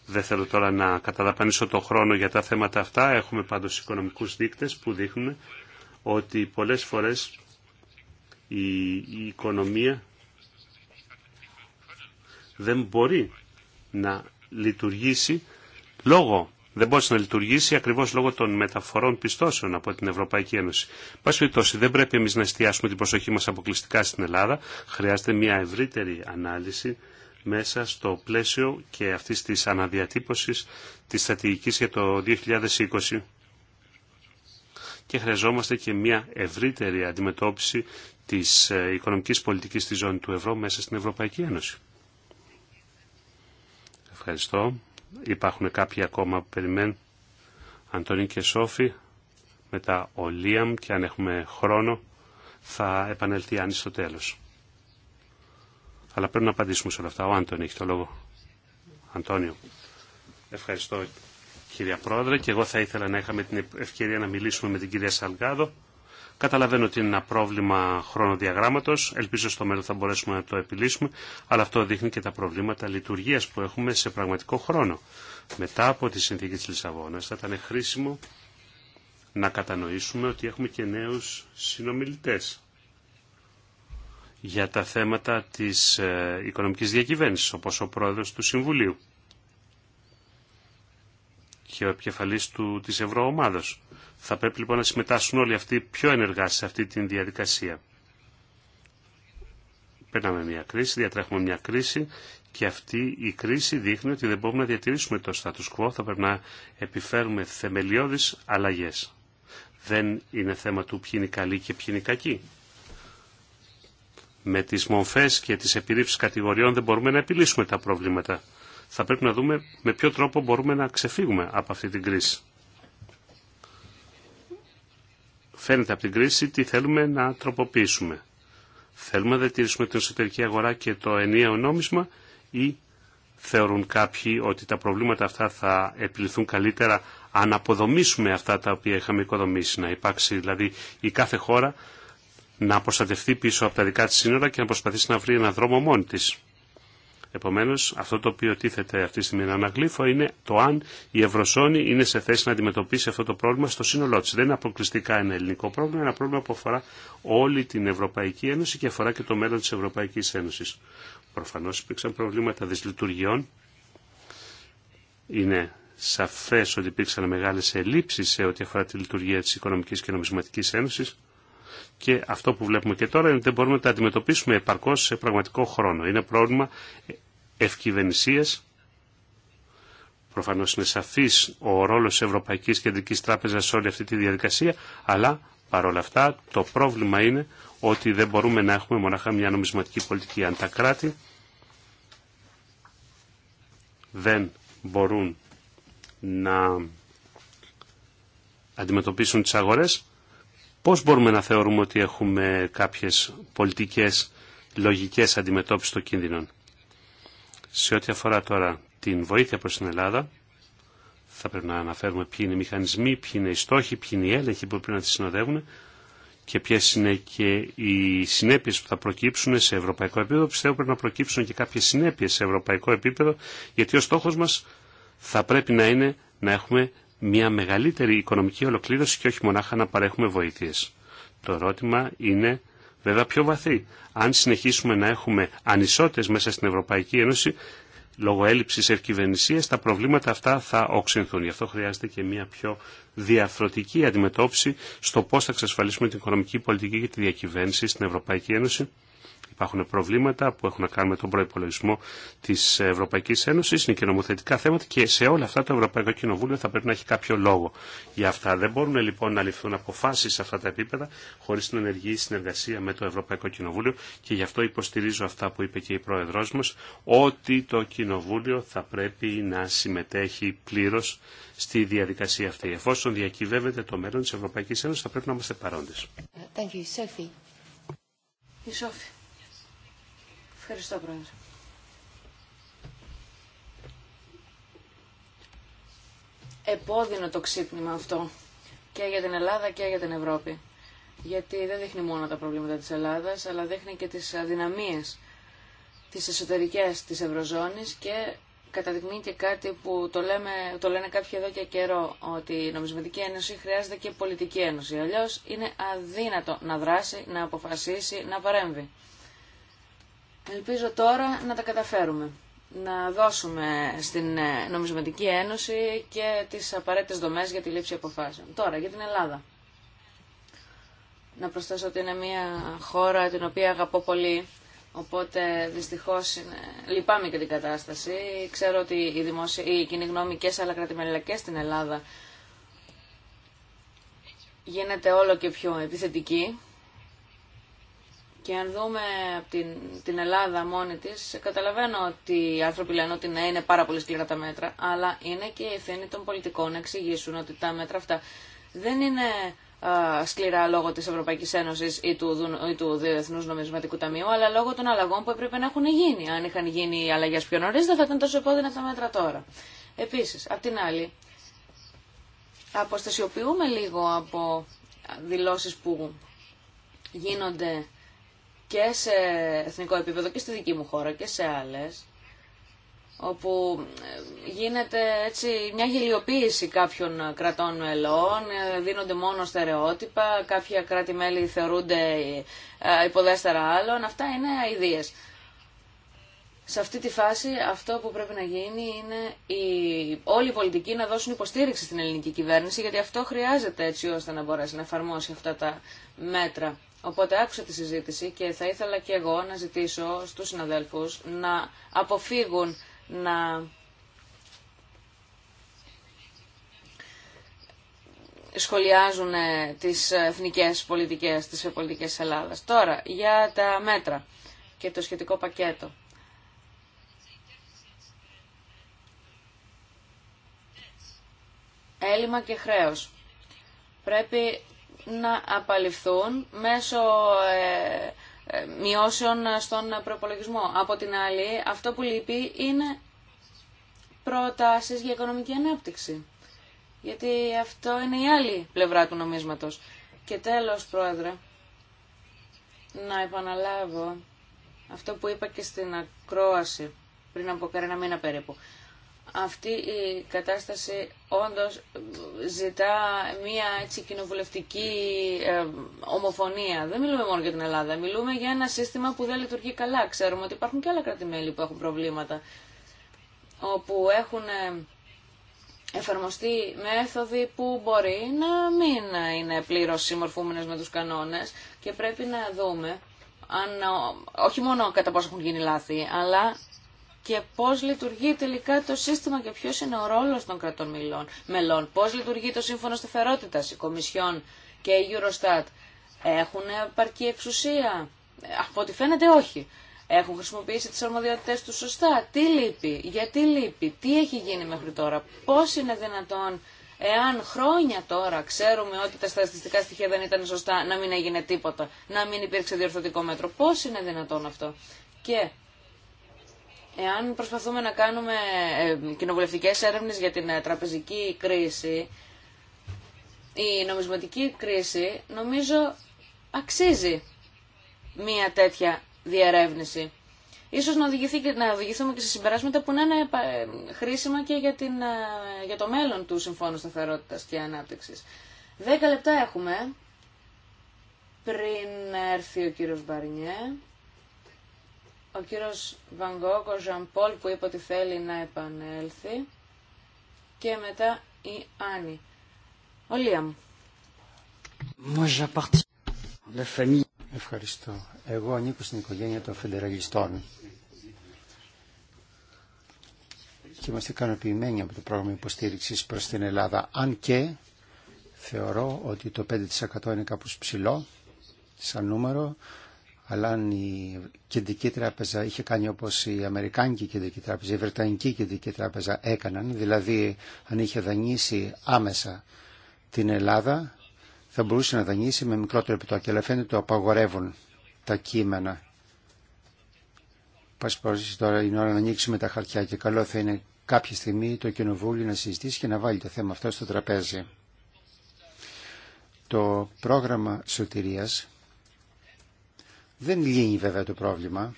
Δεν θέλω τώρα να καταδαπανίσω το χρόνο για τα θέματα αυτά. Έχουμε πάντως οικονομικούς δείκτες που δείχνουν ότι πολλές φορές η, η οικονομία δεν μπορεί να λειτουργήσει λόγω δεν μπορεί να λειτουργήσει ακριβώς λόγω των μεταφορών πιστώσεων από την Ευρωπαϊκή Ένωση. Πάση περιπτώσει, δεν πρέπει εμείς να εστιάσουμε την προσοχή μας αποκλειστικά στην Ελλάδα. Χρειάζεται μια ευρύτερη ανάλυση μέσα στο πλαίσιο και αυτής της αναδιατύπωσης της στρατηγικής για το 2020. Και χρειαζόμαστε και μια ευρύτερη αντιμετώπιση της ε, οικονομικής πολιτικής της ζώνη του ευρώ μέσα στην Ευρωπαϊκή Ένωση. Ευχαριστώ. Υπάρχουν κάποιοι ακόμα που περιμένουν. Αντώνη και Σόφη, μετά ο Λίαμ και αν έχουμε χρόνο θα επανελθεί Άννη στο τέλος. Αλλά πρέπει να απαντήσουμε σε όλα αυτά. Ο Άντωνη έχει το λόγο. Αντώνιο. Ευχαριστώ κυρία Πρόεδρε και εγώ θα ήθελα να είχαμε την ευκαιρία να μιλήσουμε με την κυρία Σαλγκάδο Καταλαβαίνω ότι είναι ένα πρόβλημα χρονοδιαγράμματος, ελπίζω στο μέλλον θα μπορέσουμε να το επιλύσουμε, αλλά αυτό δείχνει και τα προβλήματα λειτουργίας που έχουμε σε πραγματικό χρόνο. Μετά από τη συνθήκη τη Λισαβόνας θα ήταν χρήσιμο να κατανοήσουμε ότι έχουμε και νέου συνομιλητές για τα θέματα της ε, οικονομικής διακυβέρνησης, όπως ο πρόεδρος του Συμβουλίου και ο επικεφαλής του, της θα πρέπει λοιπόν να συμμετάσχουν όλοι αυτοί πιο ενεργά σε αυτή τη διαδικασία. Παίρναμε μια κρίση, διατρέχουμε μια κρίση και αυτή η κρίση δείχνει ότι δεν μπορούμε να διατηρήσουμε το status quo, θα πρέπει να επιφέρουμε θεμελιώδεις αλλαγές. Δεν είναι θέμα του ποιοι είναι καλοί και ποιοι είναι κακοί. Με τις μομφές και τις επιρρήψεις κατηγοριών δεν μπορούμε να επιλύσουμε τα προβλήματα. Θα πρέπει να δούμε με ποιο τρόπο μπορούμε να ξεφύγουμε από αυτή την κρίση. φαίνεται από την κρίση τι θέλουμε να τροποποιήσουμε. Θέλουμε να διατηρήσουμε την εσωτερική αγορά και το ενιαίο νόμισμα ή θεωρούν κάποιοι ότι τα προβλήματα αυτά θα επιληθούν καλύτερα αν αποδομήσουμε αυτά τα οποία είχαμε οικοδομήσει, να υπάρξει δηλαδή η κάθε χώρα να προστατευτεί πίσω από τα δικά της σύνορα και να προσπαθήσει να βρει έναν δρόμο μόνη της. Επομένω, αυτό το οποίο τίθεται αυτή τη στιγμή να είναι το αν η Ευρωσόνη είναι σε θέση να αντιμετωπίσει αυτό το πρόβλημα στο σύνολό τη. Δεν είναι αποκλειστικά ένα ελληνικό πρόβλημα, είναι ένα πρόβλημα που αφορά όλη την Ευρωπαϊκή Ένωση και αφορά και το μέλλον τη Ευρωπαϊκή Ένωση. Προφανώ υπήρξαν προβλήματα δυσλειτουργιών. Είναι σαφέ ότι υπήρξαν μεγάλε ελλείψεις σε ό,τι αφορά τη λειτουργία τη Οικονομική και Νομισματικής Ένωση. Και αυτό που βλέπουμε και τώρα είναι ότι δεν μπορούμε να τα αντιμετωπίσουμε επαρκώς σε πραγματικό χρόνο. Είναι πρόβλημα ευκυβενησίας. Προφανώς είναι σαφής ο ρόλος της Ευρωπαϊκής Κεντρικής Τράπεζας σε όλη αυτή τη διαδικασία, αλλά παρόλα αυτά το πρόβλημα είναι ότι δεν μπορούμε να έχουμε μοναχά μια νομισματική πολιτική αν τα κράτη δεν μπορούν να αντιμετωπίσουν τις αγορές, Πώς μπορούμε να θεωρούμε ότι έχουμε κάποιες πολιτικές λογικές αντιμετώπισης των κίνδυνων. Σε ό,τι αφορά τώρα την βοήθεια προς την Ελλάδα, θα πρέπει να αναφέρουμε ποιοι είναι οι μηχανισμοί, ποιοι είναι οι στόχοι, ποιοι είναι οι έλεγχοι που πρέπει να τη συνοδεύουν και ποιε είναι και οι συνέπειε που θα προκύψουν σε ευρωπαϊκό επίπεδο. Πιστεύω πρέπει να προκύψουν και κάποιε συνέπειε σε ευρωπαϊκό επίπεδο, γιατί ο στόχο μα θα πρέπει να είναι να έχουμε μια μεγαλύτερη οικονομική ολοκλήρωση και όχι μονάχα να παρέχουμε βοήθειες. Το ερώτημα είναι βέβαια πιο βαθύ. Αν συνεχίσουμε να έχουμε ανισότητες μέσα στην Ευρωπαϊκή Ένωση, λόγω έλλειψης ευκυβερνησίας, τα προβλήματα αυτά θα οξυνθούν. Γι' αυτό χρειάζεται και μια πιο διαφροτική αντιμετώπιση στο πώς θα εξασφαλίσουμε την οικονομική πολιτική και τη διακυβέρνηση στην Ευρωπαϊκή Ένωση Υπάρχουν προβλήματα που έχουν να κάνουν με τον προπολογισμό τη Ευρωπαϊκή Ένωση, είναι και νομοθετικά θέματα και σε όλα αυτά το Ευρωπαϊκό Κοινοβούλιο θα πρέπει να έχει κάποιο λόγο για αυτά. Δεν μπορούν λοιπόν να ληφθούν αποφάσει σε αυτά τα επίπεδα χωρί την ενεργή συνεργασία με το Ευρωπαϊκό Κοινοβούλιο και γι' αυτό υποστηρίζω αυτά που είπε και η Πρόεδρό μα, ότι το Κοινοβούλιο θα πρέπει να συμμετέχει πλήρω στη διαδικασία αυτή. Εφόσον διακυβεύεται το μέλλον τη Ευρωπαϊκή Ένωση, θα πρέπει να είμαστε παρόντε. Thank you, Sophie. Ευχαριστώ, Πρόεδρε. Επόδεινο το ξύπνημα αυτό και για την Ελλάδα και για την Ευρώπη. Γιατί δεν δείχνει μόνο τα προβλήματα της Ελλάδας, αλλά δείχνει και τις αδυναμίες τις εσωτερικές της Ευρωζώνης και καταδεικνύει και κάτι που το, το λένε κάποιοι εδώ και καιρό, ότι η νομισματική ένωση χρειάζεται και πολιτική ένωση. Αλλιώ είναι αδύνατο να δράσει, να αποφασίσει, να παρέμβει. Ελπίζω τώρα να τα καταφέρουμε. Να δώσουμε στην ε, Νομισματική Ένωση και τις απαραίτητες δομές για τη λήψη αποφάσεων. Τώρα, για την Ελλάδα. Να προσθέσω ότι είναι μια χώρα την οποία αγαπώ πολύ, οπότε δυστυχώς λυπάμαι και την κατάσταση. Ξέρω ότι η, κοινή γνώμη και σε άλλα κρατημέλια και στην Ελλάδα γίνεται όλο και πιο επιθετική και αν δούμε την, την Ελλάδα μόνη τη, καταλαβαίνω ότι οι άνθρωποι λένε ότι ναι, είναι πάρα πολύ σκληρά τα μέτρα, αλλά είναι και η ευθύνη των πολιτικών να εξηγήσουν ότι τα μέτρα αυτά δεν είναι α, σκληρά λόγω τη Ευρωπαϊκή Ένωση ή του, του Διεθνού Νομισματικού Ταμείου, αλλά λόγω των αλλαγών που έπρεπε να έχουν γίνει. Αν είχαν γίνει οι αλλαγέ πιο νωρί, δεν θα ήταν τόσο επώδυνα τα μέτρα τώρα. Επίση, απ' την άλλη, αποστασιοποιούμε λίγο από δηλώσει που γίνονται και σε εθνικό επίπεδο και στη δική μου χώρα και σε άλλες όπου ε, γίνεται έτσι μια γελιοποίηση κάποιων κρατών μελών, ε, δίνονται μόνο στερεότυπα, κάποια κράτη-μέλη θεωρούνται ε, υποδέστερα άλλων, αυτά είναι ιδίες. Σε αυτή τη φάση αυτό που πρέπει να γίνει είναι η... όλοι οι πολιτικοί να δώσουν υποστήριξη στην ελληνική κυβέρνηση, γιατί αυτό χρειάζεται έτσι ώστε να μπορέσει να εφαρμόσει αυτά τα μέτρα. Οπότε άκουσα τη συζήτηση και θα ήθελα και εγώ να ζητήσω στους συναδέλφους να αποφύγουν να σχολιάζουν ε, τις εθνικές πολιτικές, τις πολιτικές Ελλάδας. Τώρα, για τα μέτρα και το σχετικό πακέτο. Έλλειμμα και χρέος. Πρέπει να απαλληφθούν μέσω ε, ε, μειώσεων στον προπολογισμό. Από την άλλη, αυτό που λείπει είναι προτάσεις για οικονομική ανάπτυξη. Γιατί αυτό είναι η άλλη πλευρά του νομίσματος. Και τέλος, Πρόεδρε, να επαναλάβω αυτό που είπα και στην ακρόαση πριν από κανένα μήνα περίπου αυτή η κατάσταση όντως ζητά μια έτσι κοινοβουλευτική ε, ομοφωνία. Δεν μιλούμε μόνο για την Ελλάδα, μιλούμε για ένα σύστημα που δεν λειτουργεί καλά. Ξέρουμε ότι υπάρχουν και άλλα κράτη-μέλη που έχουν προβλήματα, όπου έχουν ε, εφαρμοστεί μέθοδοι που μπορεί να μην είναι πλήρως συμμορφούμενες με τους κανόνες και πρέπει να δούμε αν, όχι μόνο κατά πόσο έχουν γίνει λάθη, αλλά και πώς λειτουργεί τελικά το σύστημα και ποιος είναι ο ρόλος των κρατών μελών, πώς λειτουργεί το σύμφωνο σταθερότητας, η Κομισιόν και η Eurostat. Έχουν επαρκή εξουσία. Από ό,τι φαίνεται όχι. Έχουν χρησιμοποιήσει τις αρμοδιότητες του σωστά. Τι λείπει, γιατί λείπει, τι έχει γίνει μέχρι τώρα, πώς είναι δυνατόν Εάν χρόνια τώρα ξέρουμε ότι τα στατιστικά στοιχεία δεν ήταν σωστά, να μην έγινε τίποτα, να μην υπήρξε διορθωτικό μέτρο, πώς είναι δυνατόν αυτό. Και Εάν προσπαθούμε να κάνουμε ε, κοινοβουλευτικές έρευνες για την ε, τραπεζική κρίση, η νομισματική κρίση νομίζω αξίζει μία τέτοια διερεύνηση. Ίσως να, οδηγηθεί, να οδηγηθούμε και σε συμπεράσματα που να είναι ε, χρήσιμα και για, την, για το μέλλον του Συμφώνου Σταθερότητας και Ανάπτυξης. Δέκα λεπτά έχουμε πριν έρθει ο κύριος Μπαρνιέ. Ο κύριος Βαγκόκ, ο Ζαν που είπε ότι θέλει να επανέλθει και μετά η Άννη. Ο Λίαμ. Ευχαριστώ. Εγώ ανήκω στην οικογένεια των φεντεραλιστών και είμαστε ικανοποιημένοι από το πρόγραμμα υποστήριξης προς την Ελλάδα, αν και θεωρώ ότι το 5% είναι κάπως ψηλό σαν νούμερο αλλά αν η Κεντρική Τράπεζα είχε κάνει όπως η Αμερικάνικη Κεντρική Τράπεζα, η Βρετανική Κεντρική Τράπεζα έκαναν, δηλαδή αν είχε δανείσει άμεσα την Ελλάδα, θα μπορούσε να δανείσει με μικρότερο επιτόκιο, αλλά φαίνεται το απαγορεύουν τα κείμενα. Πας πως τώρα είναι ώρα να ανοίξουμε τα χαρτιά και καλό θα είναι κάποια στιγμή το Κοινοβούλιο να συζητήσει και να βάλει το θέμα αυτό στο τραπέζι. Το πρόγραμμα σωτηρίας δεν λύνει βέβαια το πρόβλημα.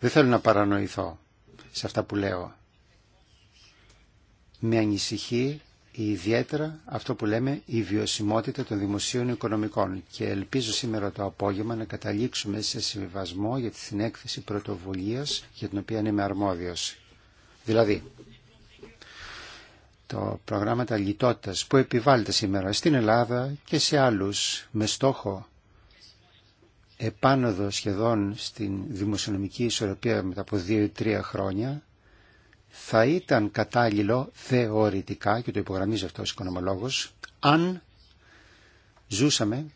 Δεν θέλω να παρανοηθώ σε αυτά που λέω. Με ανησυχεί ιδιαίτερα αυτό που λέμε η βιωσιμότητα των δημοσίων οικονομικών και ελπίζω σήμερα το απόγευμα να καταλήξουμε σε συμβιβασμό για την έκθεση πρωτοβουλίας για την οποία είμαι αρμόδιος. Δηλαδή, το πρόγραμμα λιτότητας που επιβάλλεται σήμερα στην Ελλάδα και σε άλλους με στόχο επάνωδο σχεδόν στην δημοσιονομική ισορροπία μετά από δύο ή τρία χρόνια θα ήταν κατάλληλο θεωρητικά και το υπογραμμίζει αυτός ο οικονομολόγος αν ζούσαμε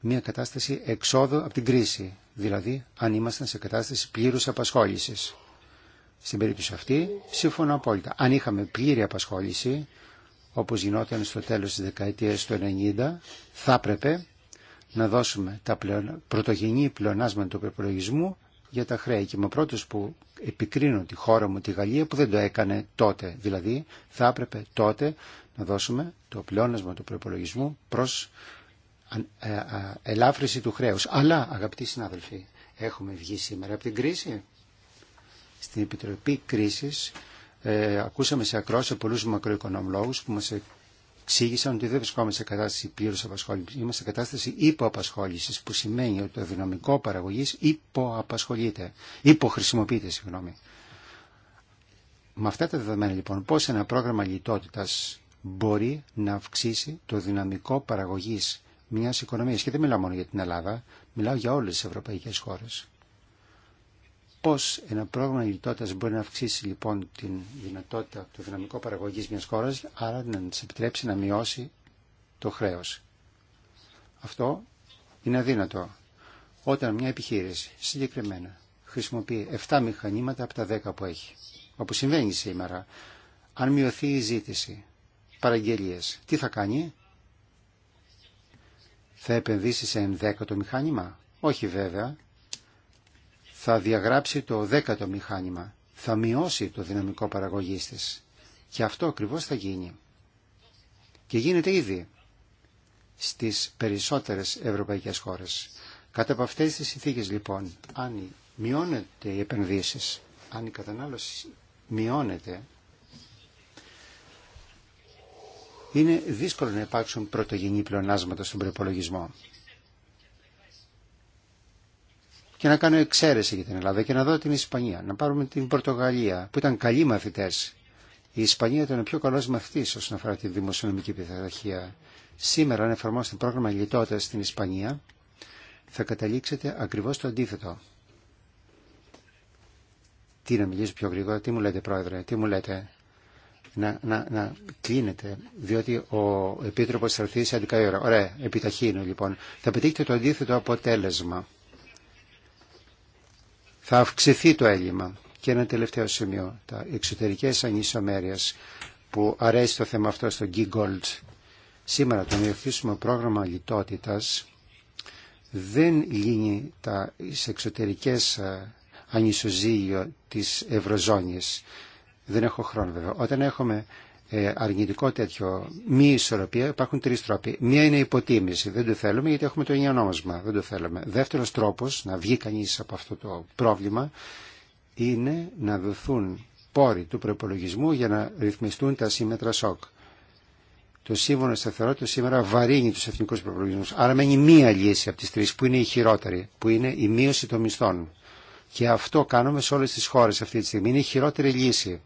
μια κατάσταση εξόδου από την κρίση δηλαδή αν ήμασταν σε κατάσταση πλήρους απασχόλησης στην περίπτωση αυτή σύμφωνα απόλυτα αν είχαμε πλήρη απασχόληση όπως γινόταν στο τέλος της δεκαετίας του 90 θα έπρεπε να δώσουμε τα πρωτογενή πλεονάσματα του προπολογισμού για τα χρέη. Και είμαι ο πρώτος που επικρίνω τη χώρα μου, τη Γαλλία, που δεν το έκανε τότε. Δηλαδή, θα έπρεπε τότε να δώσουμε το πλεόνασμα του προπολογισμού προς ε, ε, ε, ελάφρυση του χρέους. Αλλά, αγαπητοί συνάδελφοι, έχουμε βγει σήμερα από την κρίση. Στην Επιτροπή κρίση, ακούσαμε σε ακρόαση πολλούς μακροοικονομολόγους που μα εξήγησαν ότι δεν βρισκόμαστε σε κατάσταση πλήρου απασχόλησης, Είμαστε σε κατάσταση υποαπασχόλησης που σημαίνει ότι το δυναμικό παραγωγής υποαπασχολείται, υποχρησιμοποιείται, συγγνώμη. Με αυτά τα δεδομένα λοιπόν, πώς ένα πρόγραμμα λιτότητας μπορεί να αυξήσει το δυναμικό παραγωγής μιας οικονομίας Και δεν μιλάω μόνο για την Ελλάδα, μιλάω για όλες τις ευρωπαϊκές χώρες. Πώς ένα πρόγραμμα λιτότητας μπορεί να αυξήσει λοιπόν την δυνατότητα, του δυναμικού παραγωγής μιας χώρας, άρα να της επιτρέψει να μειώσει το χρέος. Αυτό είναι αδύνατο. Όταν μια επιχείρηση συγκεκριμένα χρησιμοποιεί 7 μηχανήματα από τα 10 που έχει, όπω συμβαίνει σήμερα, αν μειωθεί η ζήτηση, παραγγελίες, τι θα κάνει, θα επενδύσει σε ενδέκατο μηχάνημα. Όχι βέβαια, θα διαγράψει το δέκατο μηχάνημα, θα μειώσει το δυναμικό παραγωγής της. Και αυτό ακριβώς θα γίνει. Και γίνεται ήδη στις περισσότερες ευρωπαϊκές χώρες. Κατά από αυτές τις συνθήκες λοιπόν, αν μειώνεται οι επενδύσεις, αν η κατανάλωση μειώνεται, είναι δύσκολο να υπάρξουν πρωτογενή πλεονάσματα στον προπολογισμό και να κάνω εξαίρεση για την Ελλάδα και να δω την Ισπανία. Να πάρουμε την Πορτογαλία που ήταν καλοί μαθητέ. Η Ισπανία ήταν ο πιο καλό μαθητή όσον αφορά τη δημοσιονομική πειθαρχία. Σήμερα, αν εφαρμόσετε πρόγραμμα λιτότητα στην Ισπανία, θα καταλήξετε ακριβώ το αντίθετο. Τι να μιλήσω πιο γρήγορα, τι μου λέτε, Πρόεδρε, τι μου λέτε. Να, να, να κλείνετε, διότι ο Επίτροπο θα έρθει σε 11 ώρα. Ωραία, επιταχύνω λοιπόν. Θα πετύχετε το αντίθετο αποτέλεσμα θα αυξηθεί το έλλειμμα. Και ένα τελευταίο σημείο, τα εξωτερικές ανισομέρειες που αρέσει το θέμα αυτό στο Γκίγκολτ. Σήμερα το μειοφύσιμο πρόγραμμα λιτότητας δεν λύνει τα εξωτερικές ανισοζύγιο της Ευρωζώνης. Δεν έχω χρόνο βέβαια. Όταν έχουμε ε, αρνητικό τέτοιο, μη ισορροπία, υπάρχουν τρει τρόποι. Μία είναι υποτίμηση. Δεν το θέλουμε γιατί έχουμε το ίδιο Δεν το θέλουμε. Δεύτερο τρόπο να βγει κανεί από αυτό το πρόβλημα είναι να δοθούν πόροι του προπολογισμού για να ρυθμιστούν τα σύμμετρα σοκ. Το σύμφωνο σταθερότητα σήμερα βαρύνει του εθνικού προπολογισμού. Άρα μένει μία λύση από τι τρει που είναι η χειρότερη, που είναι η μείωση των μισθών. Και αυτό κάνουμε σε όλε τι χώρε αυτή τη στιγμή. Είναι η χειρότερη λύση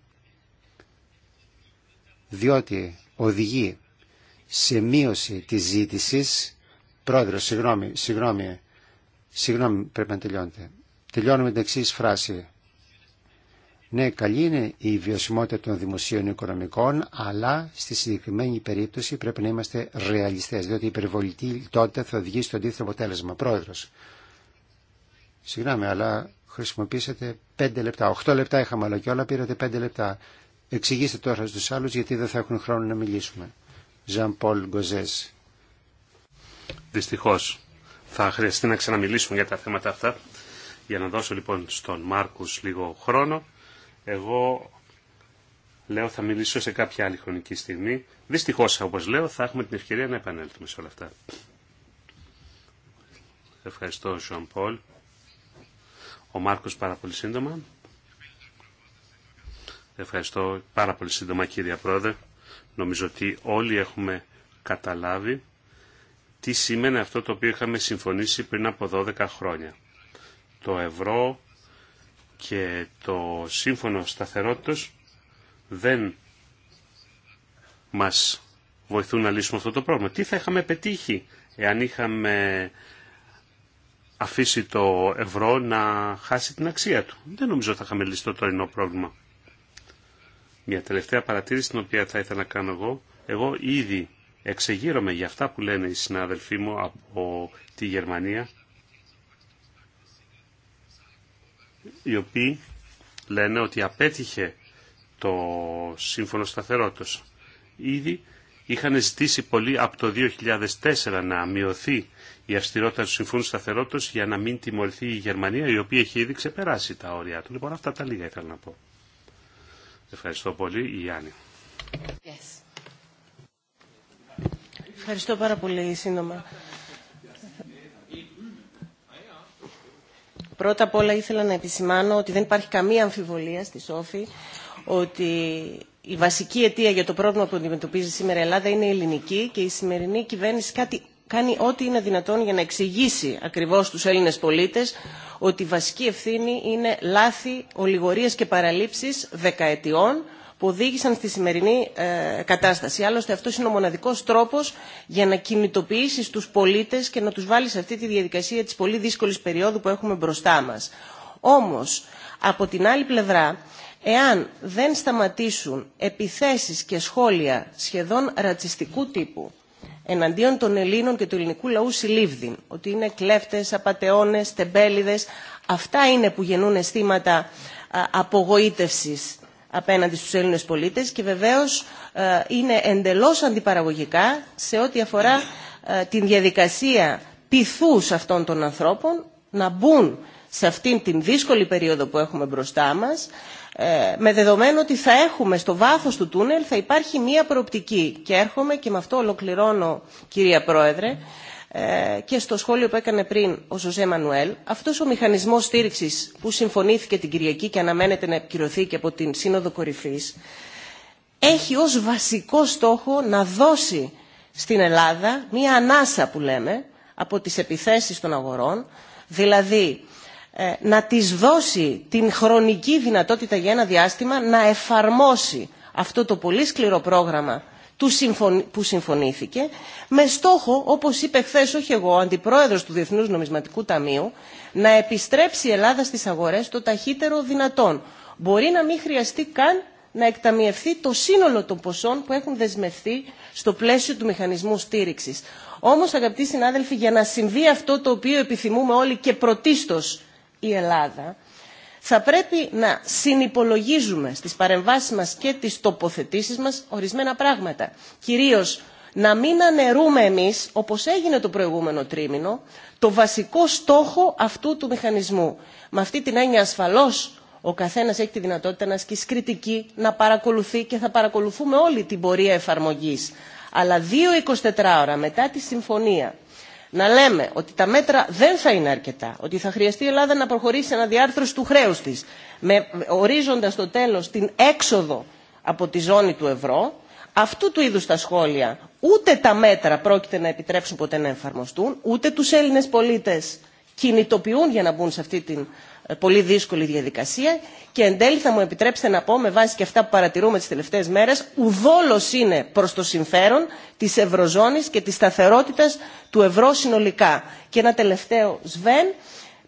διότι οδηγεί σε μείωση της ζήτησης Πρόεδρο, συγγνώμη, συγγνώμη, συγγνώμη πρέπει να τελειώνετε. Τελειώνω με την εξή φράση. Ναι, καλή είναι η βιωσιμότητα των δημοσίων οικονομικών, αλλά στη συγκεκριμένη περίπτωση πρέπει να είμαστε ρεαλιστέ, διότι η υπερβολική τότε θα οδηγήσει στο αντίθετο αποτέλεσμα. Πρόεδρο. Συγγνώμη, αλλά χρησιμοποίησατε πέντε λεπτά. 8 λεπτά είχαμε, αλλά και όλα πήρατε πέντε λεπτά. Εξηγήστε τώρα στους άλλους γιατί δεν θα έχουν χρόνο να μιλήσουμε. Ζαν Πολ Γκοζές. Δυστυχώς θα χρειαστεί να ξαναμιλήσουμε για τα θέματα αυτά. Για να δώσω λοιπόν στον Μάρκους λίγο χρόνο, εγώ λέω θα μιλήσω σε κάποια άλλη χρονική στιγμή. Δυστυχώς όπως λέω θα έχουμε την ευκαιρία να επανέλθουμε σε όλα αυτά. Ευχαριστώ Ζαν Πολ. Ο Μάρκος πάρα πολύ σύντομα. Ευχαριστώ πάρα πολύ σύντομα κύριε Πρόεδρε. Νομίζω ότι όλοι έχουμε καταλάβει τι σημαίνει αυτό το οποίο είχαμε συμφωνήσει πριν από 12 χρόνια. Το ευρώ και το σύμφωνο σταθερότητος δεν μας βοηθούν να λύσουμε αυτό το πρόβλημα. Τι θα είχαμε πετύχει εάν είχαμε αφήσει το ευρώ να χάσει την αξία του. Δεν νομίζω θα είχαμε λύσει το τωρινό πρόβλημα. Μια τελευταία παρατήρηση την οποία θα ήθελα να κάνω εγώ. Εγώ ήδη εξεγείρομαι για αυτά που λένε οι συνάδελφοί μου από τη Γερμανία οι οποίοι λένε ότι απέτυχε το σύμφωνο σταθερότητας. Ήδη είχαν ζητήσει πολύ από το 2004 να μειωθεί η αυστηρότητα του Συμφώνου Σταθερότητα για να μην τιμωρηθεί η Γερμανία, η οποία έχει ήδη ξεπεράσει τα όρια του. Λοιπόν, αυτά τα λίγα ήθελα να πω. Ευχαριστώ πολύ. Η Ευχαριστώ πάρα πολύ σύντομα. Πρώτα απ' όλα ήθελα να επισημάνω ότι δεν υπάρχει καμία αμφιβολία στη Σόφη ότι η βασική αιτία για το πρόβλημα που αντιμετωπίζει σήμερα η Ελλάδα είναι η ελληνική και η σημερινή κυβέρνηση κάτι κάνει ό,τι είναι δυνατόν για να εξηγήσει ακριβώς τους Έλληνες πολίτες ότι η βασική ευθύνη είναι λάθη, ολιγορίες και παραλήψεις δεκαετιών που οδήγησαν στη σημερινή ε, κατάσταση. Άλλωστε αυτό είναι ο μοναδικός τρόπος για να κινητοποιήσεις τους πολίτες και να τους βάλεις αυτή τη διαδικασία της πολύ δύσκολης περίοδου που έχουμε μπροστά μας. Όμως, από την άλλη πλευρά, εάν δεν σταματήσουν επιθέσεις και σχόλια σχεδόν ρατσιστικού τύπου εναντίον των Ελλήνων και του ελληνικού λαού συλλήβδην. Ότι είναι κλέφτες, απατεώνες, τεμπέληδες. Αυτά είναι που γεννούν αισθήματα απογοήτευσης απέναντι στους Έλληνες πολίτες και βεβαίως είναι εντελώς αντιπαραγωγικά σε ό,τι αφορά την διαδικασία πειθούς αυτών των ανθρώπων να μπουν σε αυτήν την δύσκολη περίοδο που έχουμε μπροστά μας ε, με δεδομένο ότι θα έχουμε στο βάθος του τούνελ θα υπάρχει μία προοπτική. Και έρχομαι και με αυτό ολοκληρώνω κυρία Πρόεδρε ε, και στο σχόλιο που έκανε πριν ο Ζωζέ Μανουέλ, αυτός ο μηχανισμός στήριξης που συμφωνήθηκε την Κυριακή και αναμένεται να επικυρωθεί και από την Σύνοδο Κορυφής, έχει ως βασικό στόχο να δώσει στην Ελλάδα μία ανάσα που λέμε από τις επιθέσεις των αγορών, δηλαδή ε, να της δώσει την χρονική δυνατότητα για ένα διάστημα να εφαρμόσει αυτό το πολύ σκληρό πρόγραμμα που συμφωνήθηκε με στόχο, όπως είπε χθε όχι εγώ, ο Αντιπρόεδρος του Διεθνούς Νομισματικού Ταμείου να επιστρέψει η Ελλάδα στις αγορές το ταχύτερο δυνατόν. Μπορεί να μην χρειαστεί καν να εκταμιευθεί το σύνολο των ποσών που έχουν δεσμευθεί στο πλαίσιο του μηχανισμού στήριξης. Όμως, αγαπητοί συνάδελφοι, για να συμβεί αυτό το οποίο επιθυμούμε όλοι και πρωτίστως η Ελλάδα, θα πρέπει να συνυπολογίζουμε στις παρεμβάσεις μας και τις τοποθετήσεις μας ορισμένα πράγματα. Κυρίως να μην αναιρούμε εμείς, όπως έγινε το προηγούμενο τρίμηνο, το βασικό στόχο αυτού του μηχανισμού. Με αυτή την έννοια ασφαλώς ο καθένας έχει τη δυνατότητα να ασκήσει να παρακολουθεί και θα παρακολουθούμε όλη την πορεία εφαρμογής. Αλλά δύο 24 ώρα μετά τη συμφωνία να λέμε ότι τα μέτρα δεν θα είναι αρκετά, ότι θα χρειαστεί η Ελλάδα να προχωρήσει σε διάρθρωση του χρέους της, με ορίζοντας στο τέλος την έξοδο από τη ζώνη του ευρώ, αυτού του είδους τα σχόλια ούτε τα μέτρα πρόκειται να επιτρέψουν ποτέ να εφαρμοστούν, ούτε τους Έλληνες πολίτες κινητοποιούν για να μπουν σε αυτή την ε, πολύ δύσκολη διαδικασία και εν τέλει θα μου επιτρέψετε να πω με βάση και αυτά που παρατηρούμε τις τελευταίες μέρες ουδόλως είναι προς το συμφέρον της Ευρωζώνης και της σταθερότητας του ευρώ συνολικά. Και ένα τελευταίο σβέν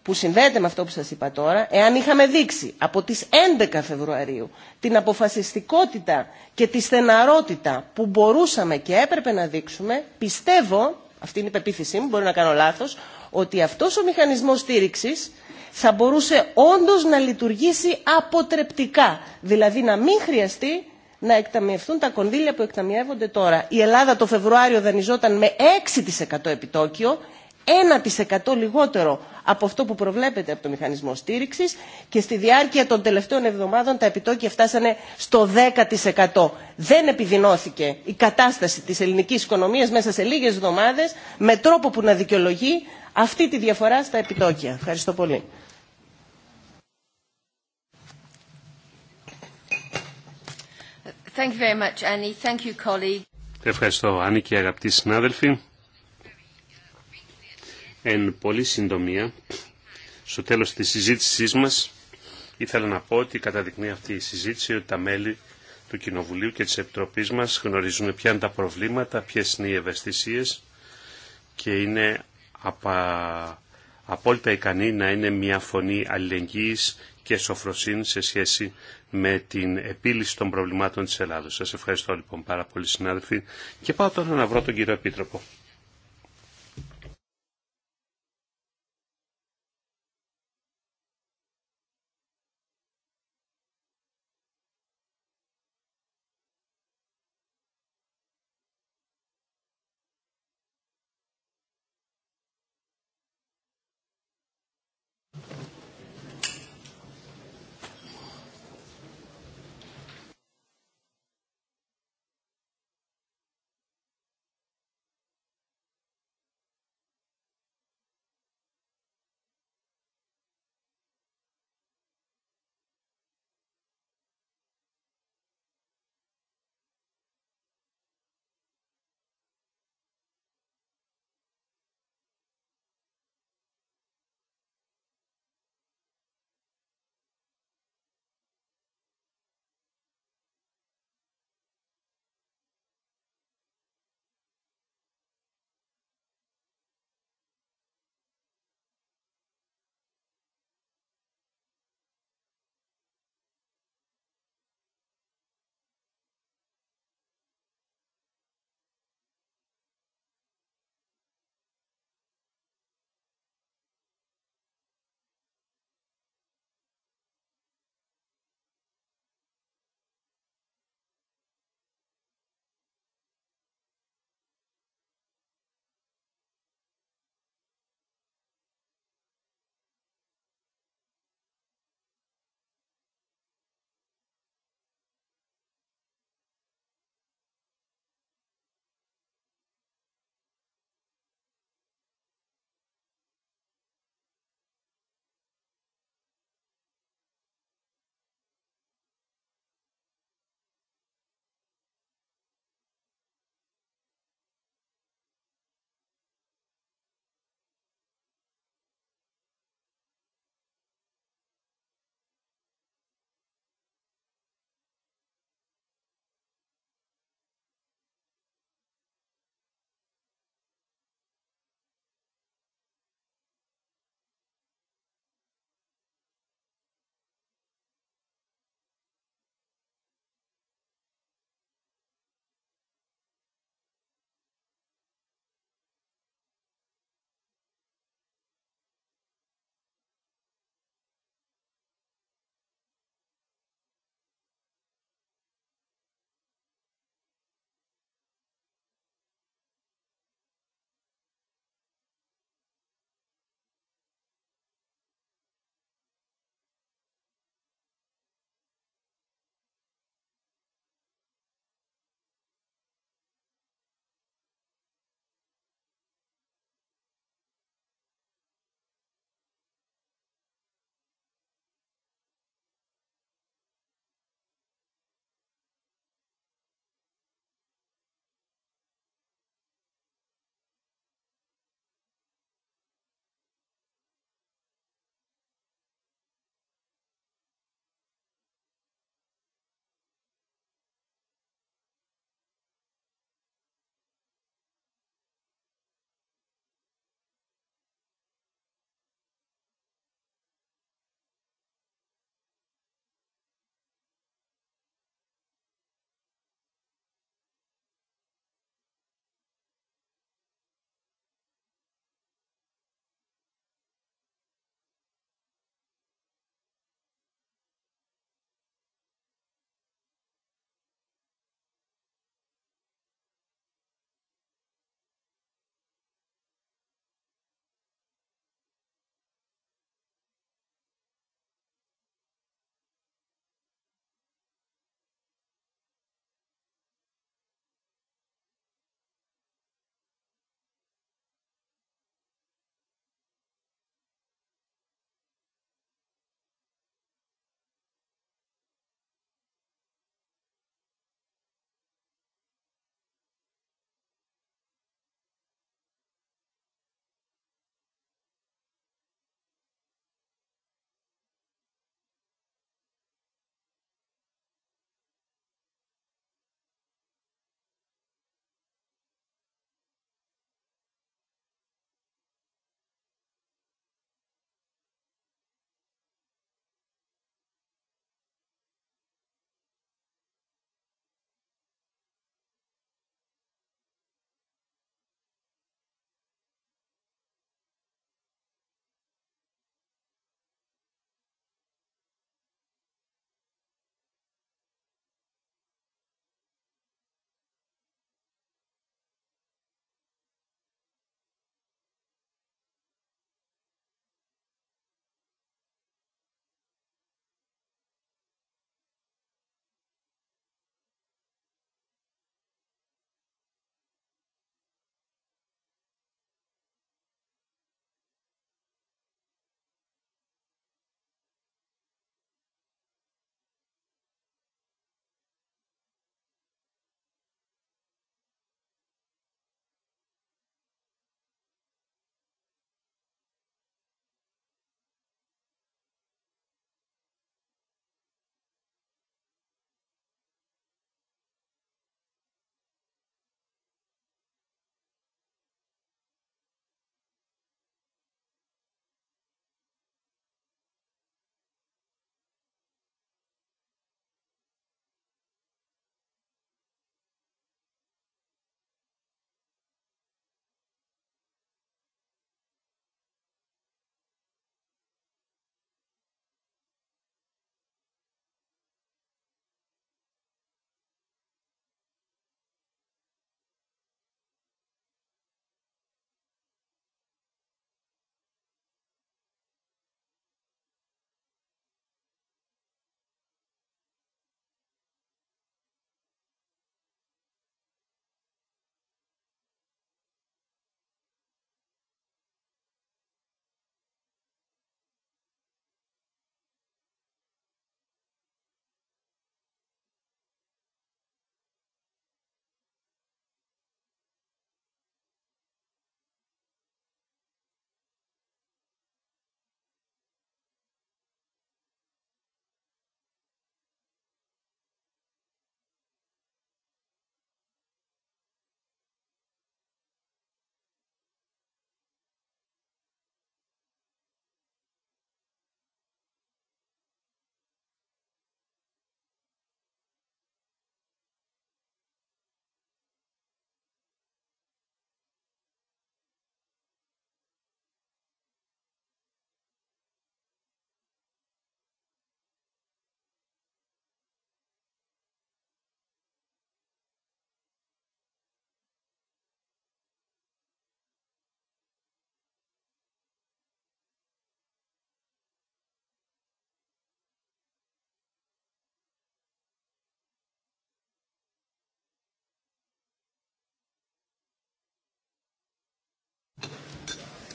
που συνδέεται με αυτό που σας είπα τώρα, εάν είχαμε δείξει από τις 11 Φεβρουαρίου την αποφασιστικότητα και τη στεναρότητα που μπορούσαμε και έπρεπε να δείξουμε, πιστεύω, αυτή είναι η πεποίθησή μου, μπορεί να κάνω λάθος, ότι αυτός ο μηχανισμός στήριξης θα μπορούσε όντως να λειτουργήσει αποτρεπτικά. Δηλαδή να μην χρειαστεί να εκταμιευτούν τα κονδύλια που εκταμιεύονται τώρα. Η Ελλάδα το Φεβρουάριο δανειζόταν με 6% επιτόκιο, 1% λιγότερο από αυτό που προβλέπεται από το μηχανισμό στήριξης και στη διάρκεια των τελευταίων εβδομάδων τα επιτόκια φτάσανε στο 10%. Δεν επιδεινώθηκε η κατάσταση της ελληνικής οικονομίας μέσα σε λίγες εβδομάδες με τρόπο που να δικαιολογεί αυτή τη διαφορά στα επιτόκια. Ευχαριστώ πολύ. Thank you very much, Annie. Thank you, colleague. Ευχαριστώ, Άννη και αγαπητοί συνάδελφοι. Εν πολύ συντομία, στο τέλος της συζήτησής μας, ήθελα να πω ότι καταδεικνύει αυτή η συζήτηση ότι τα μέλη του Κοινοβουλίου και της Επιτροπής μας γνωρίζουν ποια είναι τα προβλήματα, ποιε είναι οι ευαισθησίες και είναι απόλυτα ικανοί να είναι μια φωνή αλληλεγγύης και σοφροσύνη σε σχέση με την επίλυση των προβλημάτων της Ελλάδος. Σας ευχαριστώ λοιπόν πάρα πολύ συνάδελφοι και πάω τώρα να βρω τον κύριο Επίτροπο.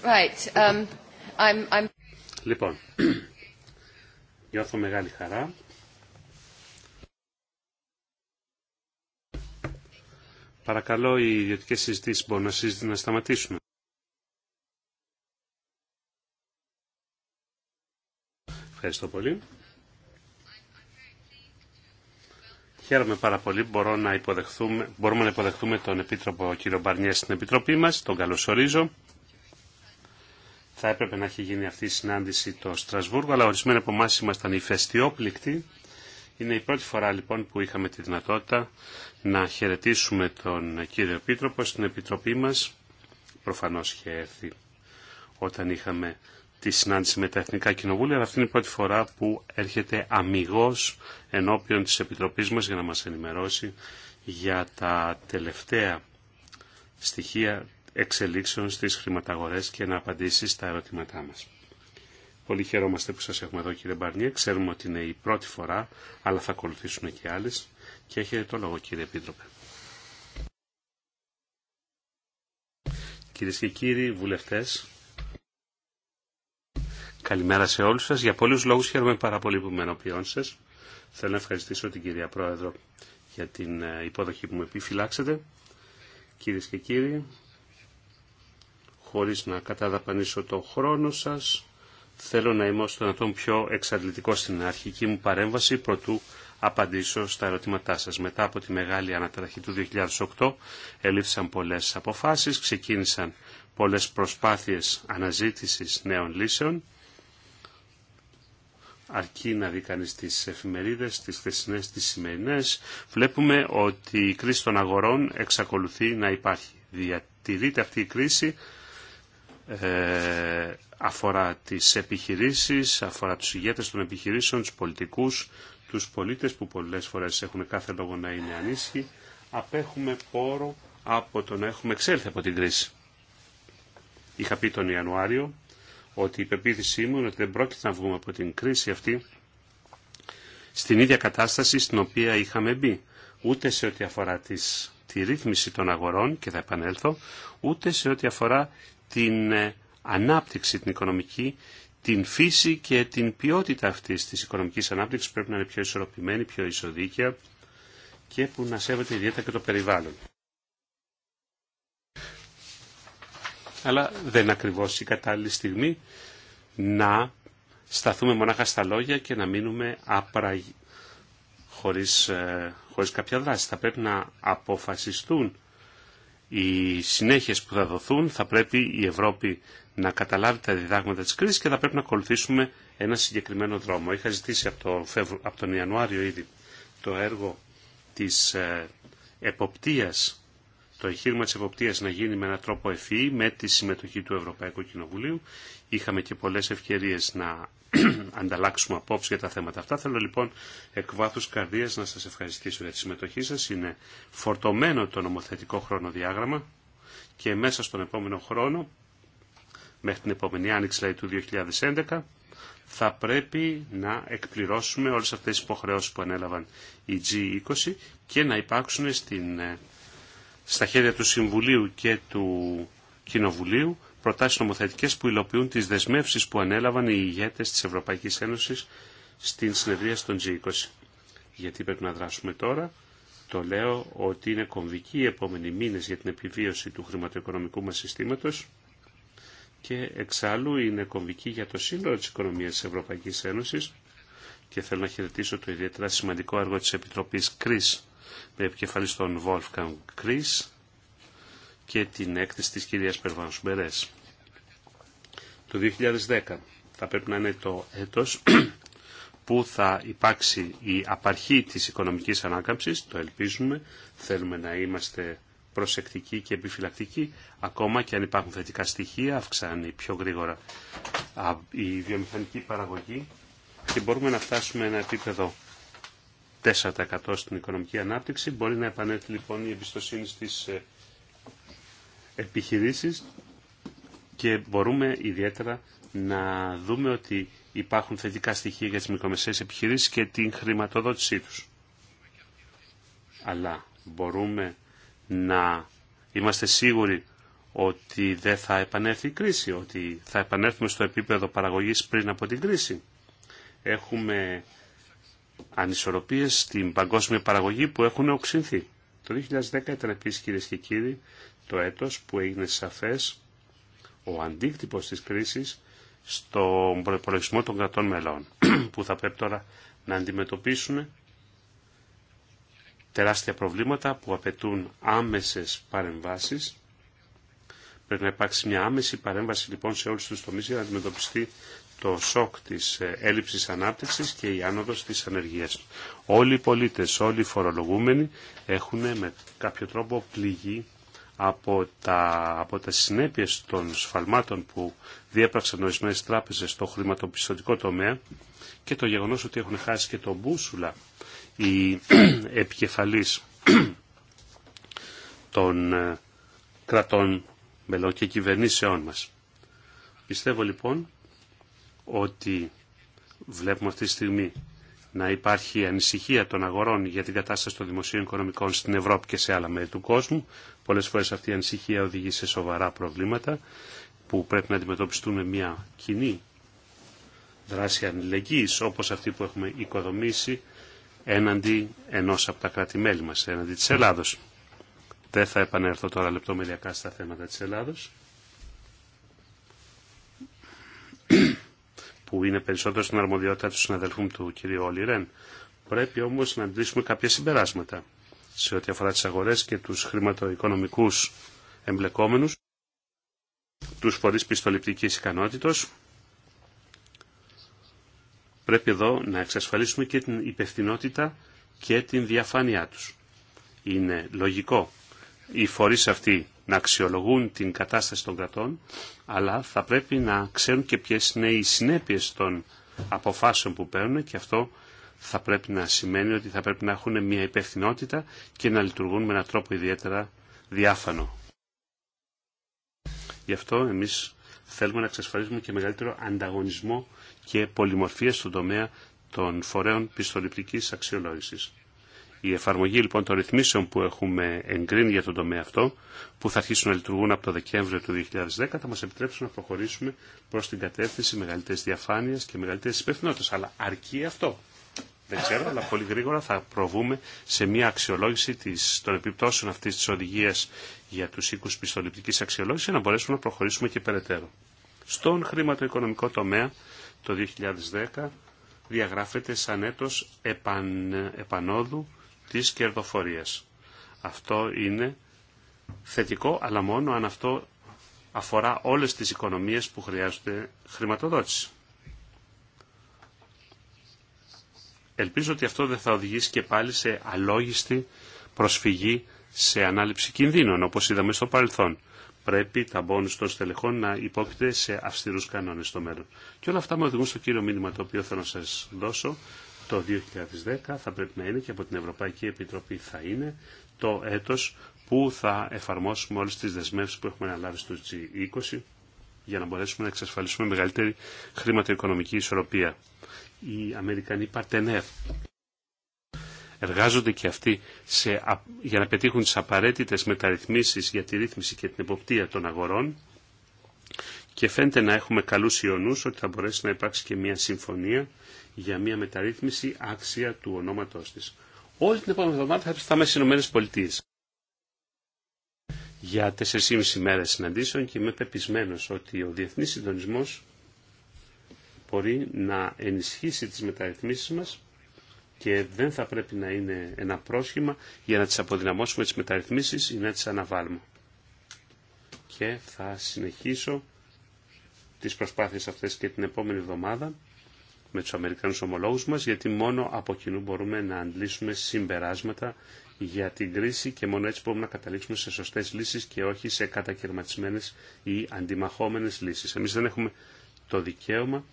Um, λοιπόν, νιώθω μεγάλη χαρά. Παρακαλώ οι ιδιωτικέ συζητήσει μπορούν να, συζητήσουν, να σταματήσουν. Ευχαριστώ πολύ. Χαίρομαι πάρα πολύ μπορώ μπορούμε να υποδεχθούμε τον Επίτροπο κ. Μπαρνιέ στην Επιτροπή μας. Τον καλωσορίζω θα έπρεπε να έχει γίνει αυτή η συνάντηση το Στρασβούργο, αλλά ορισμένοι από εμά ήμασταν ηφαιστειόπληκτοι. Είναι η πρώτη φορά λοιπόν που είχαμε τη δυνατότητα να χαιρετήσουμε τον κύριο Επίτροπο στην Επιτροπή μας. Προφανώς είχε έρθει όταν είχαμε τη συνάντηση με τα Εθνικά Κοινοβούλια, αλλά αυτή είναι η πρώτη φορά που έρχεται αμυγός ενώπιον της Επιτροπής μας για να μας ενημερώσει για τα τελευταία στοιχεία εξελίξεων στις χρηματαγορές και να απαντήσει στα ερωτήματά μας. Πολύ χαιρόμαστε που σας έχουμε εδώ κύριε Μπαρνιέ. Ξέρουμε ότι είναι η πρώτη φορά, αλλά θα ακολουθήσουν και άλλες. Και έχετε το λόγο κύριε Επίτροπε. Κυρίε και κύριοι βουλευτές, καλημέρα σε όλους σας. Για πολλούς λόγους χαίρομαι πάρα πολύ που με ενωπιών σας. Θέλω να ευχαριστήσω την κυρία Πρόεδρο για την ε, υποδοχή που με επιφυλάξετε. Κυρίε και κύριοι, χωρίς να καταδαπανίσω το χρόνο σας. Θέλω να είμαι στον τον πιο εξαντλητικό στην αρχική μου παρέμβαση προτού απαντήσω στα ερωτήματά σας. Μετά από τη μεγάλη αναταραχή του 2008 ελήφθησαν πολλές αποφάσεις, ξεκίνησαν πολλές προσπάθειες αναζήτησης νέων λύσεων. Αρκεί να δει κανείς τις εφημερίδες, τις χθεσινές, τις σημερινές, βλέπουμε ότι η κρίση των αγορών εξακολουθεί να υπάρχει. Διατηρείται αυτή η κρίση ε, αφορά τις επιχειρήσεις, αφορά τους ηγέτες των επιχειρήσεων, τους πολιτικούς, τους πολίτες που πολλές φορές έχουν κάθε λόγο να είναι ανήσυχοι, απέχουμε πόρο από το να έχουμε εξέλθει από την κρίση. Είχα πει τον Ιανουάριο ότι η πεποίθησή μου είναι ότι δεν πρόκειται να βγούμε από την κρίση αυτή στην ίδια κατάσταση στην οποία είχαμε μπει, ούτε σε ό,τι αφορά τη ρύθμιση των αγορών, και θα επανέλθω, ούτε σε ό,τι αφορά την ε, ανάπτυξη την οικονομική, την φύση και την ποιότητα αυτής της οικονομικής ανάπτυξης πρέπει να είναι πιο ισορροπημένη, πιο ισοδίκαια και που να σέβεται ιδιαίτερα και το περιβάλλον. Αλλά δεν είναι ακριβώς η κατάλληλη στιγμή να σταθούμε μονάχα στα λόγια και να μείνουμε άπρα χωρίς, ε, χωρίς κάποια δράση. Θα πρέπει να αποφασιστούν οι συνέχειες που θα δοθούν θα πρέπει η Ευρώπη να καταλάβει τα διδάγματα της κρίσης και θα πρέπει να ακολουθήσουμε ένα συγκεκριμένο δρόμο. Είχα ζητήσει από, από τον Ιανουάριο ήδη το έργο της ε, εποπτείας, το εγχείρημα της εποπτείας να γίνει με έναν τρόπο ευφυή με τη συμμετοχή του Ευρωπαϊκού Κοινοβουλίου. Είχαμε και πολλές ευκαιρίες να ανταλλάξουμε απόψη για τα θέματα αυτά. Θέλω λοιπόν εκ βάθους καρδίας να σας ευχαριστήσω για τη συμμετοχή σας. Είναι φορτωμένο το νομοθετικό χρονοδιάγραμμα και μέσα στον επόμενο χρόνο, μέχρι την επόμενη άνοιξη δηλαδή, του 2011, θα πρέπει να εκπληρώσουμε όλες αυτές τις υποχρεώσεις που ανέλαβαν οι G20 και να υπάρξουν ε, στα χέρια του Συμβουλίου και του Κοινοβουλίου προτάσει νομοθετικέ που υλοποιούν τι δεσμεύσει που ανέλαβαν οι ηγέτε τη Ευρωπαϊκή Ένωση στην συνεδρία των G20. Γιατί πρέπει να δράσουμε τώρα. Το λέω ότι είναι κομβική οι επόμενοι μήνες για την επιβίωση του χρηματοοικονομικού μας συστήματος και εξάλλου είναι κομβική για το σύνολο της οικονομίας της Ευρωπαϊκής Ένωσης και θέλω να χαιρετήσω το ιδιαίτερα σημαντικό έργο της Επιτροπής ΚΡΙΣ με επικεφαλής τον Wolfgang Κρίς και την έκθεση της κυρίας Περβάνος Μπερές. Το 2010 θα πρέπει να είναι το έτος που θα υπάρξει η απαρχή της οικονομικής ανάκαμψης, το ελπίζουμε, θέλουμε να είμαστε προσεκτικοί και επιφυλακτικοί, ακόμα και αν υπάρχουν θετικά στοιχεία, αυξάνει πιο γρήγορα η βιομηχανική παραγωγή και μπορούμε να φτάσουμε ένα επίπεδο 4% στην οικονομική ανάπτυξη. Μπορεί να επανέλθει λοιπόν η εμπιστοσύνη στις ε, επιχειρήσεις και μπορούμε ιδιαίτερα να δούμε ότι υπάρχουν θετικά στοιχεία για τις μικρομεσαίες επιχειρήσεις και την χρηματοδότησή τους. Αλλά μπορούμε να είμαστε σίγουροι ότι δεν θα επανέλθει η κρίση, ότι θα επανέλθουμε στο επίπεδο παραγωγής πριν από την κρίση. Έχουμε ανισορροπίες στην παγκόσμια παραγωγή που έχουν οξυνθεί. Το 2010 ήταν επίσης κυρίες και κύριοι το έτος που έγινε σαφές ο αντίκτυπος της κρίσης στον προϋπολογισμό των κρατών μελών που θα πρέπει τώρα να αντιμετωπίσουν τεράστια προβλήματα που απαιτούν άμεσες παρεμβάσεις. Πρέπει να υπάρξει μια άμεση παρέμβαση λοιπόν σε όλους τους τομείς για να αντιμετωπιστεί το σοκ της ε, έλλειψης ανάπτυξης και η άνοδος της ανεργίας. Όλοι οι πολίτες, όλοι οι φορολογούμενοι έχουν με κάποιο τρόπο πληγή από τα, από τα συνέπειες των σφαλμάτων που διέπραξαν ορισμένε τράπεζες στο χρηματοπιστωτικό τομέα και το γεγονός ότι έχουν χάσει και τον μπούσουλα οι επικεφαλής των ε, κρατών μελών και κυβερνήσεών μας. Πιστεύω λοιπόν ότι βλέπουμε αυτή τη στιγμή να υπάρχει ανησυχία των αγορών για την κατάσταση των δημοσίων οικονομικών στην Ευρώπη και σε άλλα μέρη του κόσμου. Πολλές φορές αυτή η ανησυχία οδηγεί σε σοβαρά προβλήματα που πρέπει να αντιμετωπιστούν με μια κοινή δράση ανηλεγγύης όπως αυτή που έχουμε οικοδομήσει έναντι ενός από τα κράτη-μέλη μας, έναντι της Ελλάδος. Δεν θα επανέλθω τώρα λεπτομεριακά στα θέματα της Ελλάδος που είναι περισσότερο στην αρμοδιότητα του συναδελφού του κ. Όλιρεν. Πρέπει όμως να αντλήσουμε κάποια συμπεράσματα σε ό,τι αφορά τις αγορές και τους χρηματοοικονομικούς εμπλεκόμενους, τους φορείς πιστοληπτικής ικανότητος. Πρέπει εδώ να εξασφαλίσουμε και την υπευθυνότητα και την διαφάνειά τους. Είναι λογικό οι φορείς αυτοί να αξιολογούν την κατάσταση των κρατών, αλλά θα πρέπει να ξέρουν και ποιες είναι οι συνέπειες των αποφάσεων που παίρνουν και αυτό θα πρέπει να σημαίνει ότι θα πρέπει να έχουν μια υπευθυνότητα και να λειτουργούν με έναν τρόπο ιδιαίτερα διάφανο. Γι' αυτό εμείς θέλουμε να εξασφαλίσουμε και μεγαλύτερο ανταγωνισμό και πολυμορφία στον τομέα των φορέων πιστοληπτικής αξιολόγησης. Η εφαρμογή λοιπόν των ρυθμίσεων που έχουμε εγκρίνει για τον τομέα αυτό, που θα αρχίσουν να λειτουργούν από το Δεκέμβριο του 2010, θα μας επιτρέψουν να προχωρήσουμε προς την κατεύθυνση μεγαλύτερης διαφάνειας και μεγαλύτερης υπευθυνότητας. Αλλά αρκεί αυτό. Δεν ξέρω, αλλά πολύ γρήγορα θα προβούμε σε μια αξιολόγηση της, των επιπτώσεων αυτής της οδηγίας για τους οίκους πιστοληπτικής αξιολόγησης, για να μπορέσουμε να προχωρήσουμε και περαιτέρω. Στον χρηματοοικονομικό τομέα, το 2010 διαγράφεται σαν έτος επαν, επανόδου της κερδοφορίας. Αυτό είναι θετικό, αλλά μόνο αν αυτό αφορά όλες τις οικονομίες που χρειάζονται χρηματοδότηση. Ελπίζω ότι αυτό δεν θα οδηγήσει και πάλι σε αλόγιστη προσφυγή σε ανάληψη κινδύνων, όπως είδαμε στο παρελθόν. Πρέπει τα μπόνους των στελεχών να υπόκειται σε αυστηρούς κανόνες στο μέλλον. Και όλα αυτά με οδηγούν στο κύριο μήνυμα το οποίο θέλω να σας δώσω, το 2010 θα πρέπει να είναι και από την Ευρωπαϊκή Επιτροπή θα είναι το έτος που θα εφαρμόσουμε όλες τις δεσμεύσεις που έχουμε αναλάβει στο G20 για να μπορέσουμε να εξασφαλίσουμε μεγαλύτερη χρηματοοικονομική ισορροπία. Οι Αμερικανοί παρτενέρ εργάζονται και αυτοί σε, για να πετύχουν τις απαραίτητες μεταρρυθμίσεις για τη ρύθμιση και την εποπτεία των αγορών και φαίνεται να έχουμε καλούς ιονούς ότι θα μπορέσει να υπάρξει και μια συμφωνία για μια μεταρρύθμιση άξια του ονόματός της. Όλη την επόμενη εβδομάδα θα, θα είμαι στι Ηνωμένε Πολιτείε. Για 4,5 μέρες συναντήσεων και είμαι πεπισμένο ότι ο διεθνή συντονισμό μπορεί να ενισχύσει τις μεταρρυθμίσεις μας και δεν θα πρέπει να είναι ένα πρόσχημα για να τις αποδυναμώσουμε τις μεταρρυθμίσεις ή να τις αναβάλουμε. Και θα συνεχίσω τις προσπάθειες αυτές και την επόμενη εβδομάδα με τους Αμερικανούς ομολόγους μας, γιατί μόνο από κοινού μπορούμε να αντλήσουμε συμπεράσματα για την κρίση και μόνο έτσι μπορούμε να καταλήξουμε σε σωστές λύσεις και όχι σε κατακαιρματισμένες ή αντιμαχόμενες λύσεις. Εμείς δεν έχουμε το δικαίωμα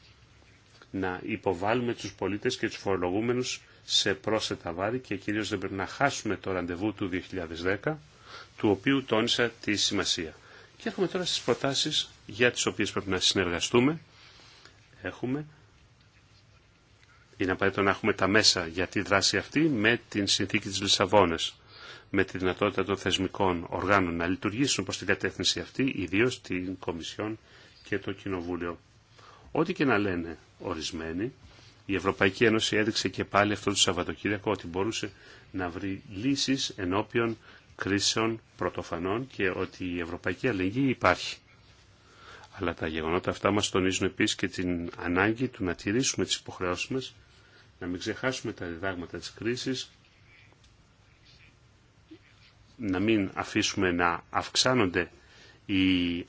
να υποβάλουμε τους πολίτες και τους φορολογούμενους σε πρόσθετα βάρη και κυρίως δεν πρέπει να χάσουμε το ραντεβού του 2010, του οποίου τόνισα τη σημασία. Και έχουμε τώρα στις προτάσεις για τις οποίες πρέπει να συνεργαστούμε. Έχουμε είναι απαραίτητο να έχουμε τα μέσα για τη δράση αυτή με την συνθήκη της Λισαβόνας, με τη δυνατότητα των θεσμικών οργάνων να λειτουργήσουν προς την κατεύθυνση αυτή, ιδίως την Κομισιόν και το Κοινοβούλιο. Ό,τι και να λένε ορισμένοι, η Ευρωπαϊκή Ένωση έδειξε και πάλι αυτό το Σαββατοκύριακο ότι μπορούσε να βρει λύσεις ενώπιον κρίσεων πρωτοφανών και ότι η Ευρωπαϊκή Αλληλεγγύη υπάρχει. Αλλά τα γεγονότα αυτά μας τονίζουν επίσης και την ανάγκη του να τηρήσουμε τις υποχρεώσεις μας να μην ξεχάσουμε τα διδάγματα της κρίσης, να μην αφήσουμε να αυξάνονται οι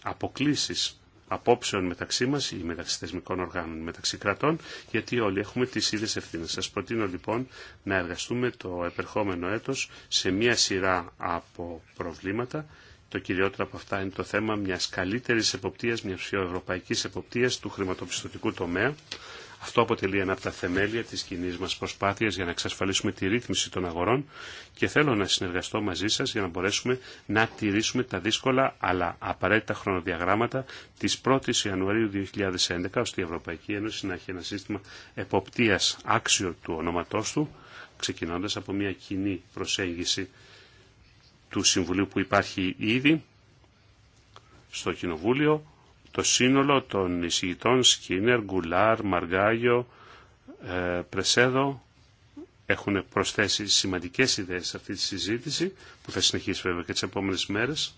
αποκλίσεις απόψεων μεταξύ μας ή μεταξύ θεσμικών οργάνων, μεταξύ κρατών, γιατί όλοι έχουμε τις ίδιες ευθύνες. Σας προτείνω λοιπόν να εργαστούμε το επερχόμενο έτος σε μία σειρά από προβλήματα. Το κυριότερο από αυτά είναι το θέμα μιας καλύτερης εποπτείας, μιας πιο ευρωπαϊκής εποπτείας του χρηματοπιστωτικού τομέα. Αυτό αποτελεί ένα από τα θεμέλια της κοινή μας προσπάθειας για να εξασφαλίσουμε τη ρύθμιση των αγορών και θέλω να συνεργαστώ μαζί σας για να μπορέσουμε να τηρήσουμε τα δύσκολα αλλά απαραίτητα χρονοδιαγράμματα της 1 η Ιανουαρίου 2011 ώστε η Ευρωπαϊκή Ένωση να έχει ένα σύστημα εποπτείας άξιο του ονόματός του ξεκινώντας από μια κοινή προσέγγιση του Συμβουλίου που υπάρχει ήδη στο Κοινοβούλιο το σύνολο των εισηγητών Σκίνερ, Γκουλάρ, Μαργάγιο, ε, Πρεσέδο έχουν προσθέσει σημαντικές ιδέες σε αυτή τη συζήτηση που θα συνεχίσει βέβαια και τις επόμενες μέρες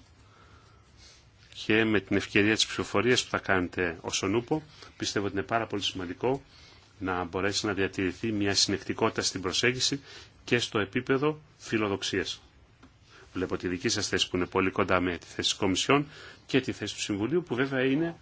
και με την ευκαιρία της ψηφοφορία που θα κάνετε ως ονούπο πιστεύω ότι είναι πάρα πολύ σημαντικό να μπορέσει να διατηρηθεί μια συνεκτικότητα στην προσέγγιση και στο επίπεδο φιλοδοξίας. Βλέπω τη δική σας θέση που είναι πολύ κοντά με τη θέση της Κομισιόν και τη θέση του Συμβουλίου που βέβαια είναι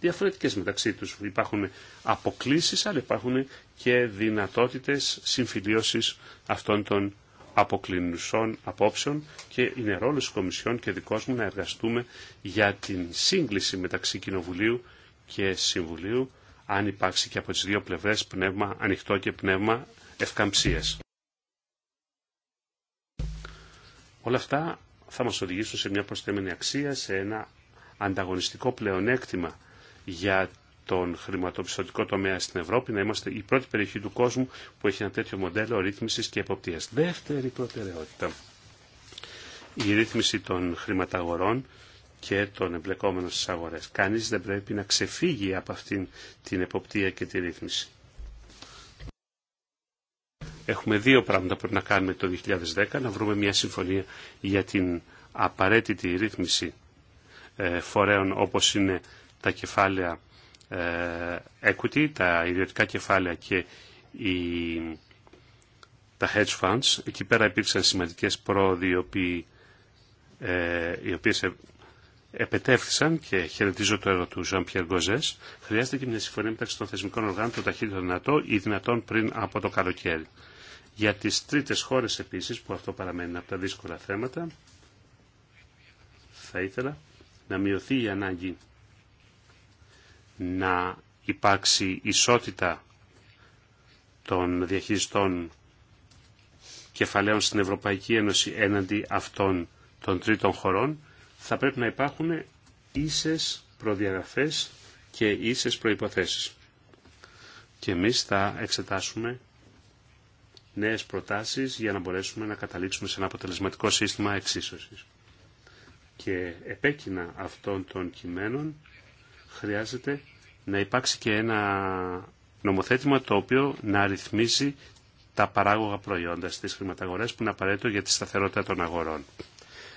διαφορετικές μεταξύ τους. Υπάρχουν αποκλήσεις αλλά υπάρχουν και δυνατότητες συμφιλίωσης αυτών των αποκλεινουσών απόψεων και είναι ρόλος της Κομισιόν και δικός μου να εργαστούμε για την σύγκληση μεταξύ Κοινοβουλίου και Συμβουλίου αν υπάρξει και από τις δύο πλευρές πνεύμα ανοιχτό και πνεύμα ευκαμψίας. Όλα αυτά θα μας οδηγήσουν σε μια προσθέμενη αξία, σε ένα ανταγωνιστικό πλεονέκτημα για τον χρηματοπιστωτικό τομέα στην Ευρώπη, να είμαστε η πρώτη περιοχή του κόσμου που έχει ένα τέτοιο μοντέλο ρύθμισης και εποπτείας. Δεύτερη προτεραιότητα, η ρύθμιση των χρηματαγορών και των εμπλεκόμενων στις αγορές. Κανείς δεν πρέπει να ξεφύγει από αυτήν την εποπτεία και τη ρύθμιση. Έχουμε δύο πράγματα που πρέπει να κάνουμε το 2010, να βρούμε μια συμφωνία για την απαραίτητη ρύθμιση ε, φορέων όπως είναι τα κεφάλαια ε, equity, τα ιδιωτικά κεφάλαια και οι, τα hedge funds. Εκεί πέρα υπήρξαν σημαντικές πρόοδοι οι ε, οποίες επετέφθησαν και χαιρετίζω το έργο του Ζαν Πιερ Γκοζές. Χρειάζεται και μια συμφωνία μεταξύ των θεσμικών οργάνων το ταχύτερο δυνατό ή δυνατόν πριν από το καλοκαίρι. Για τις τρίτες χώρες επίσης, που αυτό παραμένει από τα δύσκολα θέματα, θα ήθελα να μειωθεί η ανάγκη να υπάρξει ισότητα των διαχειριστών κεφαλαίων στην Ευρωπαϊκή Ένωση έναντι αυτών των τρίτων χωρών, θα πρέπει να υπάρχουν ίσες προδιαγραφές και ίσες προϋποθέσεις. Και εμείς θα εξετάσουμε νέες προτάσεις για να μπορέσουμε να καταλήξουμε σε ένα αποτελεσματικό σύστημα εξίσωσης. Και επέκεινα αυτών των κειμένων χρειάζεται να υπάρξει και ένα νομοθέτημα το οποίο να ρυθμίζει τα παράγωγα προϊόντα στις χρηματαγορές που είναι απαραίτητο για τη σταθερότητα των αγορών.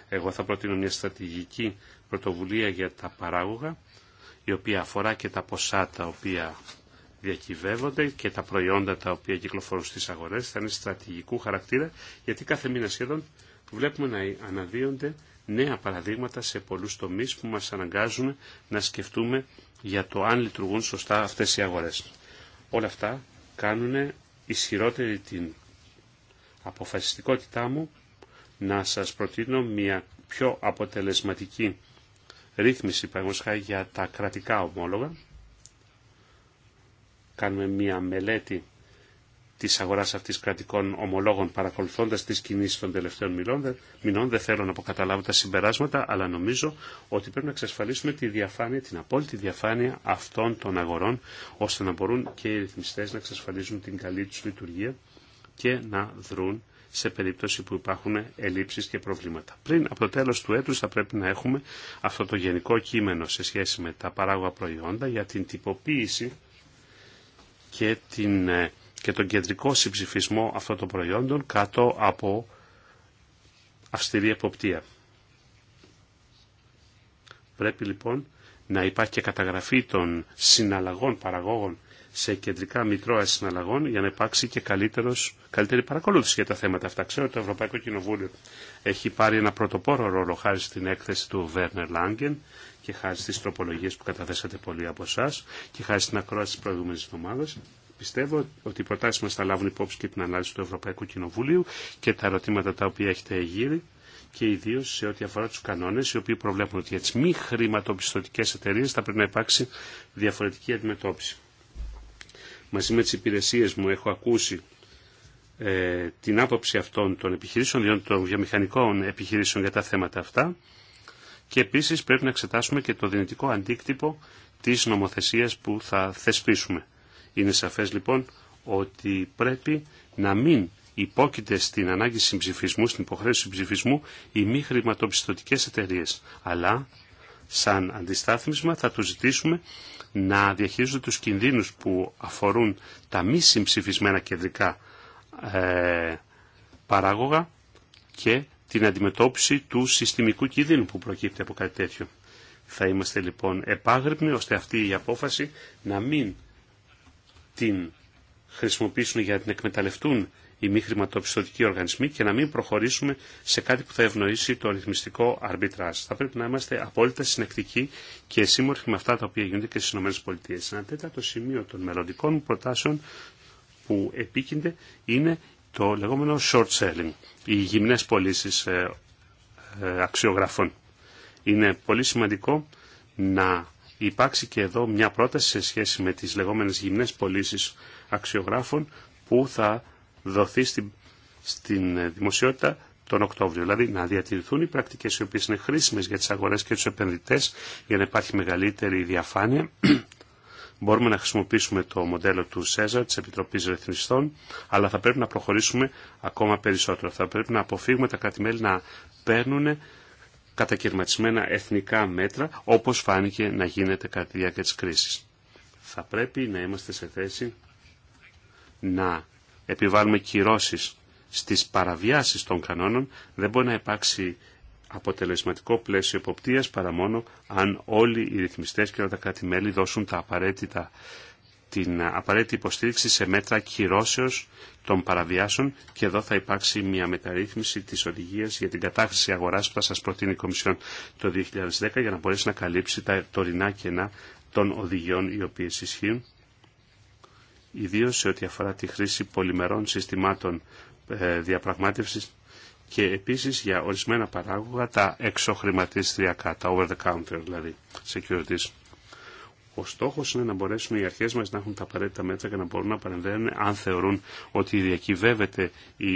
Εγώ θα προτείνω μια στρατηγική πρωτοβουλία για τα παράγωγα η οποία αφορά και τα ποσά τα οποία διακυβεύονται και τα προϊόντα τα οποία κυκλοφορούν στις αγορές θα είναι στρατηγικού χαρακτήρα γιατί κάθε μήνα σχεδόν βλέπουμε να αναδύονται νέα παραδείγματα σε πολλούς τομείς που μας αναγκάζουν να σκεφτούμε για το αν λειτουργούν σωστά αυτές οι αγορές. Όλα αυτά κάνουν ισχυρότερη την αποφασιστικότητά μου να σας προτείνω μια πιο αποτελεσματική ρύθμιση για τα κρατικά ομόλογα κάνουμε μία μελέτη της αγοράς αυτής κρατικών ομολόγων παρακολουθώντας τις κινήσεις των τελευταίων μηνών. Δεν θέλω να αποκαταλάβω τα συμπεράσματα, αλλά νομίζω ότι πρέπει να εξασφαλίσουμε τη διαφάνεια, την απόλυτη διαφάνεια αυτών των αγορών, ώστε να μπορούν και οι ρυθμιστές να εξασφαλίζουν την καλή τους λειτουργία και να δρουν σε περίπτωση που υπάρχουν ελλείψεις και προβλήματα. Πριν από το τέλος του έτους θα πρέπει να έχουμε αυτό το γενικό κείμενο σε σχέση με τα παράγωγα προϊόντα για την τυποποίηση και, την, ε, τον κεντρικό συμψηφισμό αυτών των προϊόντων κάτω από αυστηρή εποπτεία. Πρέπει λοιπόν να υπάρχει και καταγραφή των συναλλαγών παραγόγων σε κεντρικά μητρώα συναλλαγών για να υπάρξει και καλύτερος, καλύτερη παρακολούθηση για τα θέματα αυτά. Ξέρω ότι το Ευρωπαϊκό Κοινοβούλιο έχει πάρει ένα πρωτοπόρο ρόλο χάρη στην έκθεση του Βέρνερ Λάγκεν και χάρη στις τροπολογίες που καταθέσατε πολλοί από εσά και χάρη στην ακρόαση της προηγούμενης εβδομάδας. Πιστεύω ότι οι προτάσεις μας θα λάβουν υπόψη και την ανάλυση του Ευρωπαϊκού Κοινοβουλίου και τα ερωτήματα τα οποία έχετε γύρει και ιδίω σε ό,τι αφορά του κανόνε, οι οποίοι προβλέπουν ότι για τις μη χρηματοπιστωτικέ εταιρείε θα πρέπει να υπάρξει διαφορετική αντιμετώπιση. Μαζί με τι υπηρεσίε μου έχω ακούσει ε, την άποψη αυτών των επιχειρήσεων, των βιομηχανικών επιχειρήσεων για τα θέματα αυτά και επίσης πρέπει να εξετάσουμε και το δυνητικό αντίκτυπο της νομοθεσίας που θα θεσπίσουμε. Είναι σαφές λοιπόν ότι πρέπει να μην υπόκειται στην ανάγκη συμψηφισμού, στην υποχρέωση συμψηφισμού, οι μη χρηματοπιστωτικέ εταιρείε. Αλλά, σαν αντιστάθμισμα, θα του ζητήσουμε να διαχειρίζονται τους κινδύνους που αφορούν τα μη συμψηφισμένα κεντρικά ε, παράγωγα και την αντιμετώπιση του συστημικού κινδύνου που προκύπτει από κάτι τέτοιο. Θα είμαστε λοιπόν επάγρυπνοι ώστε αυτή η απόφαση να μην την χρησιμοποιήσουν για να την εκμεταλλευτούν οι μη χρηματοπιστωτικοί οργανισμοί και να μην προχωρήσουμε σε κάτι που θα ευνοήσει το ρυθμιστικό αρμπιτράζ. Θα πρέπει να είμαστε απόλυτα συνεκτικοί και σύμμορφοι με αυτά τα οποία γίνονται και στι ΗΠΑ. Ένα τέταρτο σημείο των μελλοντικών προτάσεων που επίκυνται είναι το λεγόμενο short selling, οι γυμνές πωλήσει ε, ε, αξιογραφών. Είναι πολύ σημαντικό να υπάρξει και εδώ μια πρόταση σε σχέση με τις λεγόμενες γυμνές πωλήσει αξιογράφων που θα δοθεί στην, στην ε, δημοσιότητα τον Οκτώβριο. Δηλαδή να διατηρηθούν οι πρακτικές οι οποίες είναι χρήσιμες για τις αγορές και τους επενδυτές για να υπάρχει μεγαλύτερη διαφάνεια Μπορούμε να χρησιμοποιήσουμε το μοντέλο του ΣΕΖΑ, τη Επιτροπή Ρεθνιστών, αλλά θα πρέπει να προχωρήσουμε ακόμα περισσότερο. Θα πρέπει να αποφύγουμε τα κράτη-μέλη να παίρνουν κατακαιρματισμένα εθνικά μέτρα, όπως φάνηκε να γίνεται κατά τη διάρκεια της κρίσης. Θα πρέπει να είμαστε σε θέση να επιβάλλουμε κυρώσεις στις παραβιάσεις των κανόνων. Δεν μπορεί να υπάρξει αποτελεσματικό πλαίσιο υποπτίας παρά μόνο αν όλοι οι ρυθμιστές και όλα τα κράτη-μέλη δώσουν τα απαραίτητα, την απαραίτητη υποστήριξη σε μέτρα κυρώσεως των παραβιάσεων και εδώ θα υπάρξει μια μεταρρύθμιση της οδηγίας για την κατάχρηση αγοράς που θα σας προτείνει η Κομισιόν το 2010 για να μπορέσει να καλύψει τα τωρινά κενά των οδηγιών οι οποίες ισχύουν ιδίως σε ό,τι αφορά τη χρήση πολυμερών συστημάτων ε, διαπραγμάτευσης και επίσης για ορισμένα παράγωγα τα εξωχρηματιστριακά, τα over the counter δηλαδή, securities. Ο στόχο είναι να μπορέσουν οι αρχέ μα να έχουν τα απαραίτητα μέτρα και να μπορούν να παρεμβαίνουν αν θεωρούν ότι διακυβεύεται η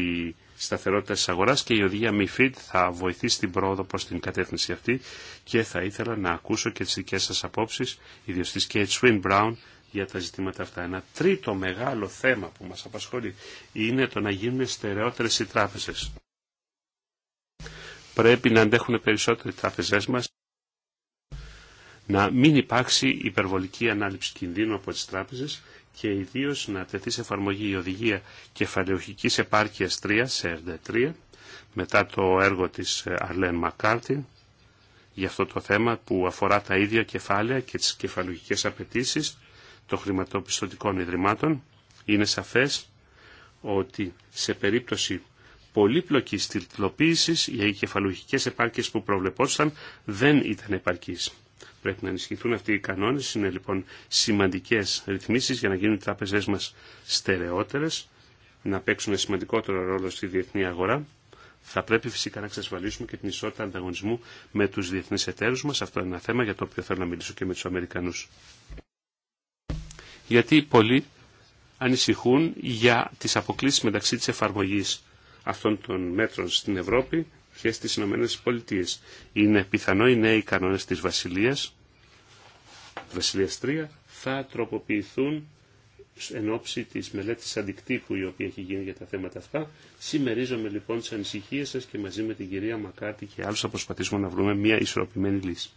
σταθερότητα τη αγορά και η οδηγία MIFID θα βοηθήσει την πρόοδο προ την κατεύθυνση αυτή και θα ήθελα να ακούσω και τι δικέ σα απόψει, ιδίω τη Kate Swin Brown, για τα ζητήματα αυτά. Ένα τρίτο μεγάλο θέμα που μα απασχολεί είναι το να γίνουν στερεότερε οι τράπεζε πρέπει να αντέχουν περισσότερο οι τράπεζές μας να μην υπάρξει υπερβολική ανάληψη κινδύνου από τις τράπεζες και ιδίω να τεθεί σε εφαρμογή η οδηγία κεφαλαιοχικής επάρκειας 3, σε 3, μετά το έργο της ε, Αρλέν Μακάρτιν για αυτό το θέμα που αφορά τα ίδια κεφάλαια και τις κεφαλαιοχικές απαιτήσει των χρηματοπιστωτικών ιδρυμάτων. Είναι σαφές ότι σε περίπτωση Πολύπλοκη τυπλοποίηση για οι κεφαλουχικές επάρκειε που προβλεπόταν δεν ήταν επαρκή. Πρέπει να ενισχυθούν αυτοί οι κανόνε. είναι λοιπόν σημαντικέ ρυθμίσει για να γίνουν οι τράπεζέ μα στερεότερε, να παίξουν σημαντικότερο ρόλο στη διεθνή αγορά. Θα πρέπει φυσικά να εξασφαλίσουμε και την ισότητα ανταγωνισμού με του διεθνεί εταίρου μα. Αυτό είναι ένα θέμα για το οποίο θέλω να μιλήσω και με του Αμερικανού Γιατί πολλοί ανησυχούν για τις αποκλήσεις μεταξύ της εφαρμογή αυτών των μέτρων στην Ευρώπη και στις Ηνωμένε Πολιτείε. Είναι πιθανό οι νέοι κανόνες της Βασιλείας, Βασιλείας 3, θα τροποποιηθούν εν ώψη της μελέτης αντικτύπου η οποία έχει γίνει για τα θέματα αυτά. Σημερίζομαι λοιπόν τις ανησυχίες σας και μαζί με την κυρία Μακάτι και άλλους θα προσπαθήσουμε να βρούμε μια ισορροπημένη λύση.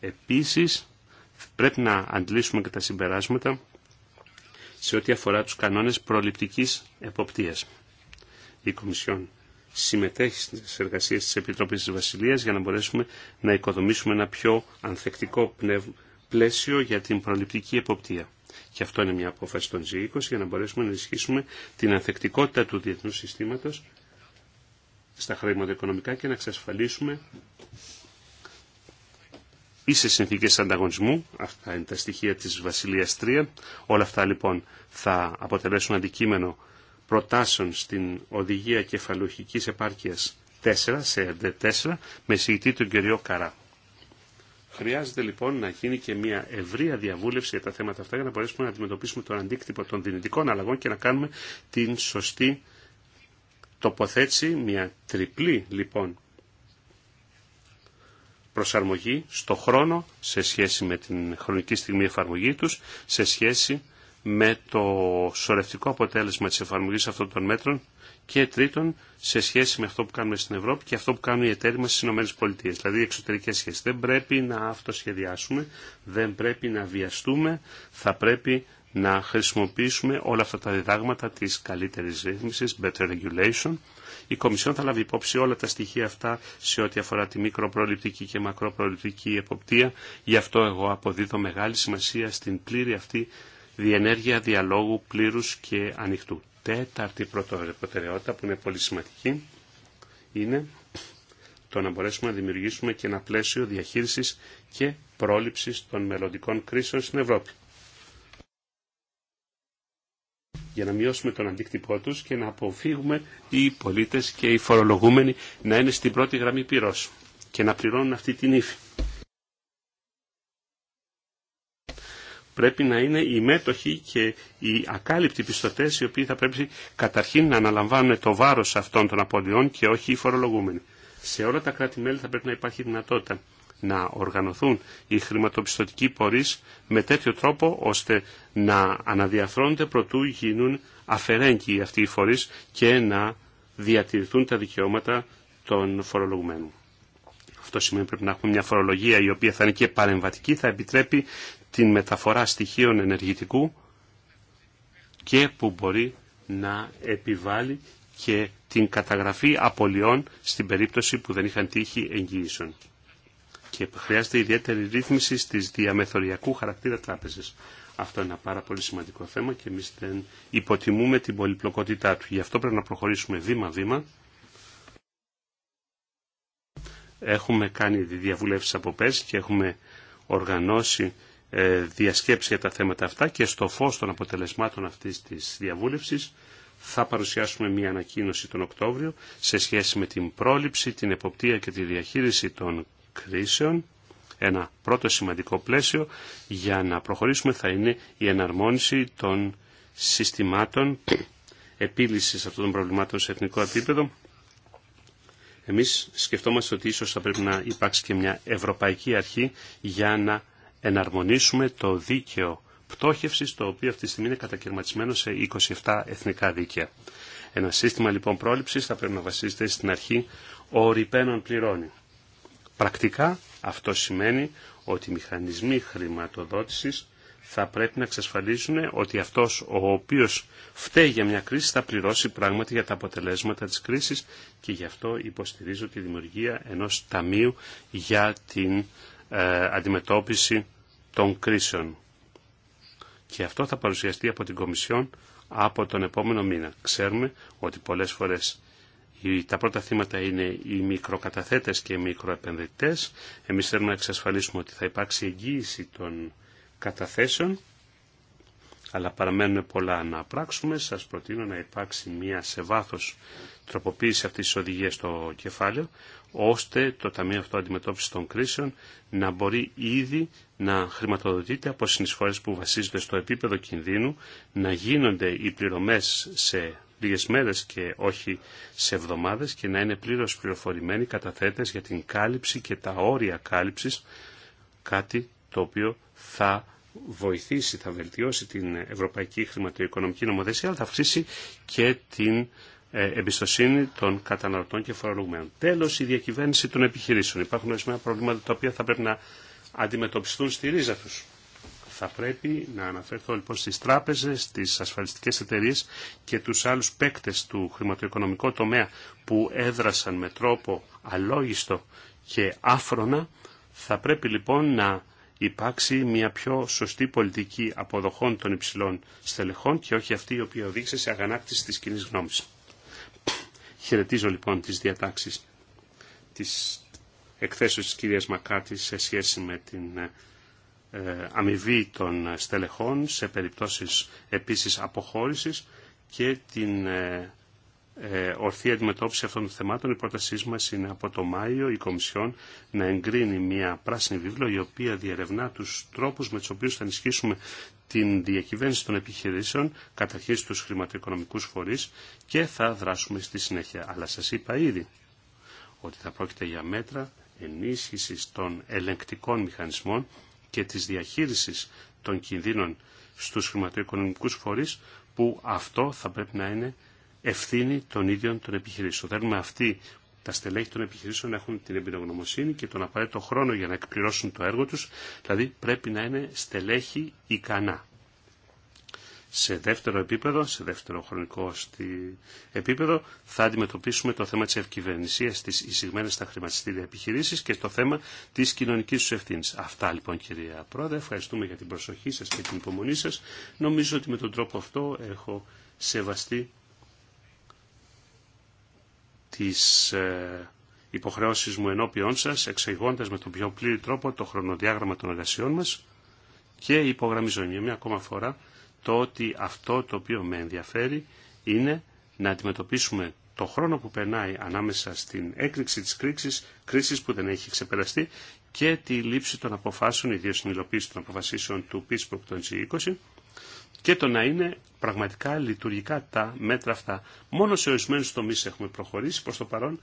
Επίσης πρέπει να αντλήσουμε και τα συμπεράσματα σε ό,τι αφορά τους κανόνες προληπτικής εποπτείας η Κομισιόν συμμετέχει στις εργασίες της Επιτροπής της Βασιλείας για να μπορέσουμε να οικοδομήσουμε ένα πιο ανθεκτικό πλαίσιο για την προληπτική εποπτεία. Και αυτό είναι μια απόφαση των G20 για να μπορέσουμε να ενισχύσουμε την ανθεκτικότητα του διεθνούς συστήματος στα χρηματοοικονομικά και να εξασφαλίσουμε ή σε συνθήκε ανταγωνισμού. Αυτά είναι τα στοιχεία της Βασιλείας 3. Όλα αυτά λοιπόν θα αποτελέσουν αντικείμενο προτάσεων στην Οδηγία Κεφαλουχικής Επάρκειας 4, σε 4, με συγητή τον κύριο Καρά. Χρειάζεται λοιπόν να γίνει και μια ευρεία διαβούλευση για τα θέματα αυτά για να μπορέσουμε να αντιμετωπίσουμε τον αντίκτυπο των δυνητικών αλλαγών και να κάνουμε την σωστή τοποθέτηση, μια τριπλή λοιπόν προσαρμογή στο χρόνο σε σχέση με την χρονική στιγμή εφαρμογή τους, σε σχέση με το σωρευτικό αποτέλεσμα της εφαρμογής αυτών των μέτρων και τρίτον σε σχέση με αυτό που κάνουμε στην Ευρώπη και αυτό που κάνουν οι εταίροι μας στις ΗΠΑ. Δηλαδή οι εξωτερικές σχέσεις. Δεν πρέπει να αυτοσχεδιάσουμε, δεν πρέπει να βιαστούμε, θα πρέπει να χρησιμοποιήσουμε όλα αυτά τα διδάγματα της καλύτερης ρύθμισης, better regulation. Η Κομισιόν θα λάβει υπόψη όλα τα στοιχεία αυτά σε ό,τι αφορά τη μικροπροληπτική και μακροπροληπτική εποπτεία. Γι' αυτό εγώ αποδίδω μεγάλη σημασία στην πλήρη αυτή διενέργεια διαλόγου πλήρους και ανοιχτού. Τέταρτη προτεραιότητα που είναι πολύ σημαντική είναι το να μπορέσουμε να δημιουργήσουμε και ένα πλαίσιο διαχείρισης και πρόληψης των μελλοντικών κρίσεων στην Ευρώπη. Για να μειώσουμε τον αντίκτυπό τους και να αποφύγουμε οι πολίτες και οι φορολογούμενοι να είναι στην πρώτη γραμμή πυρός και να πληρώνουν αυτή την ύφη. πρέπει να είναι οι μέτοχοι και οι ακάλυπτοι πιστωτές οι οποίοι θα πρέπει καταρχήν να αναλαμβάνουν το βάρος αυτών των απολειών και όχι οι φορολογούμενοι. Σε όλα τα κράτη-μέλη θα πρέπει να υπάρχει δυνατότητα να οργανωθούν οι χρηματοπιστωτικοί πορείς με τέτοιο τρόπο ώστε να αναδιαφρώνονται προτού γίνουν αφαιρέγκοι αυτοί οι φορείς και να διατηρηθούν τα δικαιώματα των φορολογουμένων. Αυτό σημαίνει πρέπει να έχουμε μια φορολογία η οποία θα είναι και παρεμβατική, θα επιτρέπει την μεταφορά στοιχείων ενεργητικού και που μπορεί να επιβάλλει και την καταγραφή απολειών στην περίπτωση που δεν είχαν τύχει εγγύησεων. Και χρειάζεται ιδιαίτερη ρύθμιση στις διαμεθοριακού χαρακτήρα τράπεζες. Αυτό είναι ένα πάρα πολύ σημαντικό θέμα και εμείς υποτιμούμε την πολυπλοκότητά του. Γι' αυτό πρέπει να προχωρήσουμε βήμα-βήμα. Έχουμε κάνει διαβουλεύσεις από πέρσι και έχουμε οργανώσει ε, διασκέψει για τα θέματα αυτά και στο φως των αποτελεσμάτων αυτής της διαβούλευσης θα παρουσιάσουμε μια ανακοίνωση τον Οκτώβριο σε σχέση με την πρόληψη, την εποπτεία και τη διαχείριση των κρίσεων. Ένα πρώτο σημαντικό πλαίσιο για να προχωρήσουμε θα είναι η εναρμόνιση των συστημάτων επίλυσης αυτών των προβλημάτων σε εθνικό επίπεδο. Εμείς σκεφτόμαστε ότι ίσως θα πρέπει να υπάρξει και μια ευρωπαϊκή αρχή για να εναρμονίσουμε το δίκαιο πτώχευσης, το οποίο αυτή τη στιγμή είναι κατακαιρματισμένο σε 27 εθνικά δίκαια. Ένα σύστημα λοιπόν πρόληψης θα πρέπει να βασίζεται στην αρχή ο ρηπαίνων πληρώνει. Πρακτικά αυτό σημαίνει ότι οι μηχανισμοί χρηματοδότησης θα πρέπει να εξασφαλίσουν ότι αυτός ο οποίος φταίει για μια κρίση θα πληρώσει πράγματι για τα αποτελέσματα της κρίσης και γι' αυτό υποστηρίζω τη δημιουργία ενός ταμείου για την ε, αντιμετώπιση των κρίσεων. Και αυτό θα παρουσιαστεί από την Κομισιόν από τον επόμενο μήνα. Ξέρουμε ότι πολλές φορές τα πρώτα θύματα είναι οι μικροκαταθέτες και οι μικροεπενδυτές. Εμείς θέλουμε να εξασφαλίσουμε ότι θα υπάρξει εγγύηση των καταθέσεων, αλλά παραμένουν πολλά να πράξουμε. Σας προτείνω να υπάρξει μία σε βάθος τροποποίηση αυτής της οδηγίας στο κεφάλαιο, ώστε το Ταμείο αυτό αντιμετώπιση των κρίσεων να μπορεί ήδη να χρηματοδοτείται από συνεισφορές που βασίζονται στο επίπεδο κινδύνου, να γίνονται οι πληρωμές σε λίγες μέρες και όχι σε εβδομάδες και να είναι πλήρως πληροφορημένοι καταθέτες για την κάλυψη και τα όρια κάλυψης, κάτι το οποίο θα βοηθήσει, θα βελτιώσει την ευρωπαϊκή χρηματοοικονομική νομοθεσία, αλλά θα αυξήσει και την ε, εμπιστοσύνη των καταναλωτών και φορολογουμένων. Τέλο η διακυβέρνηση των επιχειρήσεων. Υπάρχουν ορισμένα προβλήματα τα οποία θα πρέπει να αντιμετωπιστούν στη ρίζα του. Θα πρέπει να αναφερθώ λοιπόν στι τράπεζε, στι ασφαλιστικέ εταιρείε και του άλλου παίκτε του χρηματοοικονομικού τομέα που έδρασαν με τρόπο αλόγιστο και άφρονα. Θα πρέπει λοιπόν να υπάρξει μια πιο σωστή πολιτική αποδοχών των υψηλών στελεχών και όχι αυτή η οποία οδήγησε σε αγανάκτηση της κοινή γνώμης. Χαιρετίζω λοιπόν τις διατάξεις της εκθέσεως της κυρίας Μακάτη σε σχέση με την ε, αμοιβή των στελεχών σε περιπτώσεις επίσης αποχώρησης και την ε, ε, ορθή αντιμετώπιση αυτών των θεμάτων. Η πρότασή μα είναι από το Μάιο η Κομισιόν να εγκρίνει μια πράσινη βίβλο η οποία διερευνά του τρόπου με του οποίου θα ενισχύσουμε την διακυβέρνηση των επιχειρήσεων, καταρχήν στου χρηματοοικονομικού φορεί και θα δράσουμε στη συνέχεια. Αλλά σα είπα ήδη ότι θα πρόκειται για μέτρα ενίσχυση των ελεγκτικών μηχανισμών και τη διαχείριση των κινδύνων στους χρηματοοικονομικούς φορείς που αυτό θα πρέπει να είναι ευθύνη των ίδιων των επιχειρήσεων. Θέλουμε αυτοί τα στελέχη των επιχειρήσεων να έχουν την εμπειρογνωμοσύνη και τον απαραίτητο χρόνο για να εκπληρώσουν το έργο τους, δηλαδή πρέπει να είναι στελέχη ικανά. Σε δεύτερο επίπεδο, σε δεύτερο χρονικό επίπεδο, θα αντιμετωπίσουμε το θέμα της ευκυβερνησίας στις εισηγμένες στα χρηματιστήρια επιχειρήσεις και το θέμα της κοινωνικής τους ευθύνης. Αυτά λοιπόν κυρία Πρόεδρε, ευχαριστούμε για την προσοχή σας και την υπομονή σας. Νομίζω ότι με τον τρόπο αυτό έχω σεβαστεί τις ε, υποχρεώσεις μου ενώπιόν σας, εξηγώντας με τον πιο πλήρη τρόπο το χρονοδιάγραμμα των εργασιών μας και υπογραμμίζω μια ακόμα φορά το ότι αυτό το οποίο με ενδιαφέρει είναι να αντιμετωπίσουμε το χρόνο που περνάει ανάμεσα στην έκρηξη της κρίσης, κρίσης που δεν έχει ξεπεραστεί και τη λήψη των αποφάσεων, ιδίως στην υλοποίηση των αποφασίσεων του Pittsburgh των G20 και το να είναι πραγματικά λειτουργικά τα μέτρα αυτά. Μόνο σε ορισμένου τομεί έχουμε προχωρήσει. Προ το παρόν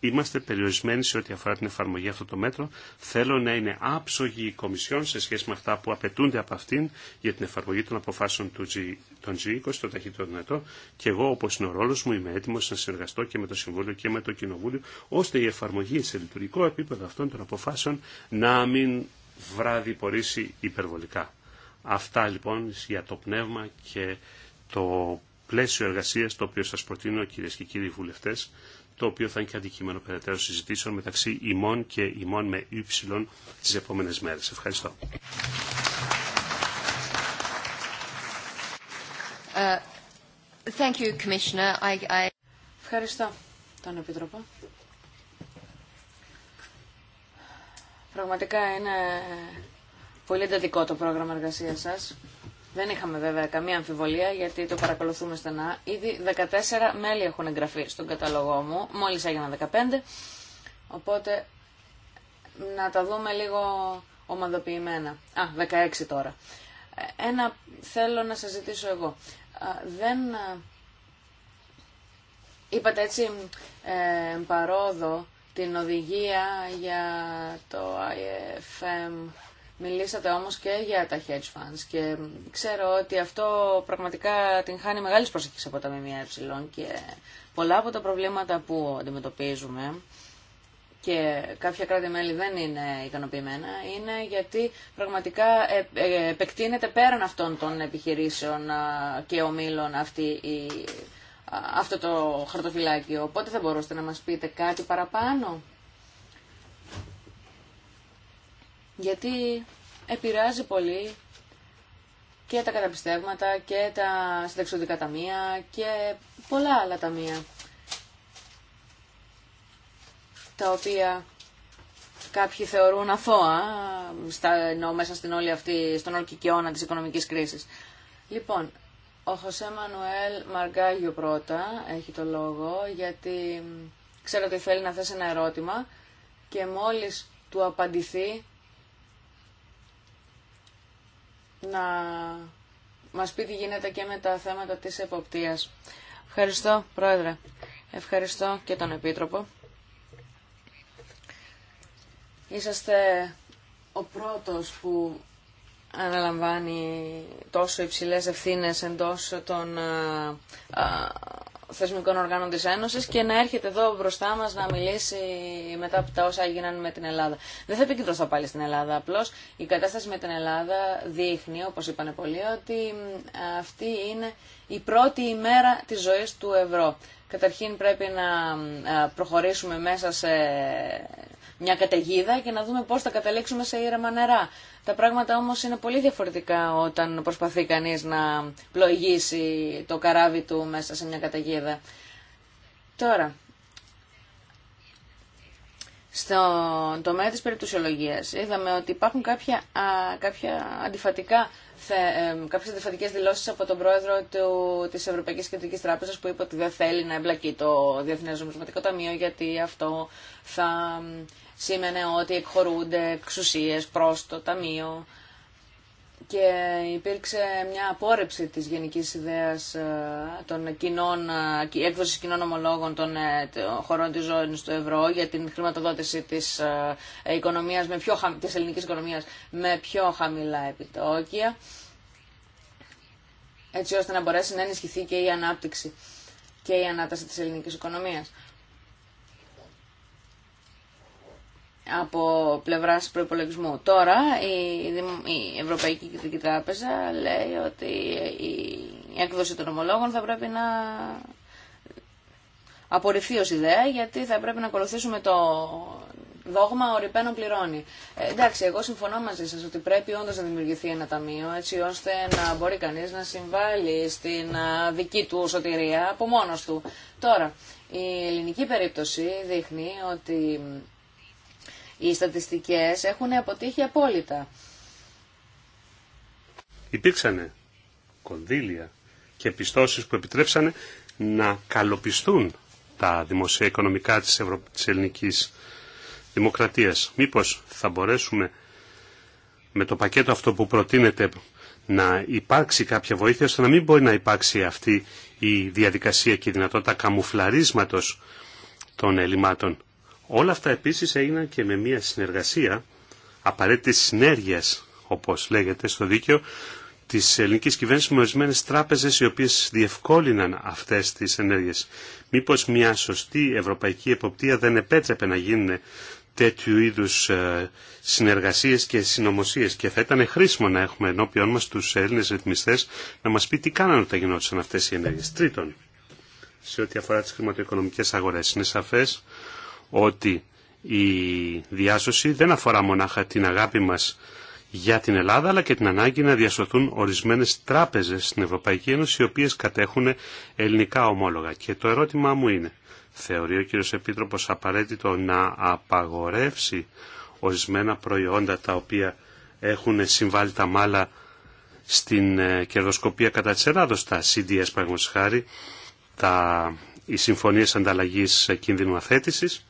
είμαστε περιορισμένοι σε ό,τι αφορά την εφαρμογή αυτών των μέτρων. Θέλω να είναι άψογη η Κομισιόν σε σχέση με αυτά που απαιτούνται από αυτήν για την εφαρμογή των αποφάσεων του G, των G20, το ταχύτερο δυνατό. Και εγώ, όπω είναι ο ρόλο μου, είμαι έτοιμο να συνεργαστώ και με το Συμβούλιο και με το Κοινοβούλιο, ώστε η εφαρμογή σε λειτουργικό επίπεδο αυτών των αποφάσεων να μην βραδιπορήσει υπερβολικά. Αυτά λοιπόν για το πνεύμα και το πλαίσιο εργασία το οποίο σα προτείνω κυρίε και κύριοι βουλευτέ, το οποίο θα είναι και αντικείμενο περαιτέρω συζητήσεων μεταξύ ημών και ημών με ύψιλον τι επόμενε μέρε. Ευχαριστώ. Uh, thank you, I, I... Ευχαριστώ τον Επιτροπό. Πραγματικά είναι Πολύ εντατικό το πρόγραμμα εργασία σα. Δεν είχαμε βέβαια καμία αμφιβολία γιατί το παρακολουθούμε στενά. Ήδη 14 μέλη έχουν εγγραφεί στον καταλογό μου, μόλι έγιναν 15. Οπότε να τα δούμε λίγο ομαδοποιημένα. Α, 16 τώρα. Ένα θέλω να σας ζητήσω εγώ. Δεν είπατε έτσι ε, παρόδο την οδηγία για το IFM Μιλήσατε όμως και για τα hedge funds και ξέρω ότι αυτό πραγματικά την χάνει μεγάλης προσοχής από τα ΜΜΕ και πολλά από τα προβλήματα που αντιμετωπίζουμε και κάποια κράτη-μέλη δεν είναι ικανοποιημένα, είναι γιατί πραγματικά ε, ε, επεκτείνεται πέραν αυτών των επιχειρήσεων και ομήλων αυτή η, αυτό το χαρτοφυλάκιο. Οπότε θα μπορούσατε να μας πείτε κάτι παραπάνω. γιατί επηρεάζει πολύ και τα καταπιστεύματα και τα συνταξιωτικά ταμεία και πολλά άλλα ταμεία τα οποία κάποιοι θεωρούν αθώα στα, ενώ μέσα στην όλη αυτή, στον όλο κυκαιώνα της οικονομικής κρίσης. Λοιπόν, ο Χωσέ Μανουέλ Μαργκάγιο πρώτα έχει το λόγο γιατί ξέρω ότι θέλει να θέσει ένα ερώτημα και μόλις του απαντηθεί να μας πει τι γίνεται και με τα θέματα της εποπτείας. Ευχαριστώ, Πρόεδρε. Ευχαριστώ και τον Επίτροπο. Είσαστε ο πρώτος που αναλαμβάνει τόσο υψηλές ευθύνες εντός των θεσμικών οργάνων της Ένωσης και να έρχεται εδώ μπροστά μας να μιλήσει μετά από τα όσα έγιναν με την Ελλάδα. Δεν θα επικεντρωθώ πάλι στην Ελλάδα, απλώς η κατάσταση με την Ελλάδα δείχνει, όπως είπαν πολλοί, ότι αυτή είναι η πρώτη ημέρα της ζωής του ευρώ. Καταρχήν πρέπει να προχωρήσουμε μέσα σε μια καταιγίδα και να δούμε πώς θα καταλήξουμε σε ήρεμα νερά. Τα πράγματα όμως είναι πολύ διαφορετικά όταν προσπαθεί κανείς να πλοηγήσει το καράβι του μέσα σε μια καταγίδα. Τώρα, στο τομέα της περιπτωσιολογίας είδαμε ότι υπάρχουν κάποια, α, κάποια αντιφατικά κάποιες αντιφατικές δηλώσεις από τον πρόεδρο του, της Ευρωπαϊκής Κεντρικής Τράπεζας που είπε ότι δεν θέλει να εμπλακεί το Διεθνές Νομισματικό Ταμείο γιατί αυτό θα σήμαινε ότι εκχωρούνται εξουσίες προς το Ταμείο και υπήρξε μια απόρρεψη της γενικής ιδέας ε, των κοινών, ε, έκδοσης κοινών ομολόγων ε, των χωρών της ζώνης του ευρώ για την χρηματοδότηση της, οικονομίας με πιο, της ελληνικής οικονομίας με πιο χαμηλά επιτόκια έτσι ώστε να μπορέσει να ενισχυθεί και η ανάπτυξη και η ανάταση της ελληνικής οικονομίας. από πλευρά προπολογισμού. Τώρα η Ευρωπαϊκή Κεντρική Τράπεζα λέει ότι η έκδοση των ομολόγων θα πρέπει να απορριφθεί ω ιδέα γιατί θα πρέπει να ακολουθήσουμε το δόγμα ο πληρώνει. Ε, εντάξει, εγώ συμφωνώ μαζί σας ότι πρέπει όντω να δημιουργηθεί ένα ταμείο έτσι ώστε να μπορεί κανείς να συμβάλλει στην δική του σωτηρία από μόνο του. Τώρα, η ελληνική περίπτωση δείχνει ότι οι στατιστικές έχουν αποτύχει απόλυτα. Υπήρξαν κονδύλια και πιστώσεις που επιτρέψανε να καλοπιστούν τα δημοσιοοικονομικά της, Ευρω... της ελληνικής δημοκρατίας. Μήπως θα μπορέσουμε με το πακέτο αυτό που προτείνεται να υπάρξει κάποια βοήθεια ώστε να μην μπορεί να υπάρξει αυτή η διαδικασία και η δυνατότητα καμουφλαρίσματος των ελλημάτων. Όλα αυτά επίσης έγιναν και με μια συνεργασία απαραίτητη συνέργεια, όπως λέγεται στο δίκαιο, της ελληνικής κυβέρνησης με ορισμένε τράπεζες οι οποίες διευκόλυναν αυτές τις ενέργειες. Μήπως μια σωστή ευρωπαϊκή εποπτεία δεν επέτρεπε να γίνουν τέτοιου είδους ε, συνεργασίες και συνωμοσίες και θα ήταν χρήσιμο να έχουμε ενώπιόν μας τους Έλληνες ρυθμιστές να μας πει τι κάνανε όταν γινόντουσαν αυτές οι ενέργειες. Τρίτον, σε ό,τι αφορά τις χρηματοοικονομικές αγορές, είναι σαφές ότι η διάσωση δεν αφορά μονάχα την αγάπη μας για την Ελλάδα αλλά και την ανάγκη να διασωθούν ορισμένες τράπεζες στην Ευρωπαϊκή Ένωση οι οποίες κατέχουν ελληνικά ομόλογα. Και το ερώτημά μου είναι, θεωρεί ο κύριος Επίτροπος απαραίτητο να απαγορεύσει ορισμένα προϊόντα τα οποία έχουν συμβάλει τα μάλα στην ε, κερδοσκοπία κατά της Ελλάδος, τα CDS παραγματικά τα... οι συμφωνίες ανταλλαγής κίνδυνου αθέτησης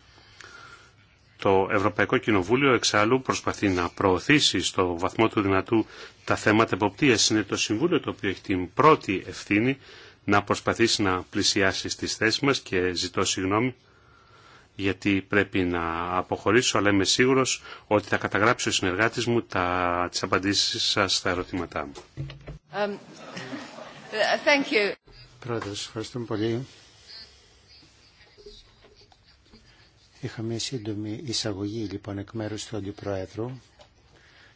το Ευρωπαϊκό Κοινοβούλιο εξάλλου προσπαθεί να προωθήσει στο βαθμό του δυνατού τα θέματα εποπτείας. Είναι το Συμβούλιο το οποίο έχει την πρώτη ευθύνη να προσπαθήσει να πλησιάσει στις θέσεις μας και ζητώ συγγνώμη γιατί πρέπει να αποχωρήσω, αλλά είμαι σίγουρος ότι θα καταγράψει ο συνεργάτης μου τα, τις απαντήσεις σας στα ερωτήματά μου. Um, Πρόεδρος, ευχαριστούμε πολύ. Είχαμε σύντομη εισαγωγή λοιπόν εκ μέρου του Αντιπροέδρου.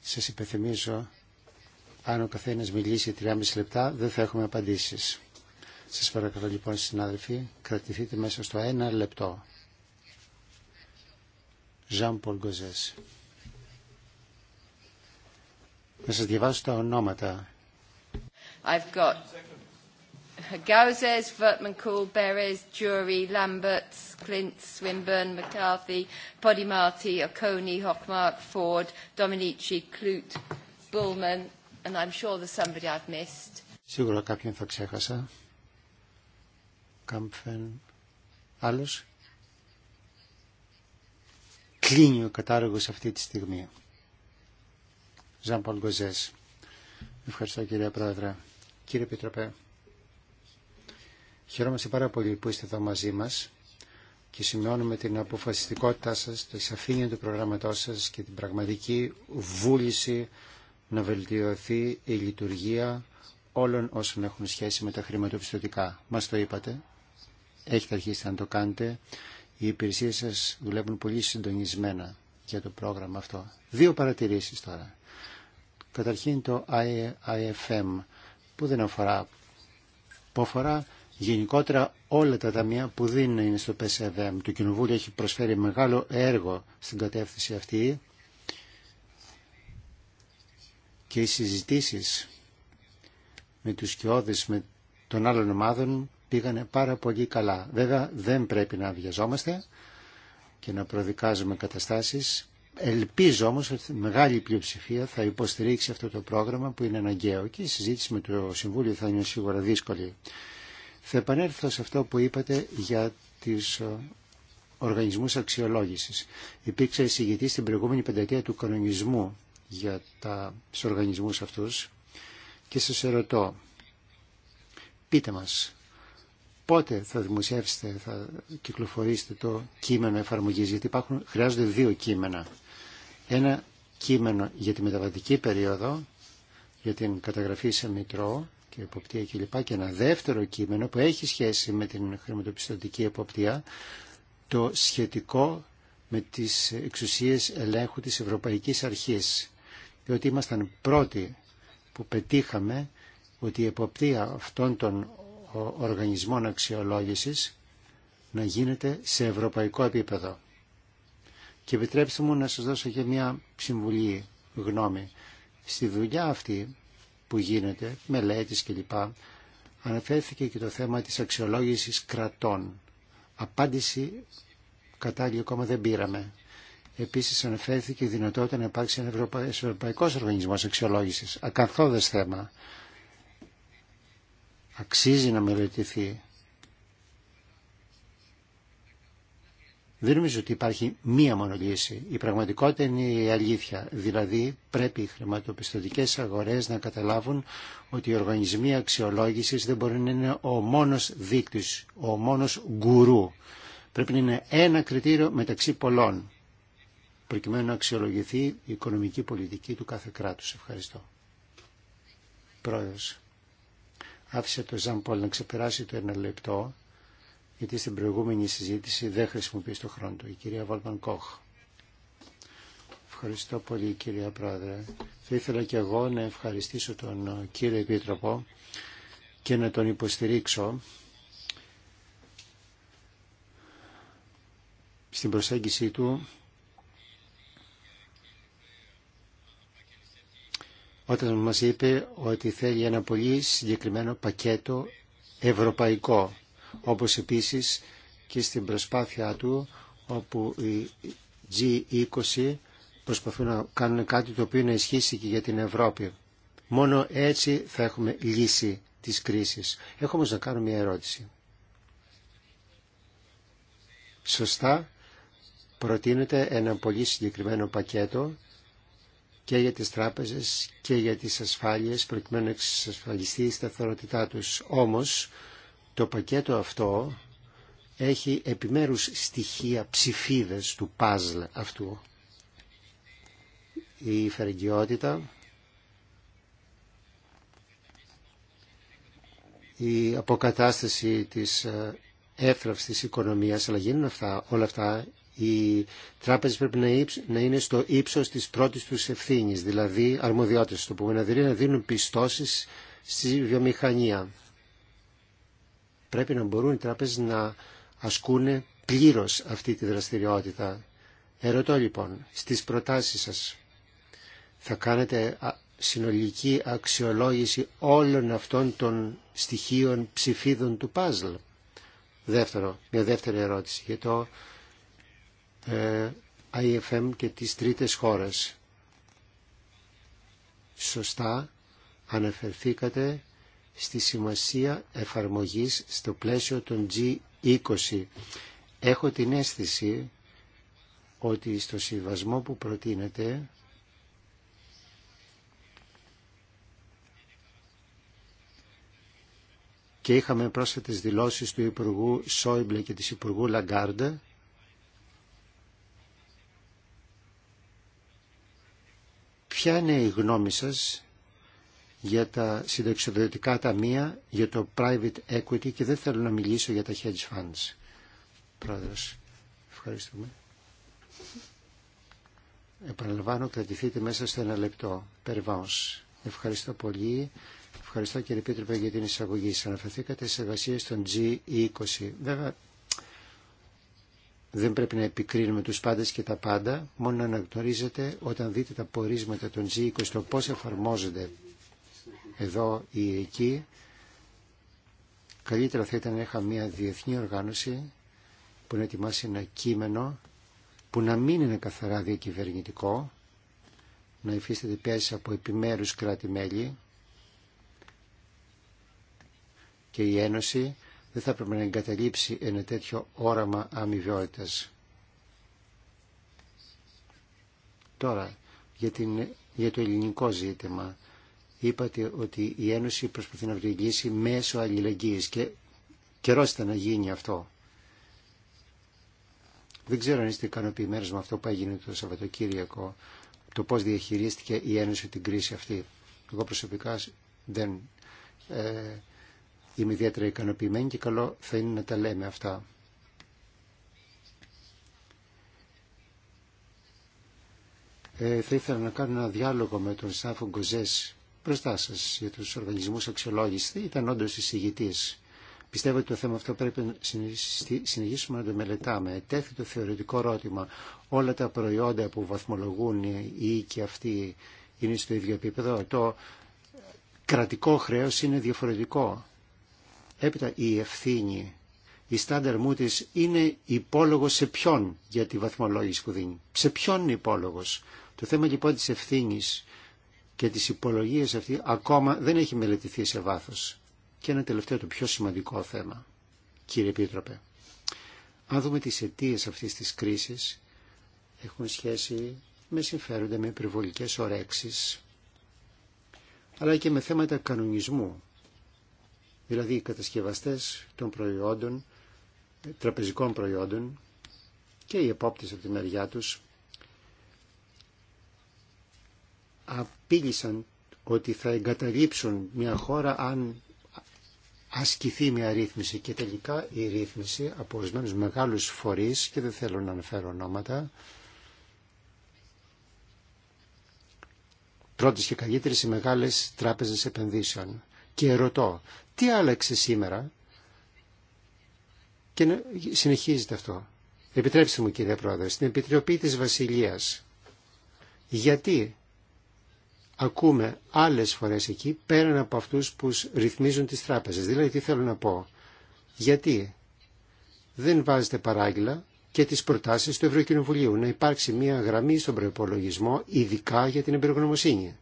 Σα υπενθυμίζω, αν ο καθένα μιλήσει 3,5 λεπτά δεν θα έχουμε απαντήσει. Σα παρακαλώ λοιπόν συνάδελφοι, κρατηθείτε μέσα στο ένα λεπτό. Ζαν Πολ Να σα διαβάσω τα ονόματα. I've Gauzes, Vertman-Kool, Beres, Jury, Lamberts, Clint, Swinburne, McCarthy, Podimarty, Oconee, Hockmark, Ford, Dominici, Clute, Bullman, and I'm sure there's somebody I've missed. Σίγουρα κάποιον θα ξέχασα. Κάμφεν. Άλλος. Κλείνει ο κατάλογος αυτή τη στιγμή. Ζαν Πολ Ευχαριστώ κύριε Πρόεδρε. Κύριε Επιτροπέ. Χαιρόμαστε πάρα πολύ που είστε εδώ μαζί μας και σημειώνουμε την αποφασιστικότητά σας, τη σαφήνεια του προγράμματός σας και την πραγματική βούληση να βελτιωθεί η λειτουργία όλων όσων έχουν σχέση με τα χρηματοπιστωτικά. Μας το είπατε, έχετε αρχίσει να το κάνετε. Οι υπηρεσίε σας δουλεύουν πολύ συντονισμένα για το πρόγραμμα αυτό. Δύο παρατηρήσει τώρα. Καταρχήν το IFM που δεν αφορά που αφορά Γενικότερα όλα τα ταμεία που δίνουν είναι στο ΠΣΕΒΕΜ. Το Κοινοβούλιο έχει προσφέρει μεγάλο έργο στην κατεύθυνση αυτή και οι συζητήσεις με τους κοιόδες με των άλλων ομάδων πήγανε πάρα πολύ καλά. Βέβαια δεν πρέπει να βιαζόμαστε και να προδικάζουμε καταστάσεις. Ελπίζω όμως ότι μεγάλη πλειοψηφία θα υποστηρίξει αυτό το πρόγραμμα που είναι αναγκαίο και η συζήτηση με το Συμβούλιο θα είναι σίγουρα δύσκολη. Θα επανέλθω σε αυτό που είπατε για τις ε, οργανισμούς αξιολόγησης. Υπήρξε εισηγητή στην προηγούμενη πενταετία του κανονισμού για τα, τους οργανισμούς αυτούς και σας ερωτώ, πείτε μας, πότε θα δημοσιεύσετε, θα κυκλοφορήσετε το κείμενο εφαρμογής, γιατί χρειάζονται δύο κείμενα. Ένα κείμενο για τη μεταβατική περίοδο, για την καταγραφή σε μητρό εποπτεία κλπ. Και ένα δεύτερο κείμενο που έχει σχέση με την χρηματοπιστωτική εποπτεία, το σχετικό με τις εξουσίες ελέγχου της Ευρωπαϊκής Αρχής. Διότι ήμασταν πρώτοι που πετύχαμε ότι η εποπτεία αυτών των οργανισμών αξιολόγησης να γίνεται σε ευρωπαϊκό επίπεδο. Και επιτρέψτε μου να σας δώσω και μια συμβουλή γνώμη. Στη δουλειά αυτή που γίνεται, μελέτης κλπ. Αναφέρθηκε και το θέμα της αξιολόγησης κρατών. Απάντηση κατάλληλη ακόμα δεν πήραμε. Επίσης αναφέρθηκε η δυνατότητα να υπάρξει ένα ευρωπαϊκός οργανισμός αξιολόγησης. Ακαθόδες θέμα. Αξίζει να μελετηθεί. Δεν νομίζω ότι υπάρχει μία μόνο λύση. Η πραγματικότητα είναι η αλήθεια. Δηλαδή πρέπει οι χρηματοπιστωτικές αγορές να καταλάβουν ότι οι οργανισμοί αξιολόγησης δεν μπορεί να είναι ο μόνος δείκτης, ο μόνος γκουρού. Πρέπει να είναι ένα κριτήριο μεταξύ πολλών προκειμένου να αξιολογηθεί η οικονομική πολιτική του κάθε κράτους. Ευχαριστώ. Πρόεδρος. Άφησε το Ζανπόλ να ξεπεράσει το ένα λεπτό γιατί στην προηγούμενη συζήτηση δεν χρησιμοποιεί το χρόνο του. Η κυρία Βάλμαν Κόχ. Ευχαριστώ πολύ κυρία Πρόεδρε. Θα ήθελα και εγώ να ευχαριστήσω τον κύριο Επίτροπο και να τον υποστηρίξω στην προσέγγιση του όταν μας είπε ότι θέλει ένα πολύ συγκεκριμένο πακέτο ευρωπαϊκό όπως επίσης και στην προσπάθειά του όπου οι G20 προσπαθούν να κάνουν κάτι το οποίο να ισχύσει και για την Ευρώπη. Μόνο έτσι θα έχουμε λύση της κρίσης. Έχω όμως να κάνω μια ερώτηση. Σωστά προτείνεται ένα πολύ συγκεκριμένο πακέτο και για τις τράπεζες και για τις ασφάλειες προκειμένου να εξασφαλιστεί η σταθερότητά τους. Όμως το πακέτο αυτό έχει επιμέρους στοιχεία ψηφίδες του παζλ αυτού. Η φερεγγιότητα, η αποκατάσταση της έφραυσης ε, της οικονομίας, αλλά γίνουν αυτά, όλα αυτά οι τράπεζες πρέπει να, είναι στο ύψος της πρώτης τους ευθύνης, δηλαδή αρμοδιότητες του που να δίνουν πιστώσεις στη βιομηχανία. Πρέπει να μπορούν οι τράπεζες να ασκούν πλήρως αυτή τη δραστηριότητα. Ερωτώ λοιπόν, στις προτάσεις σας θα κάνετε συνολική αξιολόγηση όλων αυτών των στοιχείων ψηφίδων του παζλ. Δεύτερο, μια δεύτερη ερώτηση για το ε, IFM και τις τρίτες χώρες. Σωστά αναφερθήκατε στη σημασία εφαρμογής στο πλαίσιο των G20. Έχω την αίσθηση ότι στο συμβασμό που προτείνεται και είχαμε πρόσθετες δηλώσεις του Υπουργού Σόιμπλε και της Υπουργού Λαγκάρντα Ποια είναι η γνώμη σας για τα συνταξιοδοτικά ταμεία, για το private equity και δεν θέλω να μιλήσω για τα hedge funds. Πρόεδρος, ευχαριστούμε. Επαναλαμβάνω, κρατηθείτε μέσα σε ένα λεπτό. Περβάως. Ευχαριστώ πολύ. Ευχαριστώ κύριε Πίτροπε για την εισαγωγή. Σας αναφερθήκατε σε εργασίες των G20. Βέβαια, δεν πρέπει να επικρίνουμε τους πάντες και τα πάντα, μόνο να αναγνωρίζετε όταν δείτε τα πορίσματα των G20, το πώς εφαρμόζονται εδώ ή εκεί. Καλύτερα θα ήταν να είχα μια διεθνή οργάνωση που να ετοιμάσει ένα κείμενο που να μην είναι καθαρά διακυβερνητικό, να υφίσταται πίεση από επιμέρους κράτη-μέλη και η Ένωση δεν θα πρέπει να εγκαταλείψει ένα τέτοιο όραμα αμοιβαιότητας. Τώρα, για, την, για το ελληνικό ζήτημα είπατε ότι η Ένωση προσπαθεί να βρει μέσω αλληλεγγύης και καιρό ήταν να γίνει αυτό. Δεν ξέρω αν είστε ικανοποιημένοι με αυτό που έγινε το Σαββατοκύριακο, το πώς διαχειρίστηκε η Ένωση την κρίση αυτή. Εγώ προσωπικά δεν ε, είμαι ιδιαίτερα ικανοποιημένη και καλό θα είναι να τα λέμε αυτά. Ε, θα ήθελα να κάνω ένα διάλογο με τον Σάφο Γκοζές μπροστά σα για του οργανισμού αξιολόγηση. Ήταν όντω εισηγητή. Πιστεύω ότι το θέμα αυτό πρέπει να συνεχίσουμε να το μελετάμε. Τέθη το θεωρητικό ερώτημα. Όλα τα προϊόντα που βαθμολογούν η και αυτοί είναι στο ίδιο επίπεδο. Το κρατικό χρέο είναι διαφορετικό. Έπειτα η ευθύνη, η στανταρ μου της είναι υπόλογο σε ποιον για τη βαθμολόγηση που δίνει. Σε ποιον είναι υπόλογος. Το θέμα λοιπόν της ευθύνη και τις υπολογίες αυτή ακόμα δεν έχει μελετηθεί σε βάθος. Και ένα τελευταίο το πιο σημαντικό θέμα, κύριε Επίτροπε. Αν δούμε τις αιτίες αυτής της κρίσης, έχουν σχέση με συμφέροντα, με υπερβολικές ωρέξεις, αλλά και με θέματα κανονισμού. Δηλαδή οι κατασκευαστές των προϊόντων, τραπεζικών προϊόντων και οι επόπτες από τη μεριά τους απείλησαν ότι θα εγκαταλείψουν μια χώρα αν ασκηθεί μια ρύθμιση και τελικά η ρύθμιση από ορισμένου μεγάλους φορείς και δεν θέλω να αναφέρω ονόματα πρώτες και καλύτερες οι μεγάλες τράπεζες επενδύσεων και ρωτώ τι άλλαξε σήμερα και συνεχίζεται αυτό επιτρέψτε μου κύριε Πρόεδρε στην Επιτροπή της Βασιλείας γιατί ακούμε άλλες φορές εκεί πέραν από αυτούς που ρυθμίζουν τις τράπεζες. Δηλαδή τι θέλω να πω. Γιατί δεν βάζετε παράγγελα και τις προτάσεις του Ευρωκοινοβουλίου να υπάρξει μια γραμμή στον προπολογισμό ειδικά για την εμπειρογνωμοσύνη.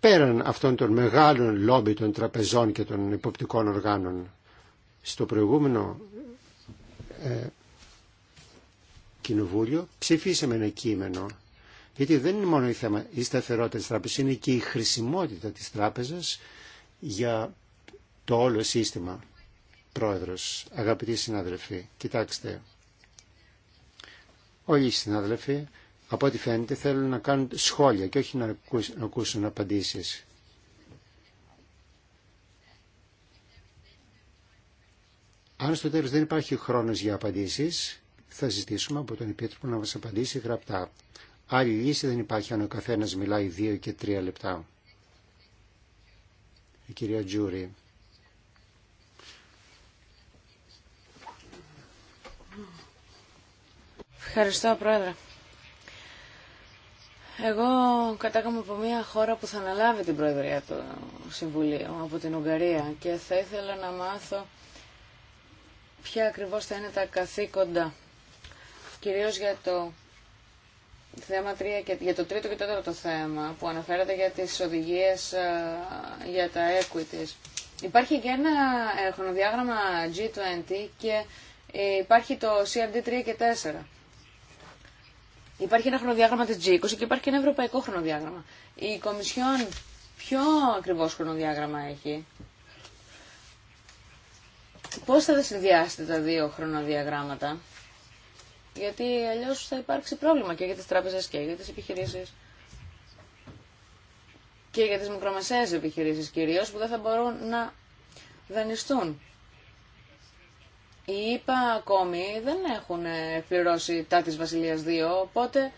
Πέραν αυτών των μεγάλων λόμπι των τραπεζών και των υποπτικών οργάνων, στο προηγούμενο ε, Κοινοβούλιο ψηφίσαμε ένα κείμενο. Γιατί δεν είναι μόνο η, θέμα, η σταθερότητα της τράπεζας, είναι και η χρησιμότητα της τράπεζας για το όλο σύστημα. Πρόεδρος, αγαπητοί συνάδελφοι, κοιτάξτε. Όλοι οι συνάδελφοι, από ό,τι φαίνεται, θέλουν να κάνουν σχόλια και όχι να ακούσουν απαντήσεις. Αν στο τέλος δεν υπάρχει χρόνος για απαντήσεις, θα ζητήσουμε από τον Επίτροπο να μας απαντήσει γραπτά. Άλλη λύση δεν υπάρχει αν ο καθένας μιλάει δύο και τρία λεπτά. Η κυρία Τζούρι. Ευχαριστώ, Πρόεδρε. Εγώ κατάγομαι από μια χώρα που θα αναλάβει την Προεδρία του Συμβουλίου, από την Ουγγαρία, και θα ήθελα να μάθω ποια ακριβώς θα είναι τα καθήκοντα κυρίως για το θέμα 3 και, για το τρίτο και τέταρτο θέμα που αναφέρατε για τις οδηγίες ε, για τα equities. Υπάρχει και ένα ε, χρονοδιάγραμμα G20 και ε, υπάρχει το CRD 3 και 4. Υπάρχει ένα χρονοδιάγραμμα της G20 και υπάρχει και ένα ευρωπαϊκό χρονοδιάγραμμα. Η Κομισιόν ποιο ακριβώς χρονοδιάγραμμα έχει. Πώς θα τα συνδυάσετε τα δύο χρονοδιαγράμματα γιατί αλλιώ θα υπάρξει πρόβλημα και για τις τράπεζες και για τις επιχειρήσεις και για τις μικρομεσαίες επιχειρήσεις κυρίως που δεν θα μπορούν να δανειστούν. Οι ΙΠΑ ακόμη δεν έχουν πληρώσει τα της Βασιλείας 2, οπότε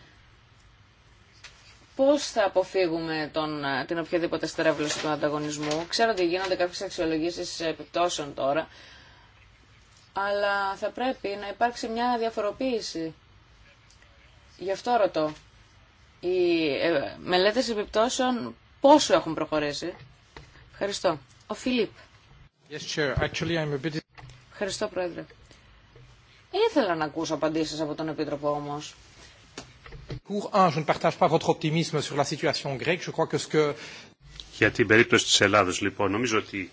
πώς θα αποφύγουμε τον, την οποιαδήποτε στρέβλωση του ανταγωνισμού. Ξέρω ότι γίνονται κάποιες αξιολογήσεις επιπτώσεων τώρα αλλά θα πρέπει να υπάρξει μια διαφοροποίηση. Γι' αυτό ρωτώ. Οι ε, μελέτες επιπτώσεων πόσο έχουν προχωρήσει. Ευχαριστώ. Ο Φιλίπ. Yes, Actually, I'm a bit... Ευχαριστώ, Πρόεδρε. Ήθελα να ακούσω απαντήσεις από τον Επίτροπο όμως. Για την περίπτωση της Ελλάδος, λοιπόν, νομίζω ότι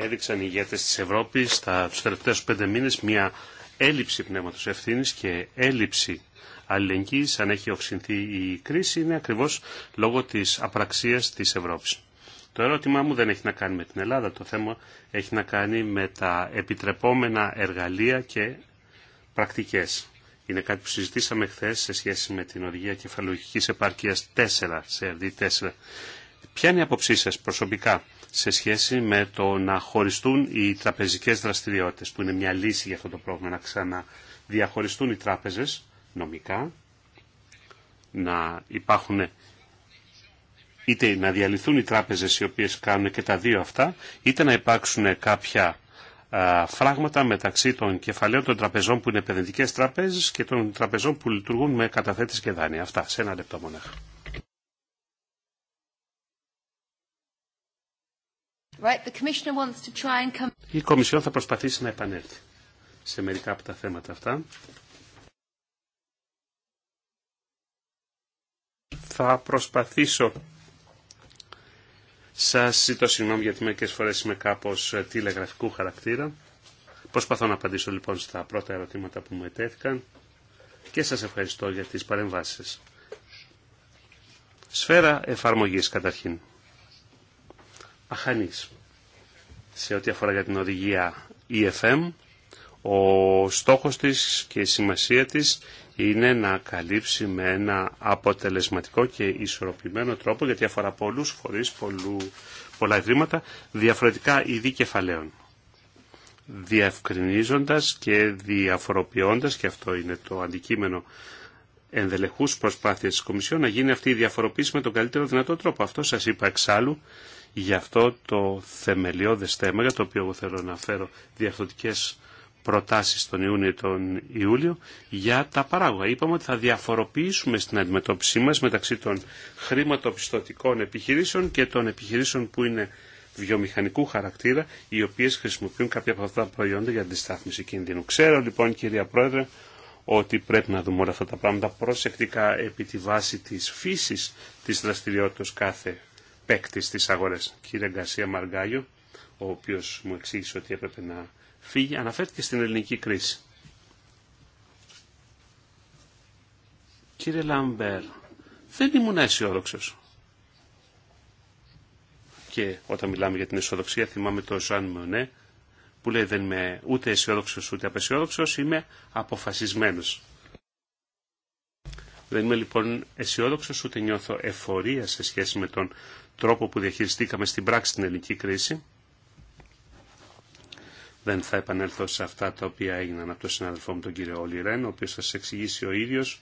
έδειξαν οι ηγέτες της Ευρώπης στα, τους τελευταίους πέντε μήνες μια έλλειψη πνεύματος ευθύνης και έλλειψη αλληλεγγύης αν έχει οξυνθεί η κρίση είναι ακριβώς λόγω της απραξίας της Ευρώπης. Το ερώτημά μου δεν έχει να κάνει με την Ελλάδα, το θέμα έχει να κάνει με τα επιτρεπόμενα εργαλεία και πρακτικές. Είναι κάτι που συζητήσαμε χθε σε σχέση με την οδηγία κεφαλογικής Επαρκίας 4, σε 4. Ποια είναι η αποψή σας προσωπικά σε σχέση με το να χωριστούν οι τραπεζικές δραστηριότητες, που είναι μια λύση για αυτό το πρόβλημα, να ξαναδιαχωριστούν οι τράπεζες νομικά, να υπάρχουν είτε να διαλυθούν οι τράπεζες οι οποίες κάνουν και τα δύο αυτά, είτε να υπάρξουν κάποια α, φράγματα μεταξύ των κεφαλαίων των τραπεζών που είναι επενδυτικές τράπεζες και των τραπεζών που λειτουργούν με καταθέτες και δάνεια. Αυτά, σε ένα λεπτό μονάχα. Right, the commissioner wants to try and come... Η Κομισιόν θα προσπαθήσει να επανέλθει σε μερικά από τα θέματα αυτά. Θα προσπαθήσω. Σας ζητώ συγγνώμη γιατί μερικές φορές είμαι κάπως ε, τηλεγραφικού χαρακτήρα. Προσπαθώ να απαντήσω λοιπόν στα πρώτα ερωτήματα που μου ετέθηκαν και σας ευχαριστώ για τις παρεμβάσεις. Σφαίρα εφαρμογής καταρχήν αχανής. Σε ό,τι αφορά για την οδηγία EFM, ο στόχος της και η σημασία της είναι να καλύψει με ένα αποτελεσματικό και ισορροπημένο τρόπο, γιατί αφορά πολλούς φορείς, πολλού, πολλά ευρήματα, διαφορετικά είδη κεφαλαίων. Διευκρινίζοντας και διαφοροποιώντας, και αυτό είναι το αντικείμενο ενδελεχούς προσπάθειας της Κομισιόν, να γίνει αυτή η διαφοροποίηση με τον καλύτερο δυνατό τρόπο. Αυτό σας είπα εξάλλου Γι' αυτό το θεμελιώδες θέμα για το οποίο εγώ θέλω να φέρω διαφορετικέ προτάσεις τον Ιούνιο ή τον Ιούλιο για τα παράγωγα. Είπαμε ότι θα διαφοροποιήσουμε στην αντιμετώπιση μας μεταξύ των χρηματοπιστωτικών επιχειρήσεων και των επιχειρήσεων που είναι βιομηχανικού χαρακτήρα, οι οποίες χρησιμοποιούν κάποια από αυτά τα προϊόντα για αντιστάθμιση κινδύνου. Ξέρω λοιπόν κυρία Πρόεδρε ότι πρέπει να δούμε όλα αυτά τα πράγματα προσεκτικά επί τη βάση της φύσης της δραστηριότητας κάθε παίκτη στις αγορές. Κύριε Γκασία Μαργκάγιο, ο οποίος μου εξήγησε ότι έπρεπε να φύγει, αναφέρθηκε στην ελληνική κρίση. Κύριε Λαμπέρ, δεν ήμουν αισιόδοξο. Και όταν μιλάμε για την αισιοδοξία θυμάμαι το Ζαν Μονέ που λέει δεν είμαι ούτε αισιόδοξο ούτε απεσιόδοξο, είμαι αποφασισμένος. Δεν είμαι λοιπόν αισιόδοξο ούτε νιώθω εφορία σε σχέση με τον τρόπο που διαχειριστήκαμε στην πράξη την ελληνική κρίση. Δεν θα επανέλθω σε αυτά τα οποία έγιναν από τον συναδελφό μου τον κύριο Όλη Ρέν, ο οποίος θα σας εξηγήσει ο ίδιος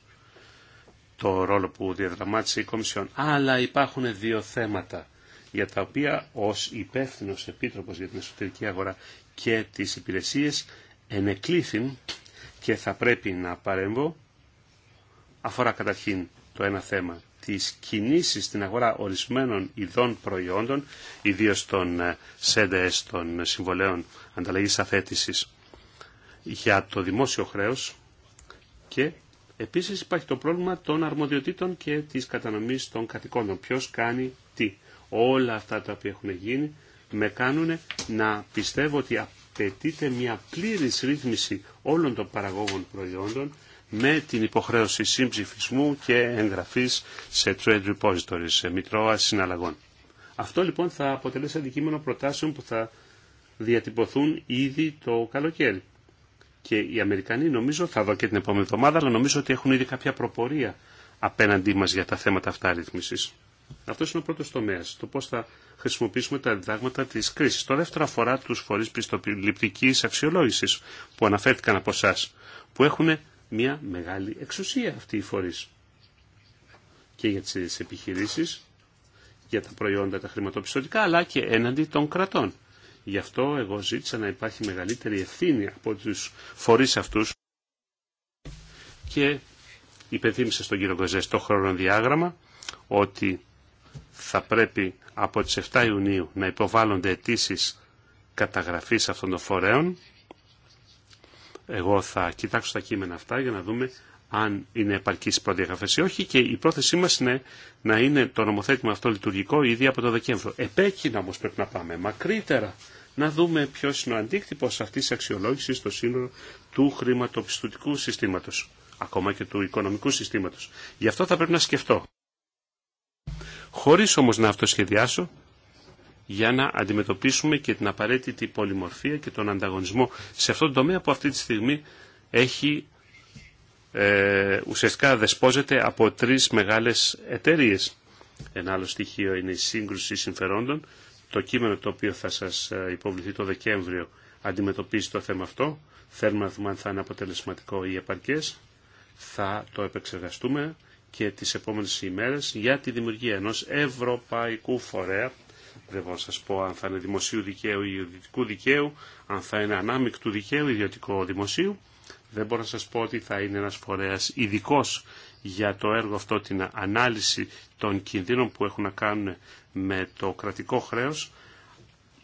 το ρόλο που διαδραμάτισε η Κομισιόν. Αλλά υπάρχουν δύο θέματα για τα οποία ως υπεύθυνο επίτροπος για την εσωτερική αγορά και τις υπηρεσίες ενεκλήθην και θα πρέπει να παρέμβω αφορά καταρχήν το ένα θέμα τις κινήσεις στην αγορά ορισμένων ειδών προϊόντων, ιδίως των ε, σέδες των συμβολέων ανταλλαγής αθέτησης για το δημόσιο χρέος και επίσης υπάρχει το πρόβλημα των αρμοδιοτήτων και της κατανομής των κατοικών. Ποιος κάνει τι. Όλα αυτά τα οποία έχουν γίνει με κάνουν να πιστεύω ότι απαιτείται μια πλήρης ρύθμιση όλων των παραγόγων προϊόντων με την υποχρέωση συμψηφισμού και εγγραφής σε trade repositories, σε μητρώα συναλλαγών. Αυτό λοιπόν θα αποτελέσει αντικείμενο προτάσεων που θα διατυπωθούν ήδη το καλοκαίρι. Και οι Αμερικανοί νομίζω, θα δω και την επόμενη εβδομάδα, αλλά νομίζω ότι έχουν ήδη κάποια προπορία απέναντί μας για τα θέματα αυτά ρύθμισης. Αυτό είναι ο πρώτο τομέα, το πώ θα χρησιμοποιήσουμε τα διδάγματα τη κρίση. Το δεύτερο αφορά του φορεί πιστοποιητική αξιολόγηση που αναφέρθηκαν από εσά, που έχουν μια μεγάλη εξουσία αυτή η φορείς. Και για τις επιχειρήσεις, για τα προϊόντα τα χρηματοπιστωτικά, αλλά και έναντι των κρατών. Γι' αυτό εγώ ζήτησα να υπάρχει μεγαλύτερη ευθύνη από τους φορείς αυτούς και υπενθύμησα στον κύριο Κοζές το χρονοδιάγραμμα ότι θα πρέπει από τις 7 Ιουνίου να υποβάλλονται αιτήσει καταγραφής αυτών των φορέων εγώ θα κοιτάξω τα κείμενα αυτά για να δούμε αν είναι επαρκή προδιαγραφέ ή όχι και η πρόθεσή μα είναι να είναι το νομοθέτημα αυτό λειτουργικό ήδη από το Δεκέμβριο. Επέκεινα όμω πρέπει να πάμε μακρύτερα να δούμε ποιο είναι ο αντίκτυπο αυτή τη αξιολόγηση στο σύνολο του χρηματοπιστωτικού συστήματο, ακόμα και του οικονομικού συστήματο. Γι' αυτό θα πρέπει να σκεφτώ. Χωρί όμω να αυτοσχεδιάσω, για να αντιμετωπίσουμε και την απαραίτητη πολυμορφία και τον ανταγωνισμό σε αυτόν τον τομέα που αυτή τη στιγμή έχει ε, ουσιαστικά δεσπόζεται από τρεις μεγάλες εταιρείες. Ένα άλλο στοιχείο είναι η σύγκρουση συμφερόντων. Το κείμενο το οποίο θα σας ε, υποβληθεί το Δεκέμβριο αντιμετωπίζει το θέμα αυτό. Θέλουμε να δούμε αν θα είναι αποτελεσματικό ή επαρκές. Θα το επεξεργαστούμε και τις επόμενες ημέρες για τη δημιουργία ενός ευρωπαϊκού φορέα δεν μπορώ να σας πω αν θα είναι δημοσίου δικαίου ή ιδιωτικού δικαίου, αν θα είναι ανάμεικτου δικαίου ή ιδιωτικού δημοσίου. Δεν μπορώ να σας πω ότι θα είναι ένας φορέας ειδικό για το έργο αυτό, την ανάλυση των κινδύνων που έχουν να κάνουν με το κρατικό χρέος,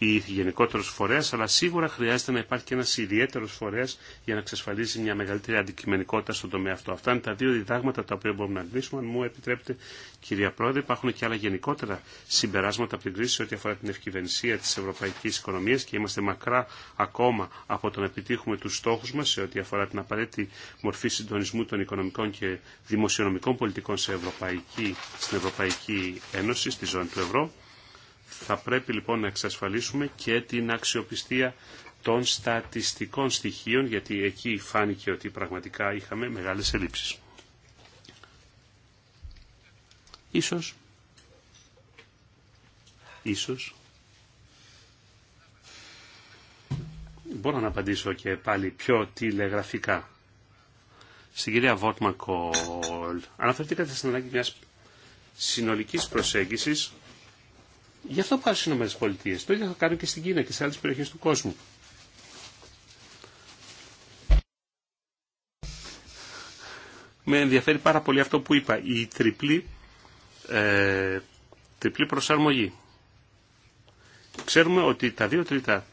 ή γενικότερος φορέας, αλλά σίγουρα χρειάζεται να υπάρχει και ένας ιδιαίτερος φορέας για να εξασφαλίσει μια μεγαλύτερη αντικειμενικότητα στον τομέα αυτό. Αυτά είναι τα δύο διδάγματα τα οποία μπορούμε να λύσουμε. Αν μου επιτρέπετε, κυρία Πρόεδρε, υπάρχουν και άλλα γενικότερα συμπεράσματα από την κρίση ό,τι αφορά την ευκυβερνησία της ευρωπαϊκής οικονομίας και είμαστε μακρά ακόμα από το να επιτύχουμε τους στόχους μας σε ό,τι αφορά την απαραίτητη μορφή συντονισμού των οικονομικών και δημοσιονομικών πολιτικών σε ευρωπαϊκή, στην Ευρωπαϊκή Ένωση, στη ζώνη του ευρώ. Θα πρέπει λοιπόν να εξασφαλίσουμε και την αξιοπιστία των στατιστικών στοιχείων, γιατί εκεί φάνηκε ότι πραγματικά είχαμε μεγάλες ελλείψεις. Ίσως. Ίσως. Μπορώ να απαντήσω και πάλι πιο τηλεγραφικά. Στην κυρία Βότμα Κολ, αναφερθήκατε στην ανάγκη μιας συνολικής προσέγγισης Γι' αυτό πάω στι ΗΠΑ. Το ίδιο θα κάνω και στην Κίνα και σε άλλε περιοχέ του κόσμου. Με ενδιαφέρει πάρα πολύ αυτό που είπα, η τριπλή, ε, τριπλή προσαρμογή. Ξέρουμε ότι τα δύο τρίτα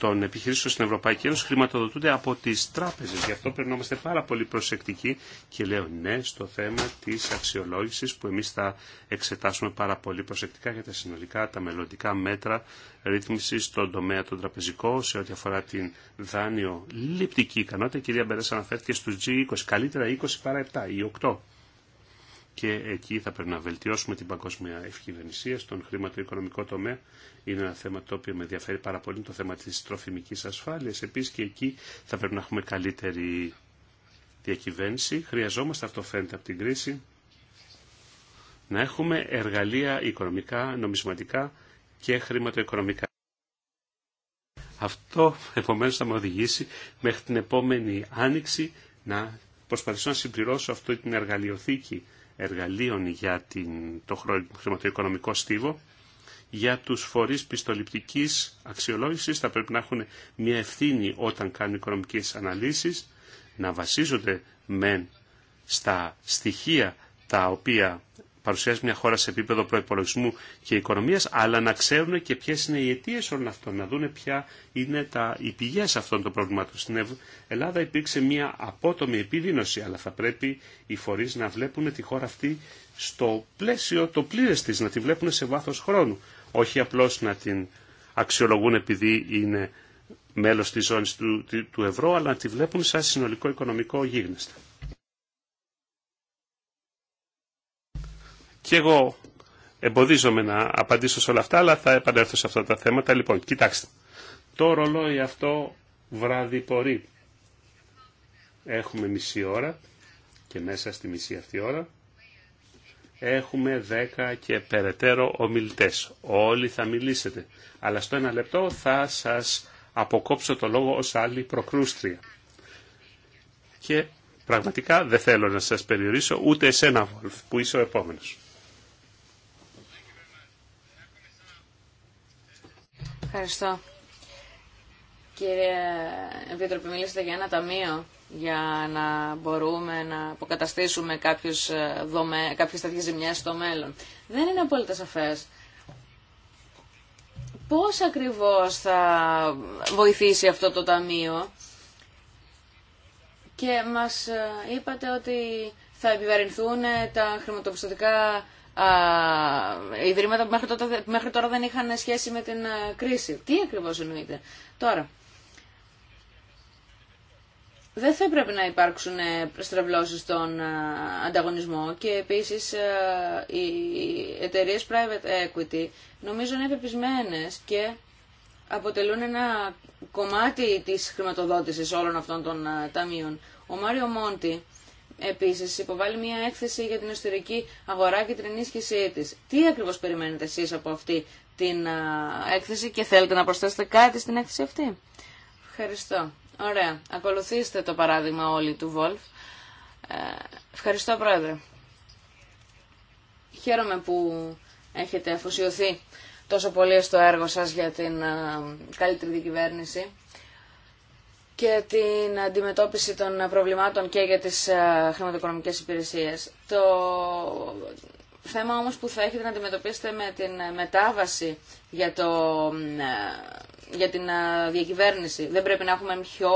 των επιχειρήσεων στην Ευρωπαϊκή Ένωση χρηματοδοτούνται από τις τράπεζες. Γι' αυτό πρέπει να είμαστε πάρα πολύ προσεκτικοί και λέω ναι στο θέμα της αξιολόγησης που εμείς θα εξετάσουμε πάρα πολύ προσεκτικά για τα συνολικά, τα μελλοντικά μέτρα ρύθμιση στον τομέα των τραπεζικών σε ό,τι αφορά την δάνειο λυπτική ικανότητα. Η κυρία Μπερέσα αναφέρθηκε στους G20, καλύτερα 20 παρά 7 ή 8 και εκεί θα πρέπει να βελτιώσουμε την παγκόσμια ευκυβερνησία στον χρηματοοικονομικό τομέα. Είναι ένα θέμα το οποίο με ενδιαφέρει πάρα πολύ, το θέμα της τροφιμικής ασφάλειας. Επίσης και εκεί θα πρέπει να έχουμε καλύτερη διακυβέρνηση. Χρειαζόμαστε, αυτό φαίνεται από την κρίση, να έχουμε εργαλεία οικονομικά, νομισματικά και χρηματοοικονομικά. Αυτό επομένως θα με οδηγήσει μέχρι την επόμενη άνοιξη να προσπαθήσω να συμπληρώσω αυτή την εργαλειοθήκη εργαλείων για την, το χρηματοοικονομικό στίβο, για τους φορείς πιστοληπτικής αξιολόγησης θα πρέπει να έχουν μια ευθύνη όταν κάνουν οικονομικές αναλύσεις, να βασίζονται μεν στα στοιχεία τα οποία παρουσιάζει μια χώρα σε επίπεδο προπολογισμού και οικονομία, αλλά να ξέρουν και ποιε είναι οι αιτίε όλων αυτών, να δουν ποια είναι τα, οι πηγές αυτών των προβλημάτων. Στην Ελλάδα υπήρξε μια απότομη επιδείνωση, αλλά θα πρέπει οι φορεί να βλέπουν τη χώρα αυτή στο πλαίσιο το πλήρε τη, να τη βλέπουν σε βάθο χρόνου, όχι απλώ να την αξιολογούν επειδή είναι μέλος της ζώνης του, του ευρώ, αλλά να τη βλέπουν σαν συνολικό οικονομικό γίγνεσθε. Και εγώ εμποδίζομαι να απαντήσω σε όλα αυτά, αλλά θα επανέλθω σε αυτά τα θέματα. Λοιπόν, κοιτάξτε. Το ρολόι αυτό βράδυ βραδιπορεί. Έχουμε μισή ώρα και μέσα στη μισή αυτή ώρα έχουμε δέκα και περαιτέρω ομιλητές. Όλοι θα μιλήσετε. Αλλά στο ένα λεπτό θα σας αποκόψω το λόγο ως άλλη προκρούστρια. Και πραγματικά δεν θέλω να σας περιορίσω ούτε εσένα, Βολφ, που είσαι ο επόμενος. Ευχαριστώ. Κύριε Επίτροπε, μιλήσατε για ένα ταμείο για να μπορούμε να αποκαταστήσουμε κάποιους ε, δομέ, κάποιες τέτοιες ζημιές στο μέλλον. Δεν είναι απόλυτα σαφές. Πώς ακριβώς θα βοηθήσει αυτό το ταμείο και μας ε, είπατε ότι θα επιβαρυνθούν τα χρηματοπιστωτικά ιδρύματα που μέχρι, μέχρι τώρα δεν είχαν σχέση με την ε, κρίση. Τι ακριβώς εννοείται. Τώρα, δεν θα έπρεπε να υπάρξουν ε, στρεβλώσεις στον ε, ανταγωνισμό και επίσης οι εταιρείε private equity νομίζω είναι επιπισμένες και αποτελούν ένα κομμάτι της χρηματοδότησης όλων αυτών των ταμείων. Ο Μάριο Μόντι επίσης υποβάλλει μια έκθεση για την εσωτερική αγορά και την ενίσχυσή τη. Τι ακριβώς περιμένετε εσεί από αυτή την έκθεση και θέλετε να προσθέσετε κάτι στην έκθεση αυτή. Ευχαριστώ. Ωραία. Ακολουθήστε το παράδειγμα όλοι του Βολφ. Ε, ευχαριστώ Πρόεδρε. Χαίρομαι που έχετε αφοσιωθεί τόσο πολύ στο έργο σας για την καλύτερη δικυβέρνηση και την αντιμετώπιση των προβλημάτων και για τις ε, χρηματοοικονομικές υπηρεσίες. Το θέμα όμως που θα έχετε να αντιμετωπίσετε με την μετάβαση για, το, ε, για την ε, διακυβέρνηση. Δεν πρέπει να έχουμε πιο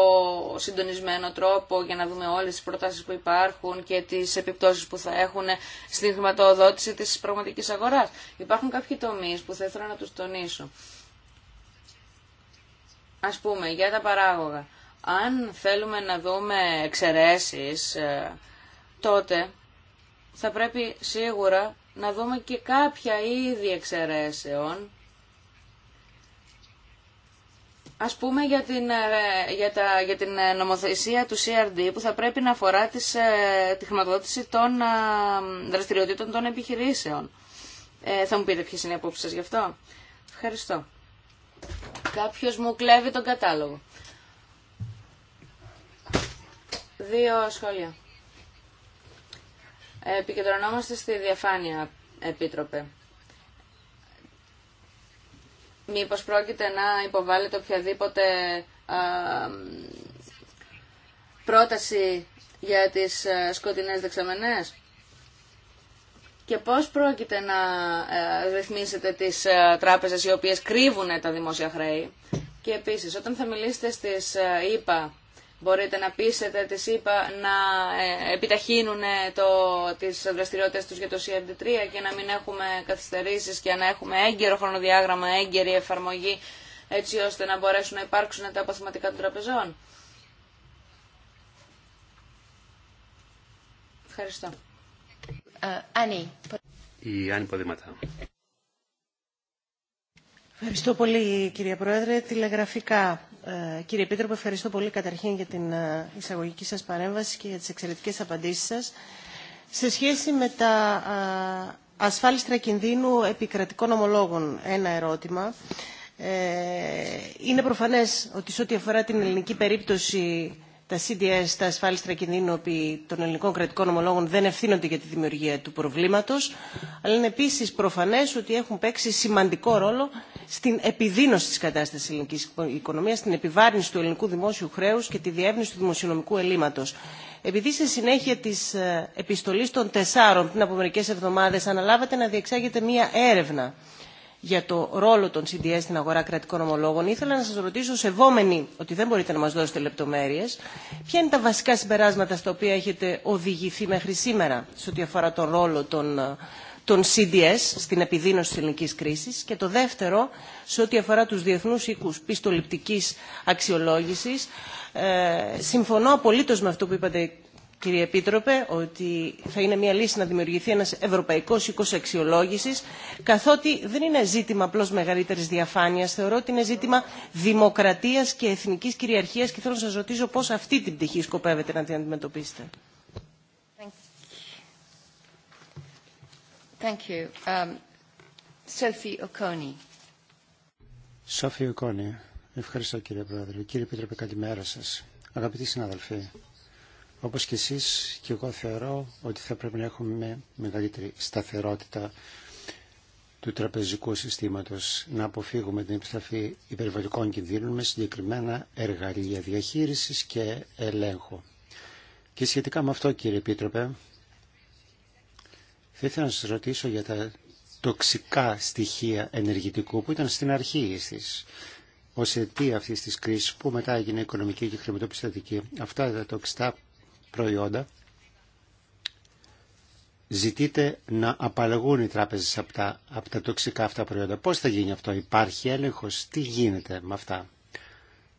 συντονισμένο τρόπο για να δούμε όλες τις προτάσεις που υπάρχουν και τις επιπτώσεις που θα έχουν στην χρηματοδότηση της πραγματικής αγοράς. Υπάρχουν κάποιοι τομείς που θα ήθελα να τους τονίσω. Ας πούμε, για τα παράγωγα. Αν θέλουμε να δούμε εξαιρέσεις, ε, τότε θα πρέπει σίγουρα να δούμε και κάποια είδη εξαιρέσεων. Ας πούμε για την, ε, για τα, για την ε, νομοθεσία του CRD που θα πρέπει να αφορά τις, τη χρηματοδότηση των δραστηριοτήτων των επιχειρήσεων. Ε, θα μου πείτε ποιες είναι οι απόψεις γι' αυτό. Ευχαριστώ. Κάποιος μου κλέβει τον κατάλογο. Δύο σχόλια. Επικεντρωνόμαστε στη διαφάνεια, Επίτροπε. Μήπως πρόκειται να υποβάλλετε οποιαδήποτε α, πρόταση για τις σκοτεινές δεξαμενές και πώς πρόκειται να ρυθμίσετε τις τράπεζες οι οποίες κρύβουν τα δημόσια χρέη και επίσης όταν θα μιλήσετε στις ΕΠΑ μπορείτε να πείσετε τη είπα, να ε, επιταχύνουν το, τις δραστηριότητες τους για το CRD3 και να μην έχουμε καθυστερήσεις και να έχουμε έγκαιρο χρονοδιάγραμμα, έγκαιρη εφαρμογή έτσι ώστε να μπορέσουν να υπάρξουν τα αποθυματικά των τραπεζών. Ευχαριστώ. Ε, Η Άννη Ποδήματα. Ευχαριστώ πολύ κύριε Πρόεδρε. Τηλεγραφικά, ε, κύριε Επίτροπε, ευχαριστώ πολύ καταρχήν για την ε, εισαγωγική σας παρέμβαση και για τις εξαιρετικές απαντήσεις σας. Σε σχέση με τα ε, ασφάλιστρα κινδύνου επικρατικών ομολόγων, ένα ερώτημα. Είναι προφανές ότι σε ό,τι αφορά την ελληνική περίπτωση τα CDS, τα ασφάλιστρα κινδύνου των ελληνικών κρατικών ομολόγων δεν ευθύνονται για τη δημιουργία του προβλήματος, αλλά είναι επίσης προφανές ότι έχουν παίξει σημαντικό ρόλο στην επιδείνωση της κατάστασης της ελληνικής οικονομίας, στην επιβάρυνση του ελληνικού δημόσιου χρέους και τη διεύνηση του δημοσιονομικού ελλείμματος. Επειδή σε συνέχεια της ε, επιστολής των τεσσάρων πριν από μερικές εβδομάδες αναλάβατε να διεξάγετε μία έρευνα για το ρόλο των CDS στην αγορά κρατικών ομολόγων. Ήθελα να σας ρωτήσω, σεβόμενοι ότι δεν μπορείτε να μας δώσετε λεπτομέρειες, ποια είναι τα βασικά συμπεράσματα στα οποία έχετε οδηγηθεί μέχρι σήμερα σε ό,τι αφορά τον ρόλο των, των CDS στην επιδείνωση της ελληνικής κρίσης και το δεύτερο σε ό,τι αφορά τους διεθνούς οίκους πιστοληπτικής αξιολόγησης. Ε, συμφωνώ απολύτως με αυτό που είπατε κύριε Επίτροπε, ότι θα είναι μια λύση να δημιουργηθεί ένας ευρωπαϊκός οίκος αξιολόγησης, καθότι δεν είναι ζήτημα απλώς μεγαλύτερης διαφάνειας, θεωρώ ότι είναι ζήτημα δημοκρατίας και εθνικής κυριαρχίας και θέλω να σας ρωτήσω πώς αυτή την πτυχή σκοπεύετε να την αντιμετωπίσετε. Thank you. Um, Ευχαριστώ κύριε Πρόεδρε. Κύριε Επίτροπε, καλημέρα σας. Αγαπητοί συνάδελφοι, όπως και εσείς και εγώ θεωρώ ότι θα πρέπει να έχουμε μεγαλύτερη σταθερότητα του τραπεζικού συστήματος, να αποφύγουμε την επιστροφή υπερβολικών κινδύνων με συγκεκριμένα εργαλεία διαχείρισης και ελέγχου. Και σχετικά με αυτό κύριε Επίτροπε, θα ήθελα να σας ρωτήσω για τα τοξικά στοιχεία ενεργητικού που ήταν στην αρχή της ως αιτία αυτή της κρίσης που μετά έγινε οικονομική και χρηματοπιστωτική. Αυτά τα τοξικά προϊόντα, ζητείτε να απαλλαγούν οι τράπεζε από τα, από τα τοξικά αυτά προϊόντα. Πώς θα γίνει αυτό, υπάρχει έλεγχος, τι γίνεται με αυτά.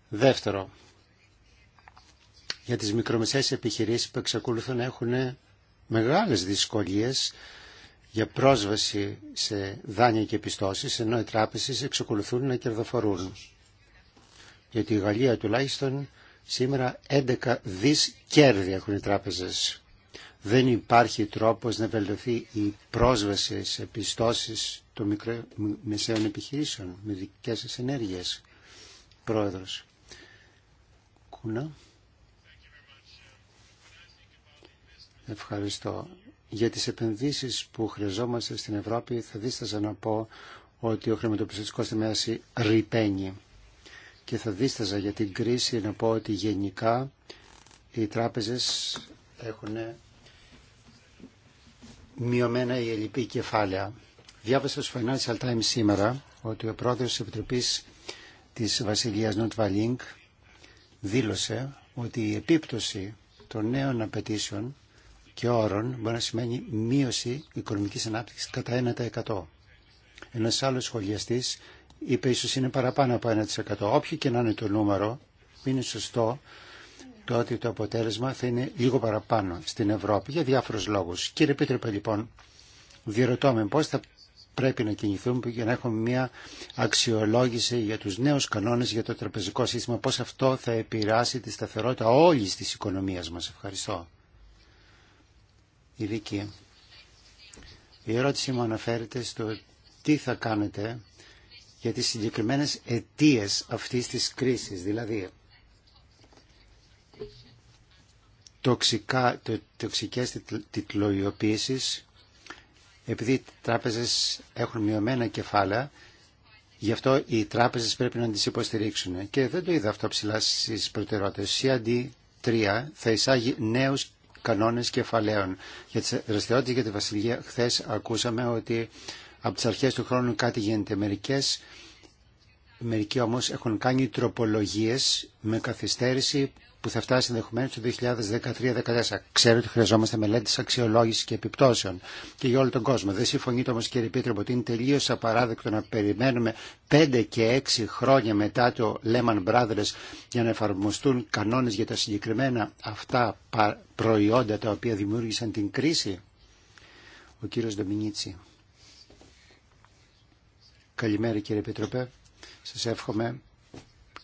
Δεύτερο, για τις μικρομεσαίες επιχειρήσεις που εξακολουθούν να έχουν μεγάλες δυσκολίες για πρόσβαση σε δάνεια και πιστώσεις, ενώ οι τράπεζες εξακολουθούν να κερδοφορούν. Γιατί η Γαλλία τουλάχιστον Σήμερα 11 δις κέρδη έχουν οι τράπεζες. Δεν υπάρχει τρόπος να βελτιωθεί η πρόσβαση σε πιστώσεις των μικρομεσαίων μεσαίων επιχειρήσεων με δικές σας ενέργειες. Πρόεδρος. Κούνα. Ευχαριστώ. Για τις επενδύσεις που χρειαζόμαστε στην Ευρώπη θα δίσταζα να πω ότι ο χρηματοπιστωτικός τομέας ρηπαίνει και θα δίσταζα για την κρίση να πω ότι γενικά οι τράπεζες έχουν μειωμένα η ελληπή κεφάλαια. Διάβασα στο Financial Times σήμερα ότι ο πρόεδρος της Επιτροπής της Βασιλείας Νοτβαλίνκ δήλωσε ότι η επίπτωση των νέων απαιτήσεων και όρων μπορεί να σημαίνει μείωση οικονομικής ανάπτυξης κατά 1%. Ένας άλλος σχολιαστής είπε ίσως είναι παραπάνω από 1%. Όποιο και να είναι το νούμερο, είναι σωστό το ότι το αποτέλεσμα θα είναι λίγο παραπάνω στην Ευρώπη για διάφορους λόγους. Κύριε Πίτροπε, λοιπόν, διερωτώ με πώς θα πρέπει να κινηθούμε για να έχουμε μια αξιολόγηση για τους νέους κανόνες για το τραπεζικό σύστημα, πώς αυτό θα επηρεάσει τη σταθερότητα όλης της οικονομίας μας. Ευχαριστώ. Η δική. Η ερώτηση μου αναφέρεται στο τι θα κάνετε για τις συγκεκριμένες αιτίες αυτής της κρίσης, δηλαδή τοξικά, το, τοξικές τιτλοϊοποίησεις, επειδή οι τράπεζες έχουν μειωμένα κεφάλαια, γι' αυτό οι τράπεζες πρέπει να τις υποστηρίξουν. Και δεν το είδα αυτό ψηλά στις προτεραιότητες. Η 3 θα εισάγει νέους κανόνες κεφαλαίων. Για τις δραστηριότητες για τη Βασιλεία χθε ακούσαμε ότι από τις αρχές του χρόνου κάτι γίνεται. Μερικές, μερικοί όμως έχουν κάνει τροπολογίες με καθυστέρηση που θα φτάσει ενδεχομένω το 2013-2014. Ξέρω ότι χρειαζόμαστε μελέτη αξιολόγηση και επιπτώσεων και για όλο τον κόσμο. Δεν συμφωνείτε όμω, κύριε Πίτροπο, ότι είναι τελείω απαράδεκτο να περιμένουμε 5 και 6 χρόνια μετά το Lehman Brothers για να εφαρμοστούν κανόνε για τα συγκεκριμένα αυτά προϊόντα τα οποία δημιούργησαν την κρίση. Ο κύριο Ντομινίτσι. Καλημέρα κύριε Επίτροπε. Σας εύχομαι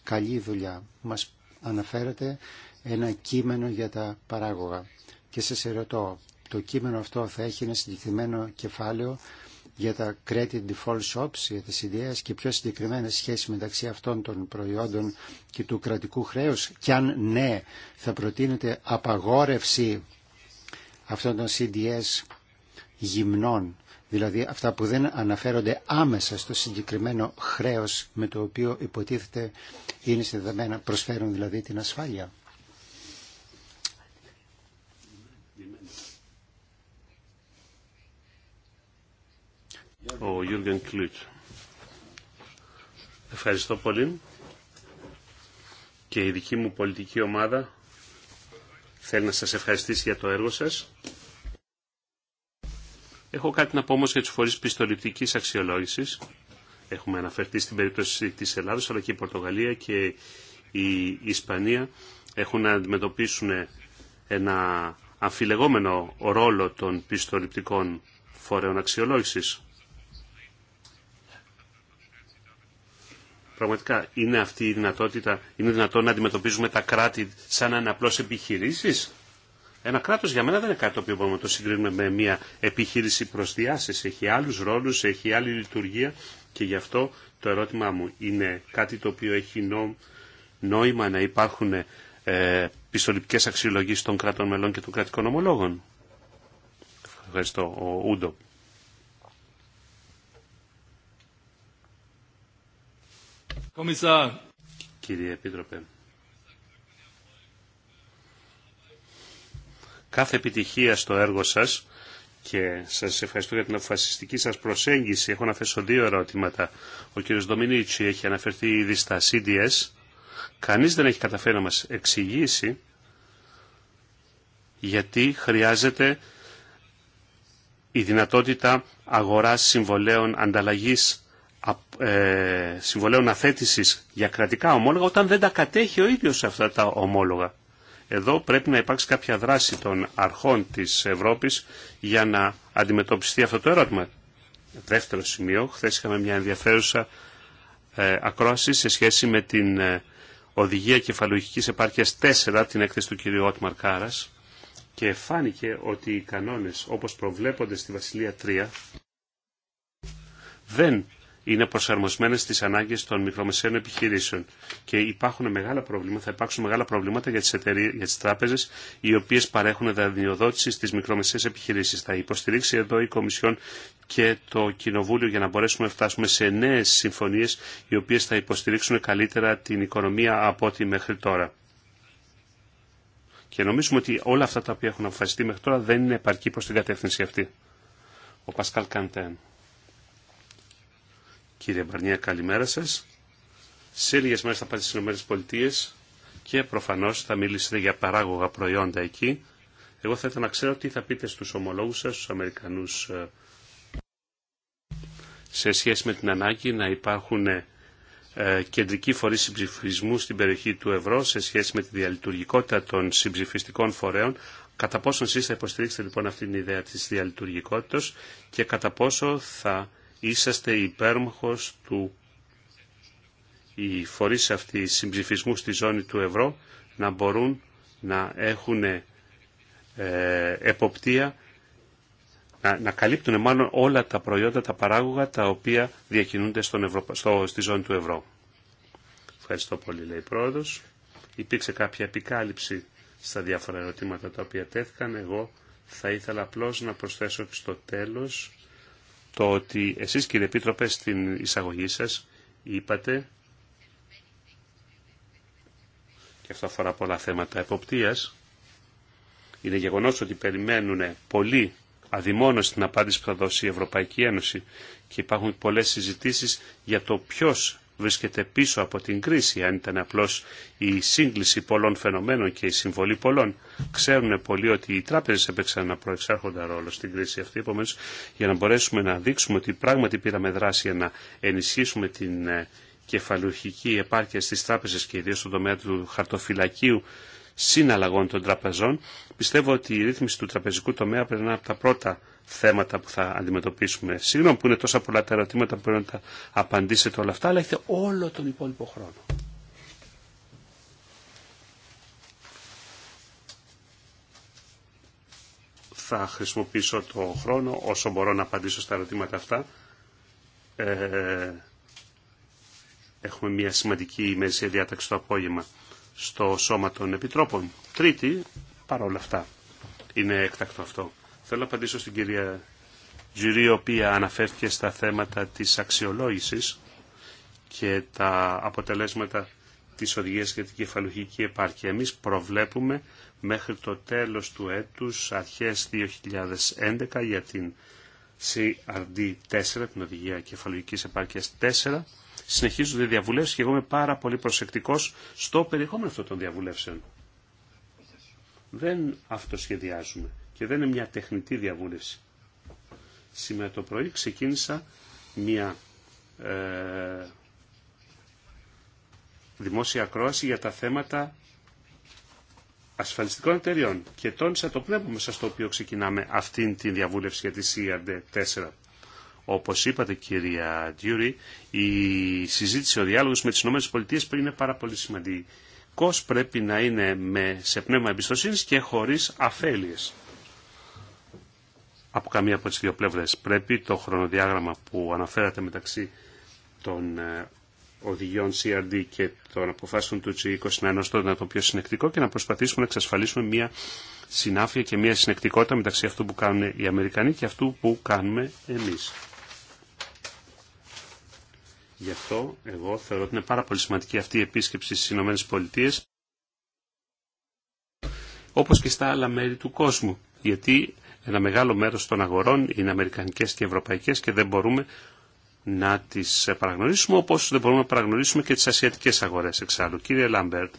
καλή δουλειά. Μας αναφέρετε ένα κείμενο για τα παράγωγα. Και σας ερωτώ, το κείμενο αυτό θα έχει ένα συγκεκριμένο κεφάλαιο για τα credit default shops, για τις ιδέες και πιο συγκεκριμένα σχέση μεταξύ αυτών των προϊόντων και του κρατικού χρέους. Και αν ναι, θα προτείνετε απαγόρευση αυτών των CDS γυμνών, δηλαδή αυτά που δεν αναφέρονται άμεσα στο συγκεκριμένο χρέος με το οποίο υποτίθεται είναι συνδεδεμένα, προσφέρουν δηλαδή την ασφάλεια. Ο Γιούργεν Κλούτ. Ευχαριστώ πολύ. Και η δική μου πολιτική ομάδα θέλει να σας ευχαριστήσει για το έργο σας. Έχω κάτι να πω όμως για του φορεί πιστοληπτική αξιολόγηση. Έχουμε αναφερθεί στην περίπτωση της Ελλάδος, αλλά και η Πορτογαλία και η Ισπανία έχουν να αντιμετωπίσουν ένα αμφιλεγόμενο ρόλο των πιστοληπτικών φορέων αξιολόγηση. Πραγματικά, είναι αυτή η δυνατότητα, είναι δυνατόν να αντιμετωπίζουμε τα κράτη σαν ένα απλώ επιχειρήσει. Ένα κράτο για μένα δεν είναι κάτι το οποίο μπορούμε να το συγκρίνουμε με μια επιχείρηση προσδιάση. Έχει άλλου ρόλου, έχει άλλη λειτουργία και γι' αυτό το ερώτημά μου είναι κάτι το οποίο έχει νόημα να υπάρχουν ε, πιστοληπτικέ αξιολογήσει των κρατών μελών και των κρατικών ομολόγων. Ευχαριστώ, ο Ούντο. Κύριε Επίτροπε. κάθε επιτυχία στο έργο σας και σας ευχαριστώ για την αποφασιστική σας προσέγγιση. Έχω να θέσω δύο ερώτηματα. Ο κ. Ντομινίτσι έχει αναφερθεί ήδη στα CDS. Κανείς δεν έχει καταφέρει να μας εξηγήσει γιατί χρειάζεται η δυνατότητα αγοράς συμβολέων ανταλλαγής ε, συμβολέων αθέτησης για κρατικά ομόλογα όταν δεν τα κατέχει ο ίδιος αυτά τα ομόλογα. Εδώ πρέπει να υπάρξει κάποια δράση των αρχών της Ευρώπης για να αντιμετωπιστεί αυτό το ερώτημα. Δεύτερο σημείο, χθε είχαμε μια ενδιαφέρουσα ε, ακρόαση σε σχέση με την ε, Οδηγία Κεφαλογικής Επάρκειας 4, την έκθεση του κ. Ότμαρ Κάρας, και φάνηκε ότι οι κανόνες όπως προβλέπονται στη Βασιλεία 3 δεν είναι προσαρμοσμένε στις ανάγκε των μικρομεσαίων επιχειρήσεων. Και υπάρχουν μεγάλα προβλήματα, θα υπάρξουν μεγάλα προβλήματα για τι εταιρείε για τις τράπεζες οι οποίε παρέχουν δανειοδότηση στις μικρομεσαίες επιχειρήσει. Θα υποστηρίξει εδώ η Κομισιόν και το Κοινοβούλιο για να μπορέσουμε να φτάσουμε σε νέε συμφωνίε οι οποίε θα υποστηρίξουν καλύτερα την οικονομία από ό,τι μέχρι τώρα. Και νομίζουμε ότι όλα αυτά τα οποία έχουν αποφασιστεί μέχρι τώρα δεν είναι επαρκή προ την κατεύθυνση αυτή. Ο Πασκάλ Καντέν. Κύριε Μπαρνία, καλημέρα σα, Σε λίγε μέρε θα πάτε στι ΗΠΑ και προφανώ θα μιλήσετε για παράγωγα προϊόντα εκεί. Εγώ θα ήθελα να ξέρω τι θα πείτε στου ομολόγου σα, στου Αμερικανού. Ε, σε σχέση με την ανάγκη να υπάρχουν ε, κεντρικοί φορεί συμψηφισμού στην περιοχή του ευρώ σε σχέση με τη διαλειτουργικότητα των συμψηφιστικών φορέων. Κατά πόσο εσεί θα υποστηρίξετε λοιπόν αυτήν την ιδέα τη διαλειτουργικότητα και κατά πόσο θα είσαστε υπέρμαχος του οι φορείς αυτοί συμψηφισμού στη ζώνη του ευρώ να μπορούν να έχουν ε, εποπτεία, να, να, καλύπτουν μάλλον όλα τα προϊόντα, τα παράγωγα τα οποία διακινούνται στον στο, στη ζώνη του ευρώ. Ευχαριστώ πολύ λέει η Πρόεδρος. Υπήρξε κάποια επικάλυψη στα διάφορα ερωτήματα τα οποία τέθηκαν. Εγώ θα ήθελα απλώς να προσθέσω στο τέλος το ότι εσείς κύριε Επίτροπε στην εισαγωγή σας είπατε και αυτό αφορά πολλά θέματα εποπτείας είναι γεγονός ότι περιμένουν πολλοί αδειμόνως την απάντηση που θα δώσει η Ευρωπαϊκή Ένωση και υπάρχουν πολλές συζητήσεις για το ποιος βρίσκεται πίσω από την κρίση, αν ήταν απλώ η σύγκληση πολλών φαινομένων και η συμβολή πολλών. Ξέρουν πολλοί ότι οι τράπεζες έπαιξαν ένα προεξάρχοντα ρόλο στην κρίση αυτή, Επομένω, για να μπορέσουμε να δείξουμε ότι πράγματι πήραμε δράση για να ενισχύσουμε την ε, κεφαλουχική επάρκεια στις τράπεζες και ιδίω στον τομέα του χαρτοφυλακίου συναλλαγών των τραπεζών. Πιστεύω ότι η ρύθμιση του τραπεζικού τομέα πρέπει να είναι από τα πρώτα θέματα που θα αντιμετωπίσουμε. Συγγνώμη που είναι τόσα πολλά τα ερωτήματα που πρέπει να τα απαντήσετε όλα αυτά, αλλά έχετε όλο τον υπόλοιπο χρόνο. Θα χρησιμοποιήσω το χρόνο όσο μπορώ να απαντήσω στα ερωτήματα αυτά. Ε, έχουμε μια σημαντική ημερησία διάταξη το απόγευμα στο σώμα των επιτρόπων. Τρίτη, παρόλα αυτά, είναι έκτακτο αυτό. Θέλω να απαντήσω στην κυρία Τζουρί, η οποία αναφέρθηκε στα θέματα της αξιολόγησης και τα αποτελέσματα της οδηγίας για την κεφαλουχική επάρκεια. Εμείς προβλέπουμε μέχρι το τέλος του έτους, αρχές 2011, για την CRD4, την Οδηγία Κεφαλογικής Επάρκειας 4. την οδηγια κεφαλογικη επαρκεια 4 συνεχιζονται οι διαβουλεύσεις και εγώ είμαι πάρα πολύ προσεκτικός στο περιεχόμενο αυτών των διαβουλεύσεων. Δεν αυτοσχεδιάζουμε και δεν είναι μια τεχνητή διαβούλευση. Σήμερα το πρωί ξεκίνησα μια ε, δημόσια ακρόαση για τα θέματα ασφαλιστικών εταιριών και τόνισα το πνεύμα μέσα στο οποίο ξεκινάμε αυτήν την διαβούλευση για τη CRD4. Όπως είπατε κυρία Ντιούρι, η συζήτηση, ο διάλογο με τις ΗΠΑ είναι πάρα πολύ σημαντικό. πρέπει να είναι με, σε πνεύμα εμπιστοσύνη και χωρίς αφέλειε Από καμία από τι δύο πλευρές πρέπει το χρονοδιάγραμμα που αναφέρατε μεταξύ των ε, οδηγιών CRD και των αποφάσεων του G20 να τον το πιο συνεκτικό και να προσπαθήσουμε να εξασφαλίσουμε μια συνάφεια και μια συνεκτικότητα μεταξύ αυτού που κάνουν οι Αμερικανοί και αυτού που κάνουμε εμείς. Γι' αυτό εγώ θεωρώ ότι είναι πάρα πολύ σημαντική αυτή η επίσκεψη στι Ηνωμένες όπως και στα άλλα μέρη του κόσμου γιατί ένα μεγάλο μέρος των αγορών είναι αμερικανικές και ευρωπαϊκές και δεν μπορούμε να τις παραγνωρίσουμε όπως δεν μπορούμε να παραγνωρίσουμε και τις ασιατικές αγορές εξάλλου. Κύριε Λάμπερτ,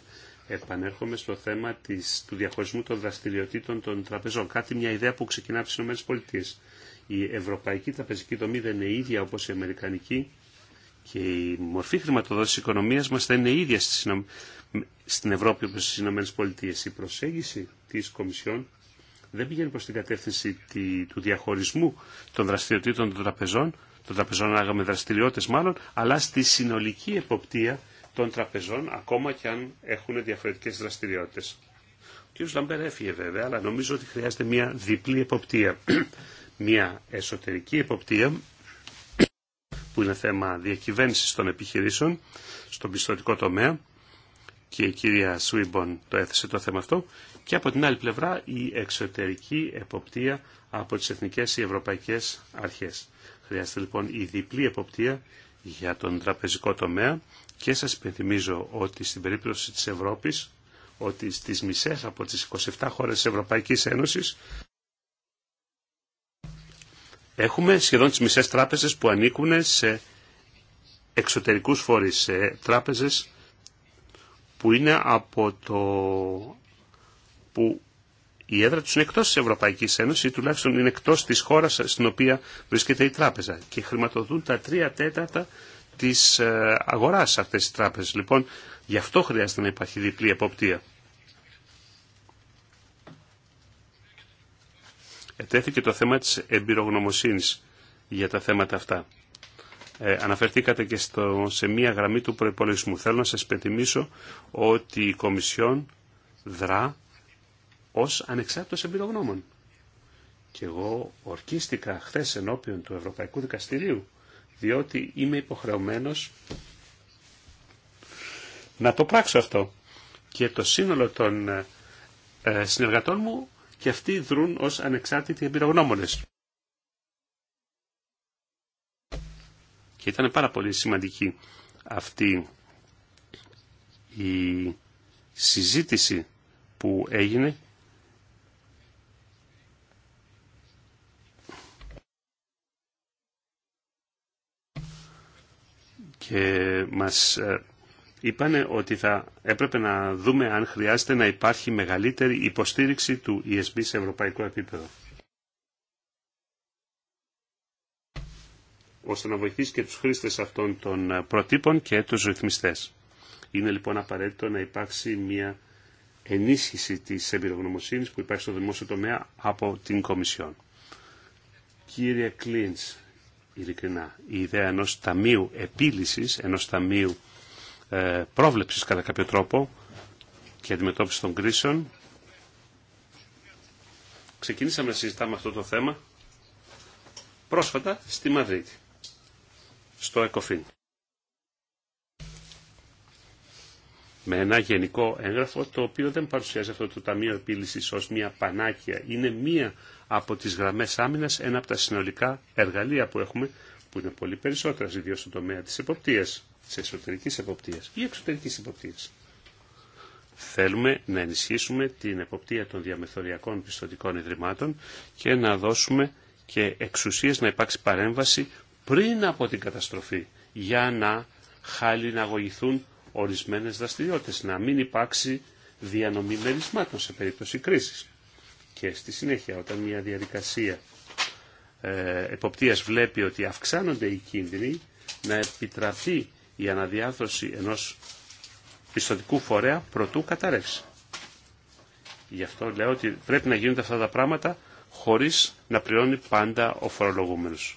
επανέρχομαι στο θέμα της, του διαχωρισμού των δραστηριοτήτων των τραπεζών. Κάτι μια ιδέα που ξεκινά από τις ΗΠΑ. Η ευρωπαϊκή τραπεζική δομή δεν είναι ίδια όπως η αμερικανική και η μορφή χρηματοδότηση οικονομίας μας δεν είναι ίδια στην Ευρώπη όπως στις ΗΠΑ. Η προσέγγιση της Κομισιόν δεν πηγαίνει προς την κατεύθυνση του διαχωρισμού των δραστηριοτήτων των τραπεζών, των τραπεζών, αλλά με δραστηριότητες μάλλον, αλλά στη συνολική εποπτεία των τραπεζών, ακόμα και αν έχουν διαφορετικές δραστηριότητες. Ο κ. Λαμπέρ έφυγε βέβαια, αλλά νομίζω ότι χρειάζεται μια διπλή εποπτεία. μια εσωτερική εποπτεία, που είναι θέμα διακυβέρνηση των επιχειρήσεων, στον πιστοτικό τομέα, και η κυρία Σουίμπον το έθεσε το θέμα αυτό, και από την άλλη πλευρά η εξωτερική εποπτεία από τις εθνικές ή ευρωπαϊκές αρχές. Χρειάζεται λοιπόν η διπλή εποπτεία για τον τραπεζικό τομέα και σας υπενθυμίζω ότι στην περίπτωση της Ευρώπης, ότι στις μισές από τις 27 χώρες της Ευρωπαϊκής Ένωσης έχουμε σχεδόν τις μισές τράπεζες που ανήκουν σε εξωτερικούς φορείς, σε τράπεζες που είναι από το που η έδρα του είναι εκτό τη Ευρωπαϊκής Ένωσης ή τουλάχιστον είναι εκτός της χώρας στην οποία βρίσκεται η τράπεζα και χρηματοδοτούν τα εκτό της ε, αγοράς αυτές οι τράπεζες. Λοιπόν, γι' αυτό χρειάζεται να υπάρχει διπλή εποπτεία. Ετέθηκε το θέμα της αγορας αυτες τι τράπεζε. λοιπον γι αυτο χρειαζεται να υπαρχει διπλη εποπτεια ετεθηκε το θεμα της εμπειρογνωμοσυνης για τα θέματα αυτά. Ε, αναφερθήκατε και σε μία γραμμή του προπολογισμού. Θέλω να σας υπενθυμίσω ότι η Κομισιόν δρά ως ανεξάρτητος εμπειρογνώμων. Και εγώ ορκίστηκα χθες ενώπιον του Ευρωπαϊκού Δικαστηρίου, διότι είμαι υποχρεωμένος να το πράξω αυτό. Και το σύνολο των ε, ε, συνεργατών μου και αυτοί δρούν ως ανεξάρτητοι εμπειρογνώμονες. Και ήταν πάρα πολύ σημαντική αυτή η συζήτηση που έγινε και μας ε, είπαν ότι θα έπρεπε να δούμε αν χρειάζεται να υπάρχει μεγαλύτερη υποστήριξη του ESB σε ευρωπαϊκό επίπεδο. ώστε να βοηθήσει και τους χρήστες αυτών των ε, προτύπων και τους ρυθμιστές. Είναι λοιπόν απαραίτητο να υπάρξει μια ενίσχυση της εμπειρογνωμοσύνης που υπάρχει στο δημόσιο τομέα από την Κομισιόν. Κύριε Κλίντς, ειλικρινά. Η ιδέα ενός ταμείου επίλυσης, ενός ταμείου ε, πρόβλεψης κατά κάποιο τρόπο και αντιμετώπιση των κρίσεων. Ξεκινήσαμε να συζητάμε αυτό το θέμα πρόσφατα στη Μαδρίτη, στο ΕΚΟΦΗΝ. με ένα γενικό έγγραφο το οποίο δεν παρουσιάζει αυτό το Ταμείο επίλυση ως μια πανάκια. Είναι μία από τις γραμμές άμυνας, ένα από τα συνολικά εργαλεία που έχουμε, που είναι πολύ περισσότερα, ιδίως στον τομέα της εποπτείας, της εσωτερικής εποπτείας ή εξωτερικής εποπτείας. Θέλουμε να ενισχύσουμε την εποπτεία των διαμεθοριακών πιστοτικών ιδρυμάτων και να δώσουμε και εξουσίες να υπάρξει παρέμβαση πριν από την καταστροφή για να χαλιναγωγηθούν ορισμένες δραστηριότητες, να μην υπάρξει διανομή μερισμάτων σε περίπτωση κρίσης. Και στη συνέχεια όταν μια διαδικασία ε, εποπτείας βλέπει ότι αυξάνονται οι κίνδυνοι, να επιτραπεί η αναδιάθρωση ενός πιστοτικού φορέα προτού καταρρεύσει. Γι' αυτό λέω ότι πρέπει να γίνονται αυτά τα πράγματα χωρίς να πληρώνει πάντα ο φορολογούμενος.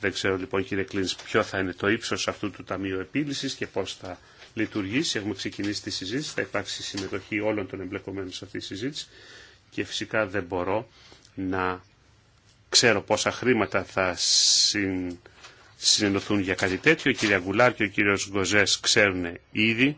Δεν ξέρω λοιπόν κύριε Κλίνης ποιο θα είναι το ύψος αυτού του Ταμείου Επίλυσης και πώς θα λειτουργήσει. Έχουμε ξεκινήσει τη συζήτηση, θα υπάρξει συμμετοχή όλων των εμπλεκομένων σε αυτή τη συζήτηση και φυσικά δεν μπορώ να ξέρω πόσα χρήματα θα συν, συνενωθούν για κάτι τέτοιο. Ο κ. Γκουλάρ και ο κύριος Γκοζές ξέρουν ήδη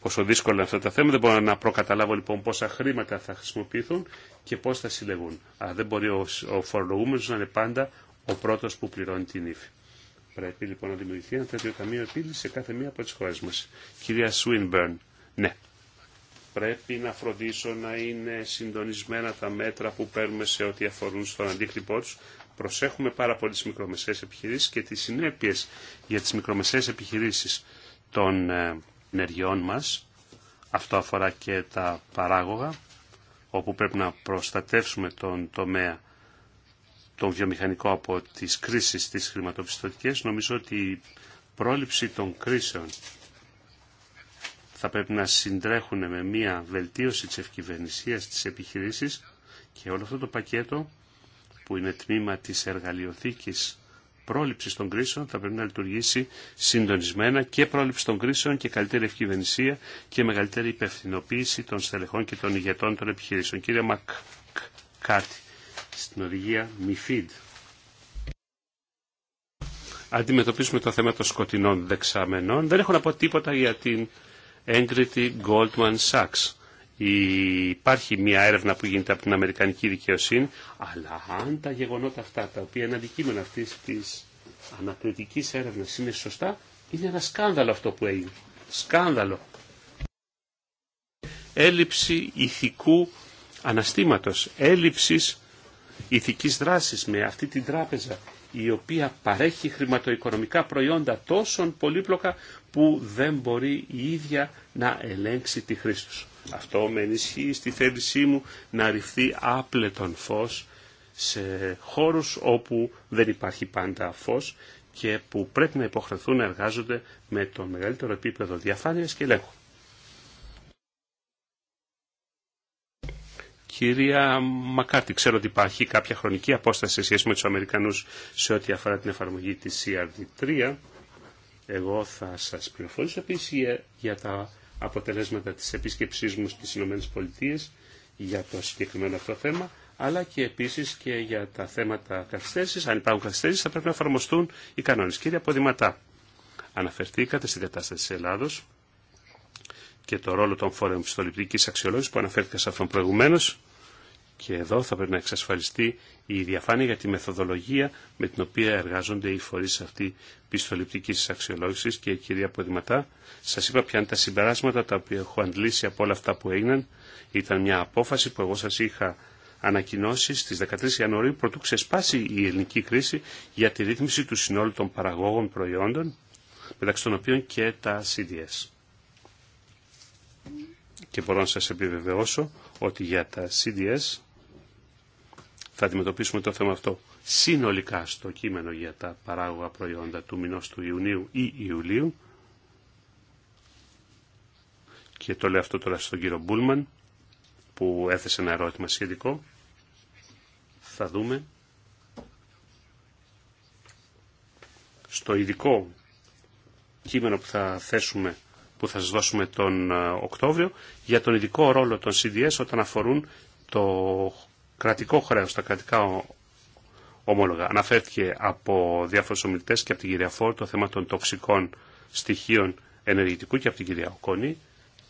πόσο δύσκολα είναι αυτά τα θέματα. Δεν μπορώ να προκαταλάβω λοιπόν πόσα χρήματα θα χρησιμοποιηθούν και πώς θα συλλεγούν. Αλλά δεν μπορεί ο, ο φορολογούμενος να είναι πάντα ο πρώτος που πληρώνει την ύφη. Πρέπει λοιπόν να δημιουργηθεί ένα τέτοιο ταμείο επίλυση σε κάθε μία από τι χώρε μα. Κυρία Σουίνμπερν, ναι. Πρέπει να φροντίσω να είναι συντονισμένα τα μέτρα που παίρνουμε σε ό,τι αφορούν στον αντίκτυπό του. Προσέχουμε πάρα πολύ τι μικρομεσαίε επιχειρήσει και τι συνέπειε για τι μικρομεσαίε επιχειρήσει των ε, ενεργειών μα. Αυτό αφορά και τα παράγωγα, όπου πρέπει να προστατεύσουμε τον τομέα τον βιομηχανικό από τις κρίσεις τις χρηματοπιστωτικές, νομίζω ότι η πρόληψη των κρίσεων θα πρέπει να συντρέχουν με μια βελτίωση της ευκυβερνησίας της επιχειρήσης και όλο αυτό το πακέτο που είναι τμήμα της εργαλειοθήκης πρόληψης των κρίσεων θα πρέπει να λειτουργήσει συντονισμένα και πρόληψη των κρίσεων και καλύτερη ευκυβερνησία και μεγαλύτερη υπευθυνοποίηση των στελεχών και των ηγετών των επιχειρήσεων. Κύριε Μακ, στην οδηγία MIFID. Αντιμετωπίσουμε το θέμα των σκοτεινών δεξαμενών. Δεν έχω να πω τίποτα για την έγκριτη Goldman Sachs. Υπάρχει μια έρευνα που γίνεται από την Αμερικανική δικαιοσύνη, αλλά αν τα γεγονότα αυτά, τα οποία είναι αντικείμενα αυτή τη ανακριτική έρευνα, είναι σωστά, είναι ένα σκάνδαλο αυτό που έγινε. Σκάνδαλο. Έλλειψη ηθικού αναστήματος, έλλειψης ηθικής δράσης με αυτή την τράπεζα η οποία παρέχει χρηματοοικονομικά προϊόντα τόσο πολύπλοκα που δεν μπορεί η ίδια να ελέγξει τη χρήση τους. Αυτό με ενισχύει στη θέλησή μου να ρηφθεί άπλετον φως σε χώρους όπου δεν υπάρχει πάντα φως και που πρέπει να υποχρεθούν να εργάζονται με το μεγαλύτερο επίπεδο διαφάνειας και ελέγχου. Κυρία Μακάρτη, ξέρω ότι υπάρχει κάποια χρονική απόσταση σε σχέση με τους Αμερικανούς σε ό,τι αφορά την εφαρμογή της CRD3. Εγώ θα σας πληροφορήσω επίσης για τα αποτελέσματα της επίσκεψής μου στις ΗΠΑ για το συγκεκριμένο αυτό θέμα, αλλά και επίσης και για τα θέματα καθυστέρησης. Αν υπάρχουν καθυστέρησεις θα πρέπει να εφαρμοστούν οι κανόνες. Κύριε Αποδηματά, αναφερθήκατε στην κατάσταση της Ελλάδος και το ρόλο των φόρων πιστοληπτικής αξιολόγησης που αναφέρθηκα σε αυτόν προηγουμένως. Και εδώ θα πρέπει να εξασφαλιστεί η διαφάνεια για τη μεθοδολογία με την οποία εργάζονται οι φορείς αυτή πιστοληπτικής αξιολόγησης. Και η κυρία Ποδηματά, σας είπα ποια είναι τα συμπεράσματα τα οποία έχω αντλήσει από όλα αυτά που έγιναν. Ήταν μια απόφαση που εγώ σας είχα ανακοινώσει στις 13 Ιανουαρίου πρωτού ξεσπάσει η ελληνική κρίση για τη ρύθμιση του συνόλου των παραγόγων προϊόντων, μεταξύ των οποίων και τα CDS. Και μπορώ να σας επιβεβαιώσω ότι για τα CDS θα αντιμετωπίσουμε το θέμα αυτό συνολικά στο κείμενο για τα παράγωγα προϊόντα του μηνός του Ιουνίου ή Ιουλίου. Και το λέω αυτό τώρα στον κύριο Μπούλμαν που έθεσε ένα ερώτημα σχετικό. Θα δούμε στο ειδικό κείμενο που θα θέσουμε που θα σας δώσουμε τον ε, Οκτώβριο για τον ειδικό ρόλο των CDS όταν αφορούν το κρατικό χρέος, τα κρατικά ομόλογα. Αναφέρθηκε από διάφορους ομιλητές και από την κυρία Φόρ το θέμα των τοξικών στοιχείων ενεργητικού και από την κυρία Οκόνη.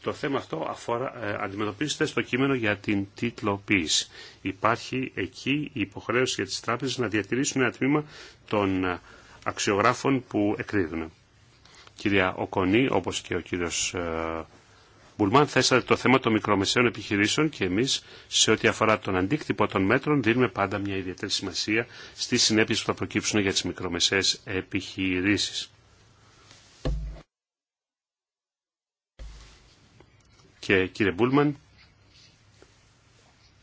Το θέμα αυτό αφορά, ε, αντιμετωπίζεται στο κείμενο για την τίτλοποίηση. Υπάρχει εκεί η υποχρέωση για τις τράπεζες να διατηρήσουν ένα τμήμα των ε, αξιογράφων που εκδίδουν. Κυρία Οκονή, όπως και ο κύριος ε, Μπουλμάν θέσατε το θέμα των μικρομεσαίων επιχειρήσεων και εμείς σε ό,τι αφορά τον αντίκτυπο των μέτρων δίνουμε πάντα μια ιδιαίτερη σημασία στις συνέπειες που θα προκύψουν για τις μικρομεσαίες επιχειρήσεις. Και κύριε Μπούλμαν,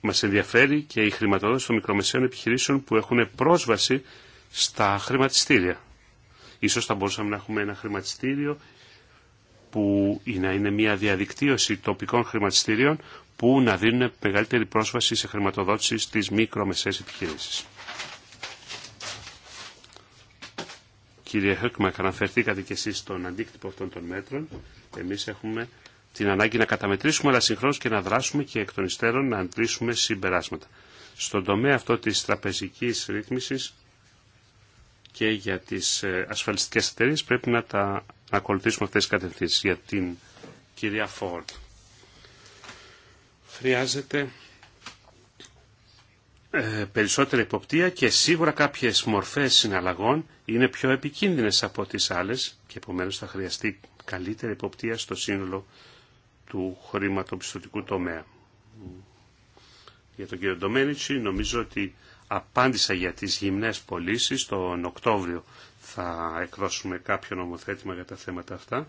μας ενδιαφέρει και η χρηματοδότηση των μικρομεσαίων επιχειρήσεων που έχουν πρόσβαση στα χρηματιστήρια. Ίσως θα μπορούσαμε να έχουμε ένα χρηματιστήριο που να είναι μια διαδικτύωση τοπικών χρηματιστήριων που να δίνουν μεγαλύτερη πρόσβαση σε χρηματοδότηση στις μικρομεσαίες επιχειρήσεις. Κύριε Χερκμακ, αναφερθήκατε και εσείς στον αντίκτυπο αυτών των μέτρων. Εμείς έχουμε την ανάγκη να καταμετρήσουμε, αλλά συγχρόνως και να δράσουμε και εκ των υστέρων να αντλήσουμε συμπεράσματα. Στον τομέα αυτό της τραπεζικής ρύθμισης και για τις ε, ασφαλιστικές εταιρείε πρέπει να τα να ακολουθήσουμε αυτές τις κατευθύνσεις για την κυρία Φόρτ. Χρειάζεται ε, περισσότερη υποπτία και σίγουρα κάποιες μορφές συναλλαγών είναι πιο επικίνδυνες από τις άλλες και επομένως θα χρειαστεί καλύτερη υποπτία στο σύνολο του χρηματοπιστωτικού τομέα. Για τον κύριο Ντομένιτσι νομίζω ότι απάντησα για τις γυμνές πωλήσει τον Οκτώβριο θα εκδώσουμε κάποιο νομοθέτημα για τα θέματα αυτά.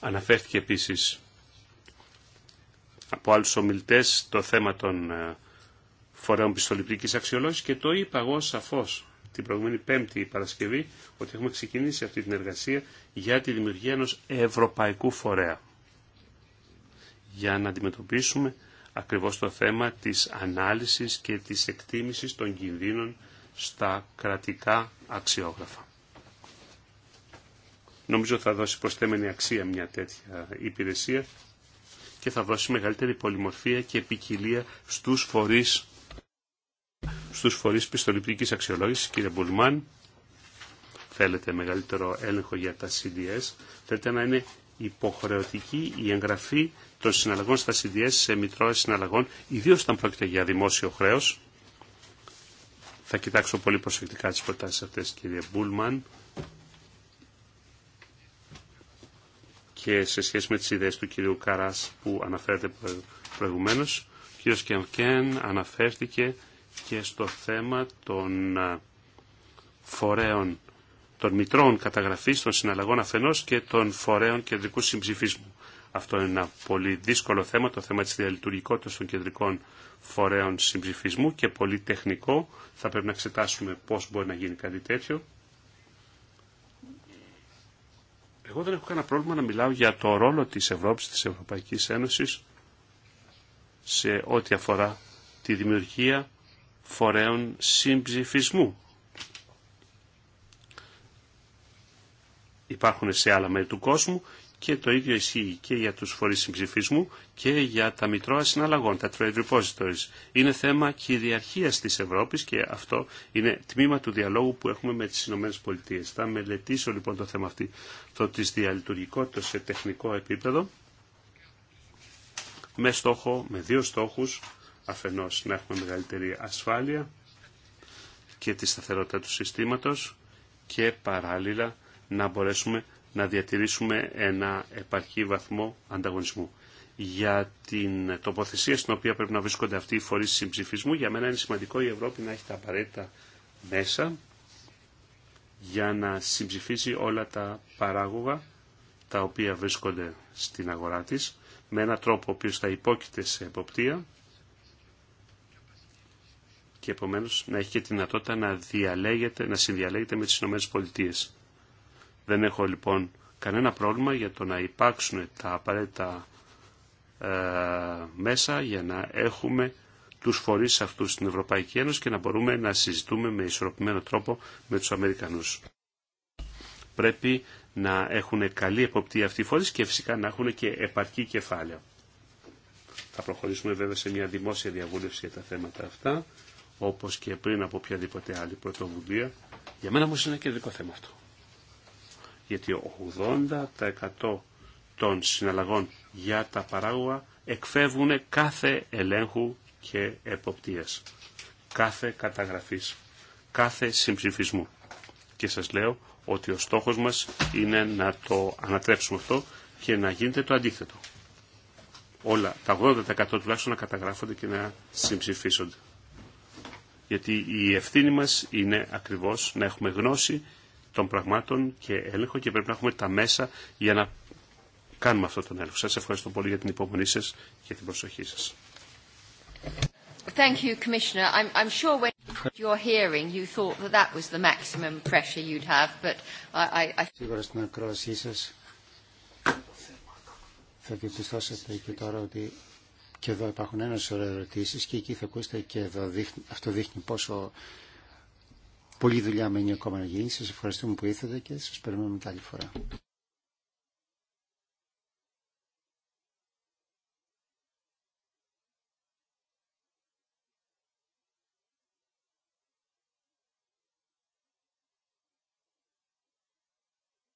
Αναφέρθηκε επίσης από άλλους ομιλητές το θέμα των ε, φορέων πιστοληπτικής αξιολόγησης και το είπα εγώ σαφώς την προηγούμενη Πέμπτη η Παρασκευή ότι έχουμε ξεκινήσει αυτή την εργασία για τη δημιουργία ενός ευρωπαϊκού φορέα για να αντιμετωπίσουμε ακριβώς το θέμα της ανάλυσης και της εκτίμησης των κινδύνων στα κρατικά αξιόγραφα. Νομίζω θα δώσει προσθέμενη αξία μια τέτοια υπηρεσία και θα δώσει μεγαλύτερη πολυμορφία και ποικιλία στους φορείς, στους φορείς πιστοληπτικής αξιολόγησης. Κύριε Μπουλμάν, θέλετε μεγαλύτερο έλεγχο για τα CDS, θέλετε να είναι υποχρεωτική η εγγραφή των συναλλαγών στα CDS σε μητρώες συναλλαγών, ιδίως όταν πρόκειται για δημόσιο χρέος. Θα κοιτάξω πολύ προσεκτικά τις προτάσεις αυτές, κύριε Μπούλμαν. Και σε σχέση με τις ιδέες του κυρίου Καράς που αναφέρεται προηγουμένως, ο κύριος Κενκέν αναφέρθηκε και στο θέμα των φορέων των μητρών καταγραφής των συναλλαγών αφενός και των φορέων κεντρικού συμψηφίσμου. Αυτό είναι ένα πολύ δύσκολο θέμα, το θέμα της διαλειτουργικότητας των κεντρικών φορέων συμψηφισμού και πολύ τεχνικό. Θα πρέπει να εξετάσουμε πώς μπορεί να γίνει κάτι τέτοιο. Εγώ δεν έχω κανένα πρόβλημα να μιλάω για το ρόλο της Ευρώπης, της Ευρωπαϊκής Ένωσης σε ό,τι αφορά τη δημιουργία φορέων συμψηφισμού. Υπάρχουν σε άλλα μέρη του κόσμου και το ίδιο ισχύει και για τους φορείς συμψηφισμού και για τα μητρώα συναλλαγών, τα trade repositories. Είναι θέμα κυριαρχίας της Ευρώπης και αυτό είναι τμήμα του διαλόγου που έχουμε με τις ΗΠΑ. Θα μελετήσω λοιπόν το θέμα αυτή, το της διαλειτουργικότητας σε τεχνικό επίπεδο, με στόχο, με δύο στόχους, αφενός να έχουμε μεγαλύτερη ασφάλεια και τη σταθερότητα του συστήματος και παράλληλα να μπορέσουμε να διατηρήσουμε ένα επαρκή βαθμό ανταγωνισμού. Για την τοποθεσία στην οποία πρέπει να βρίσκονται αυτοί οι φορείς συμψηφισμού, για μένα είναι σημαντικό η Ευρώπη να έχει τα απαραίτητα μέσα για να συμψηφίσει όλα τα παράγωγα τα οποία βρίσκονται στην αγορά της με έναν τρόπο ο οποίος θα υπόκειται σε εποπτεία και επομένως να έχει και τη δυνατότητα να, να συνδιαλέγεται με τις ΗΠΑ. Δεν έχω λοιπόν κανένα πρόβλημα για το να υπάρξουν τα απαραίτητα ε, μέσα για να έχουμε τους φορείς αυτούς στην Ευρωπαϊκή Ένωση και να μπορούμε να συζητούμε με ισορροπημένο τρόπο με τους Αμερικανούς. Πρέπει να έχουν καλή εποπτεία αυτοί οι φορείς και φυσικά να έχουν και επαρκή κεφάλαιο. Θα προχωρήσουμε βέβαια σε μια δημόσια διαβούλευση για τα θέματα αυτά, όπως και πριν από οποιαδήποτε άλλη πρωτοβουλία. Για μένα όμως είναι ένα κεντρικό θέμα αυτό γιατί 80% των συναλλαγών για τα παράγωγα εκφεύγουν κάθε ελέγχου και εποπτείας, κάθε καταγραφής, κάθε συμψηφισμού. Και σας λέω ότι ο στόχος μας είναι να το ανατρέψουμε αυτό και να γίνεται το αντίθετο. Όλα, τα 80% τουλάχιστον να καταγράφονται και να συμψηφίσονται. Γιατί η ευθύνη μας είναι ακριβώς να έχουμε γνώση των πραγμάτων και έλεγχο και πρέπει να έχουμε τα μέσα για να κάνουμε αυτό τον έλεγχο. Σας ευχαριστώ πολύ για την υπομονή σας και την προσοχή σας. Thank you, Commissioner. I'm, I'm sure when you're hearing you thought that that was the maximum pressure you'd have, but I... I... Σίγουρα στην ακρόασή σας θα διαπιστώσετε και τώρα ότι και εδώ υπάρχουν ένα σωρό ερωτήσει και εκεί θα ακούσετε και εδώ δείχνει, αυτό δείχνει πόσο Πολύ δουλειά μένει ακόμα να γίνει. Σας ευχαριστούμε που ήρθατε και σας περιμένουμε τα άλλη φορά.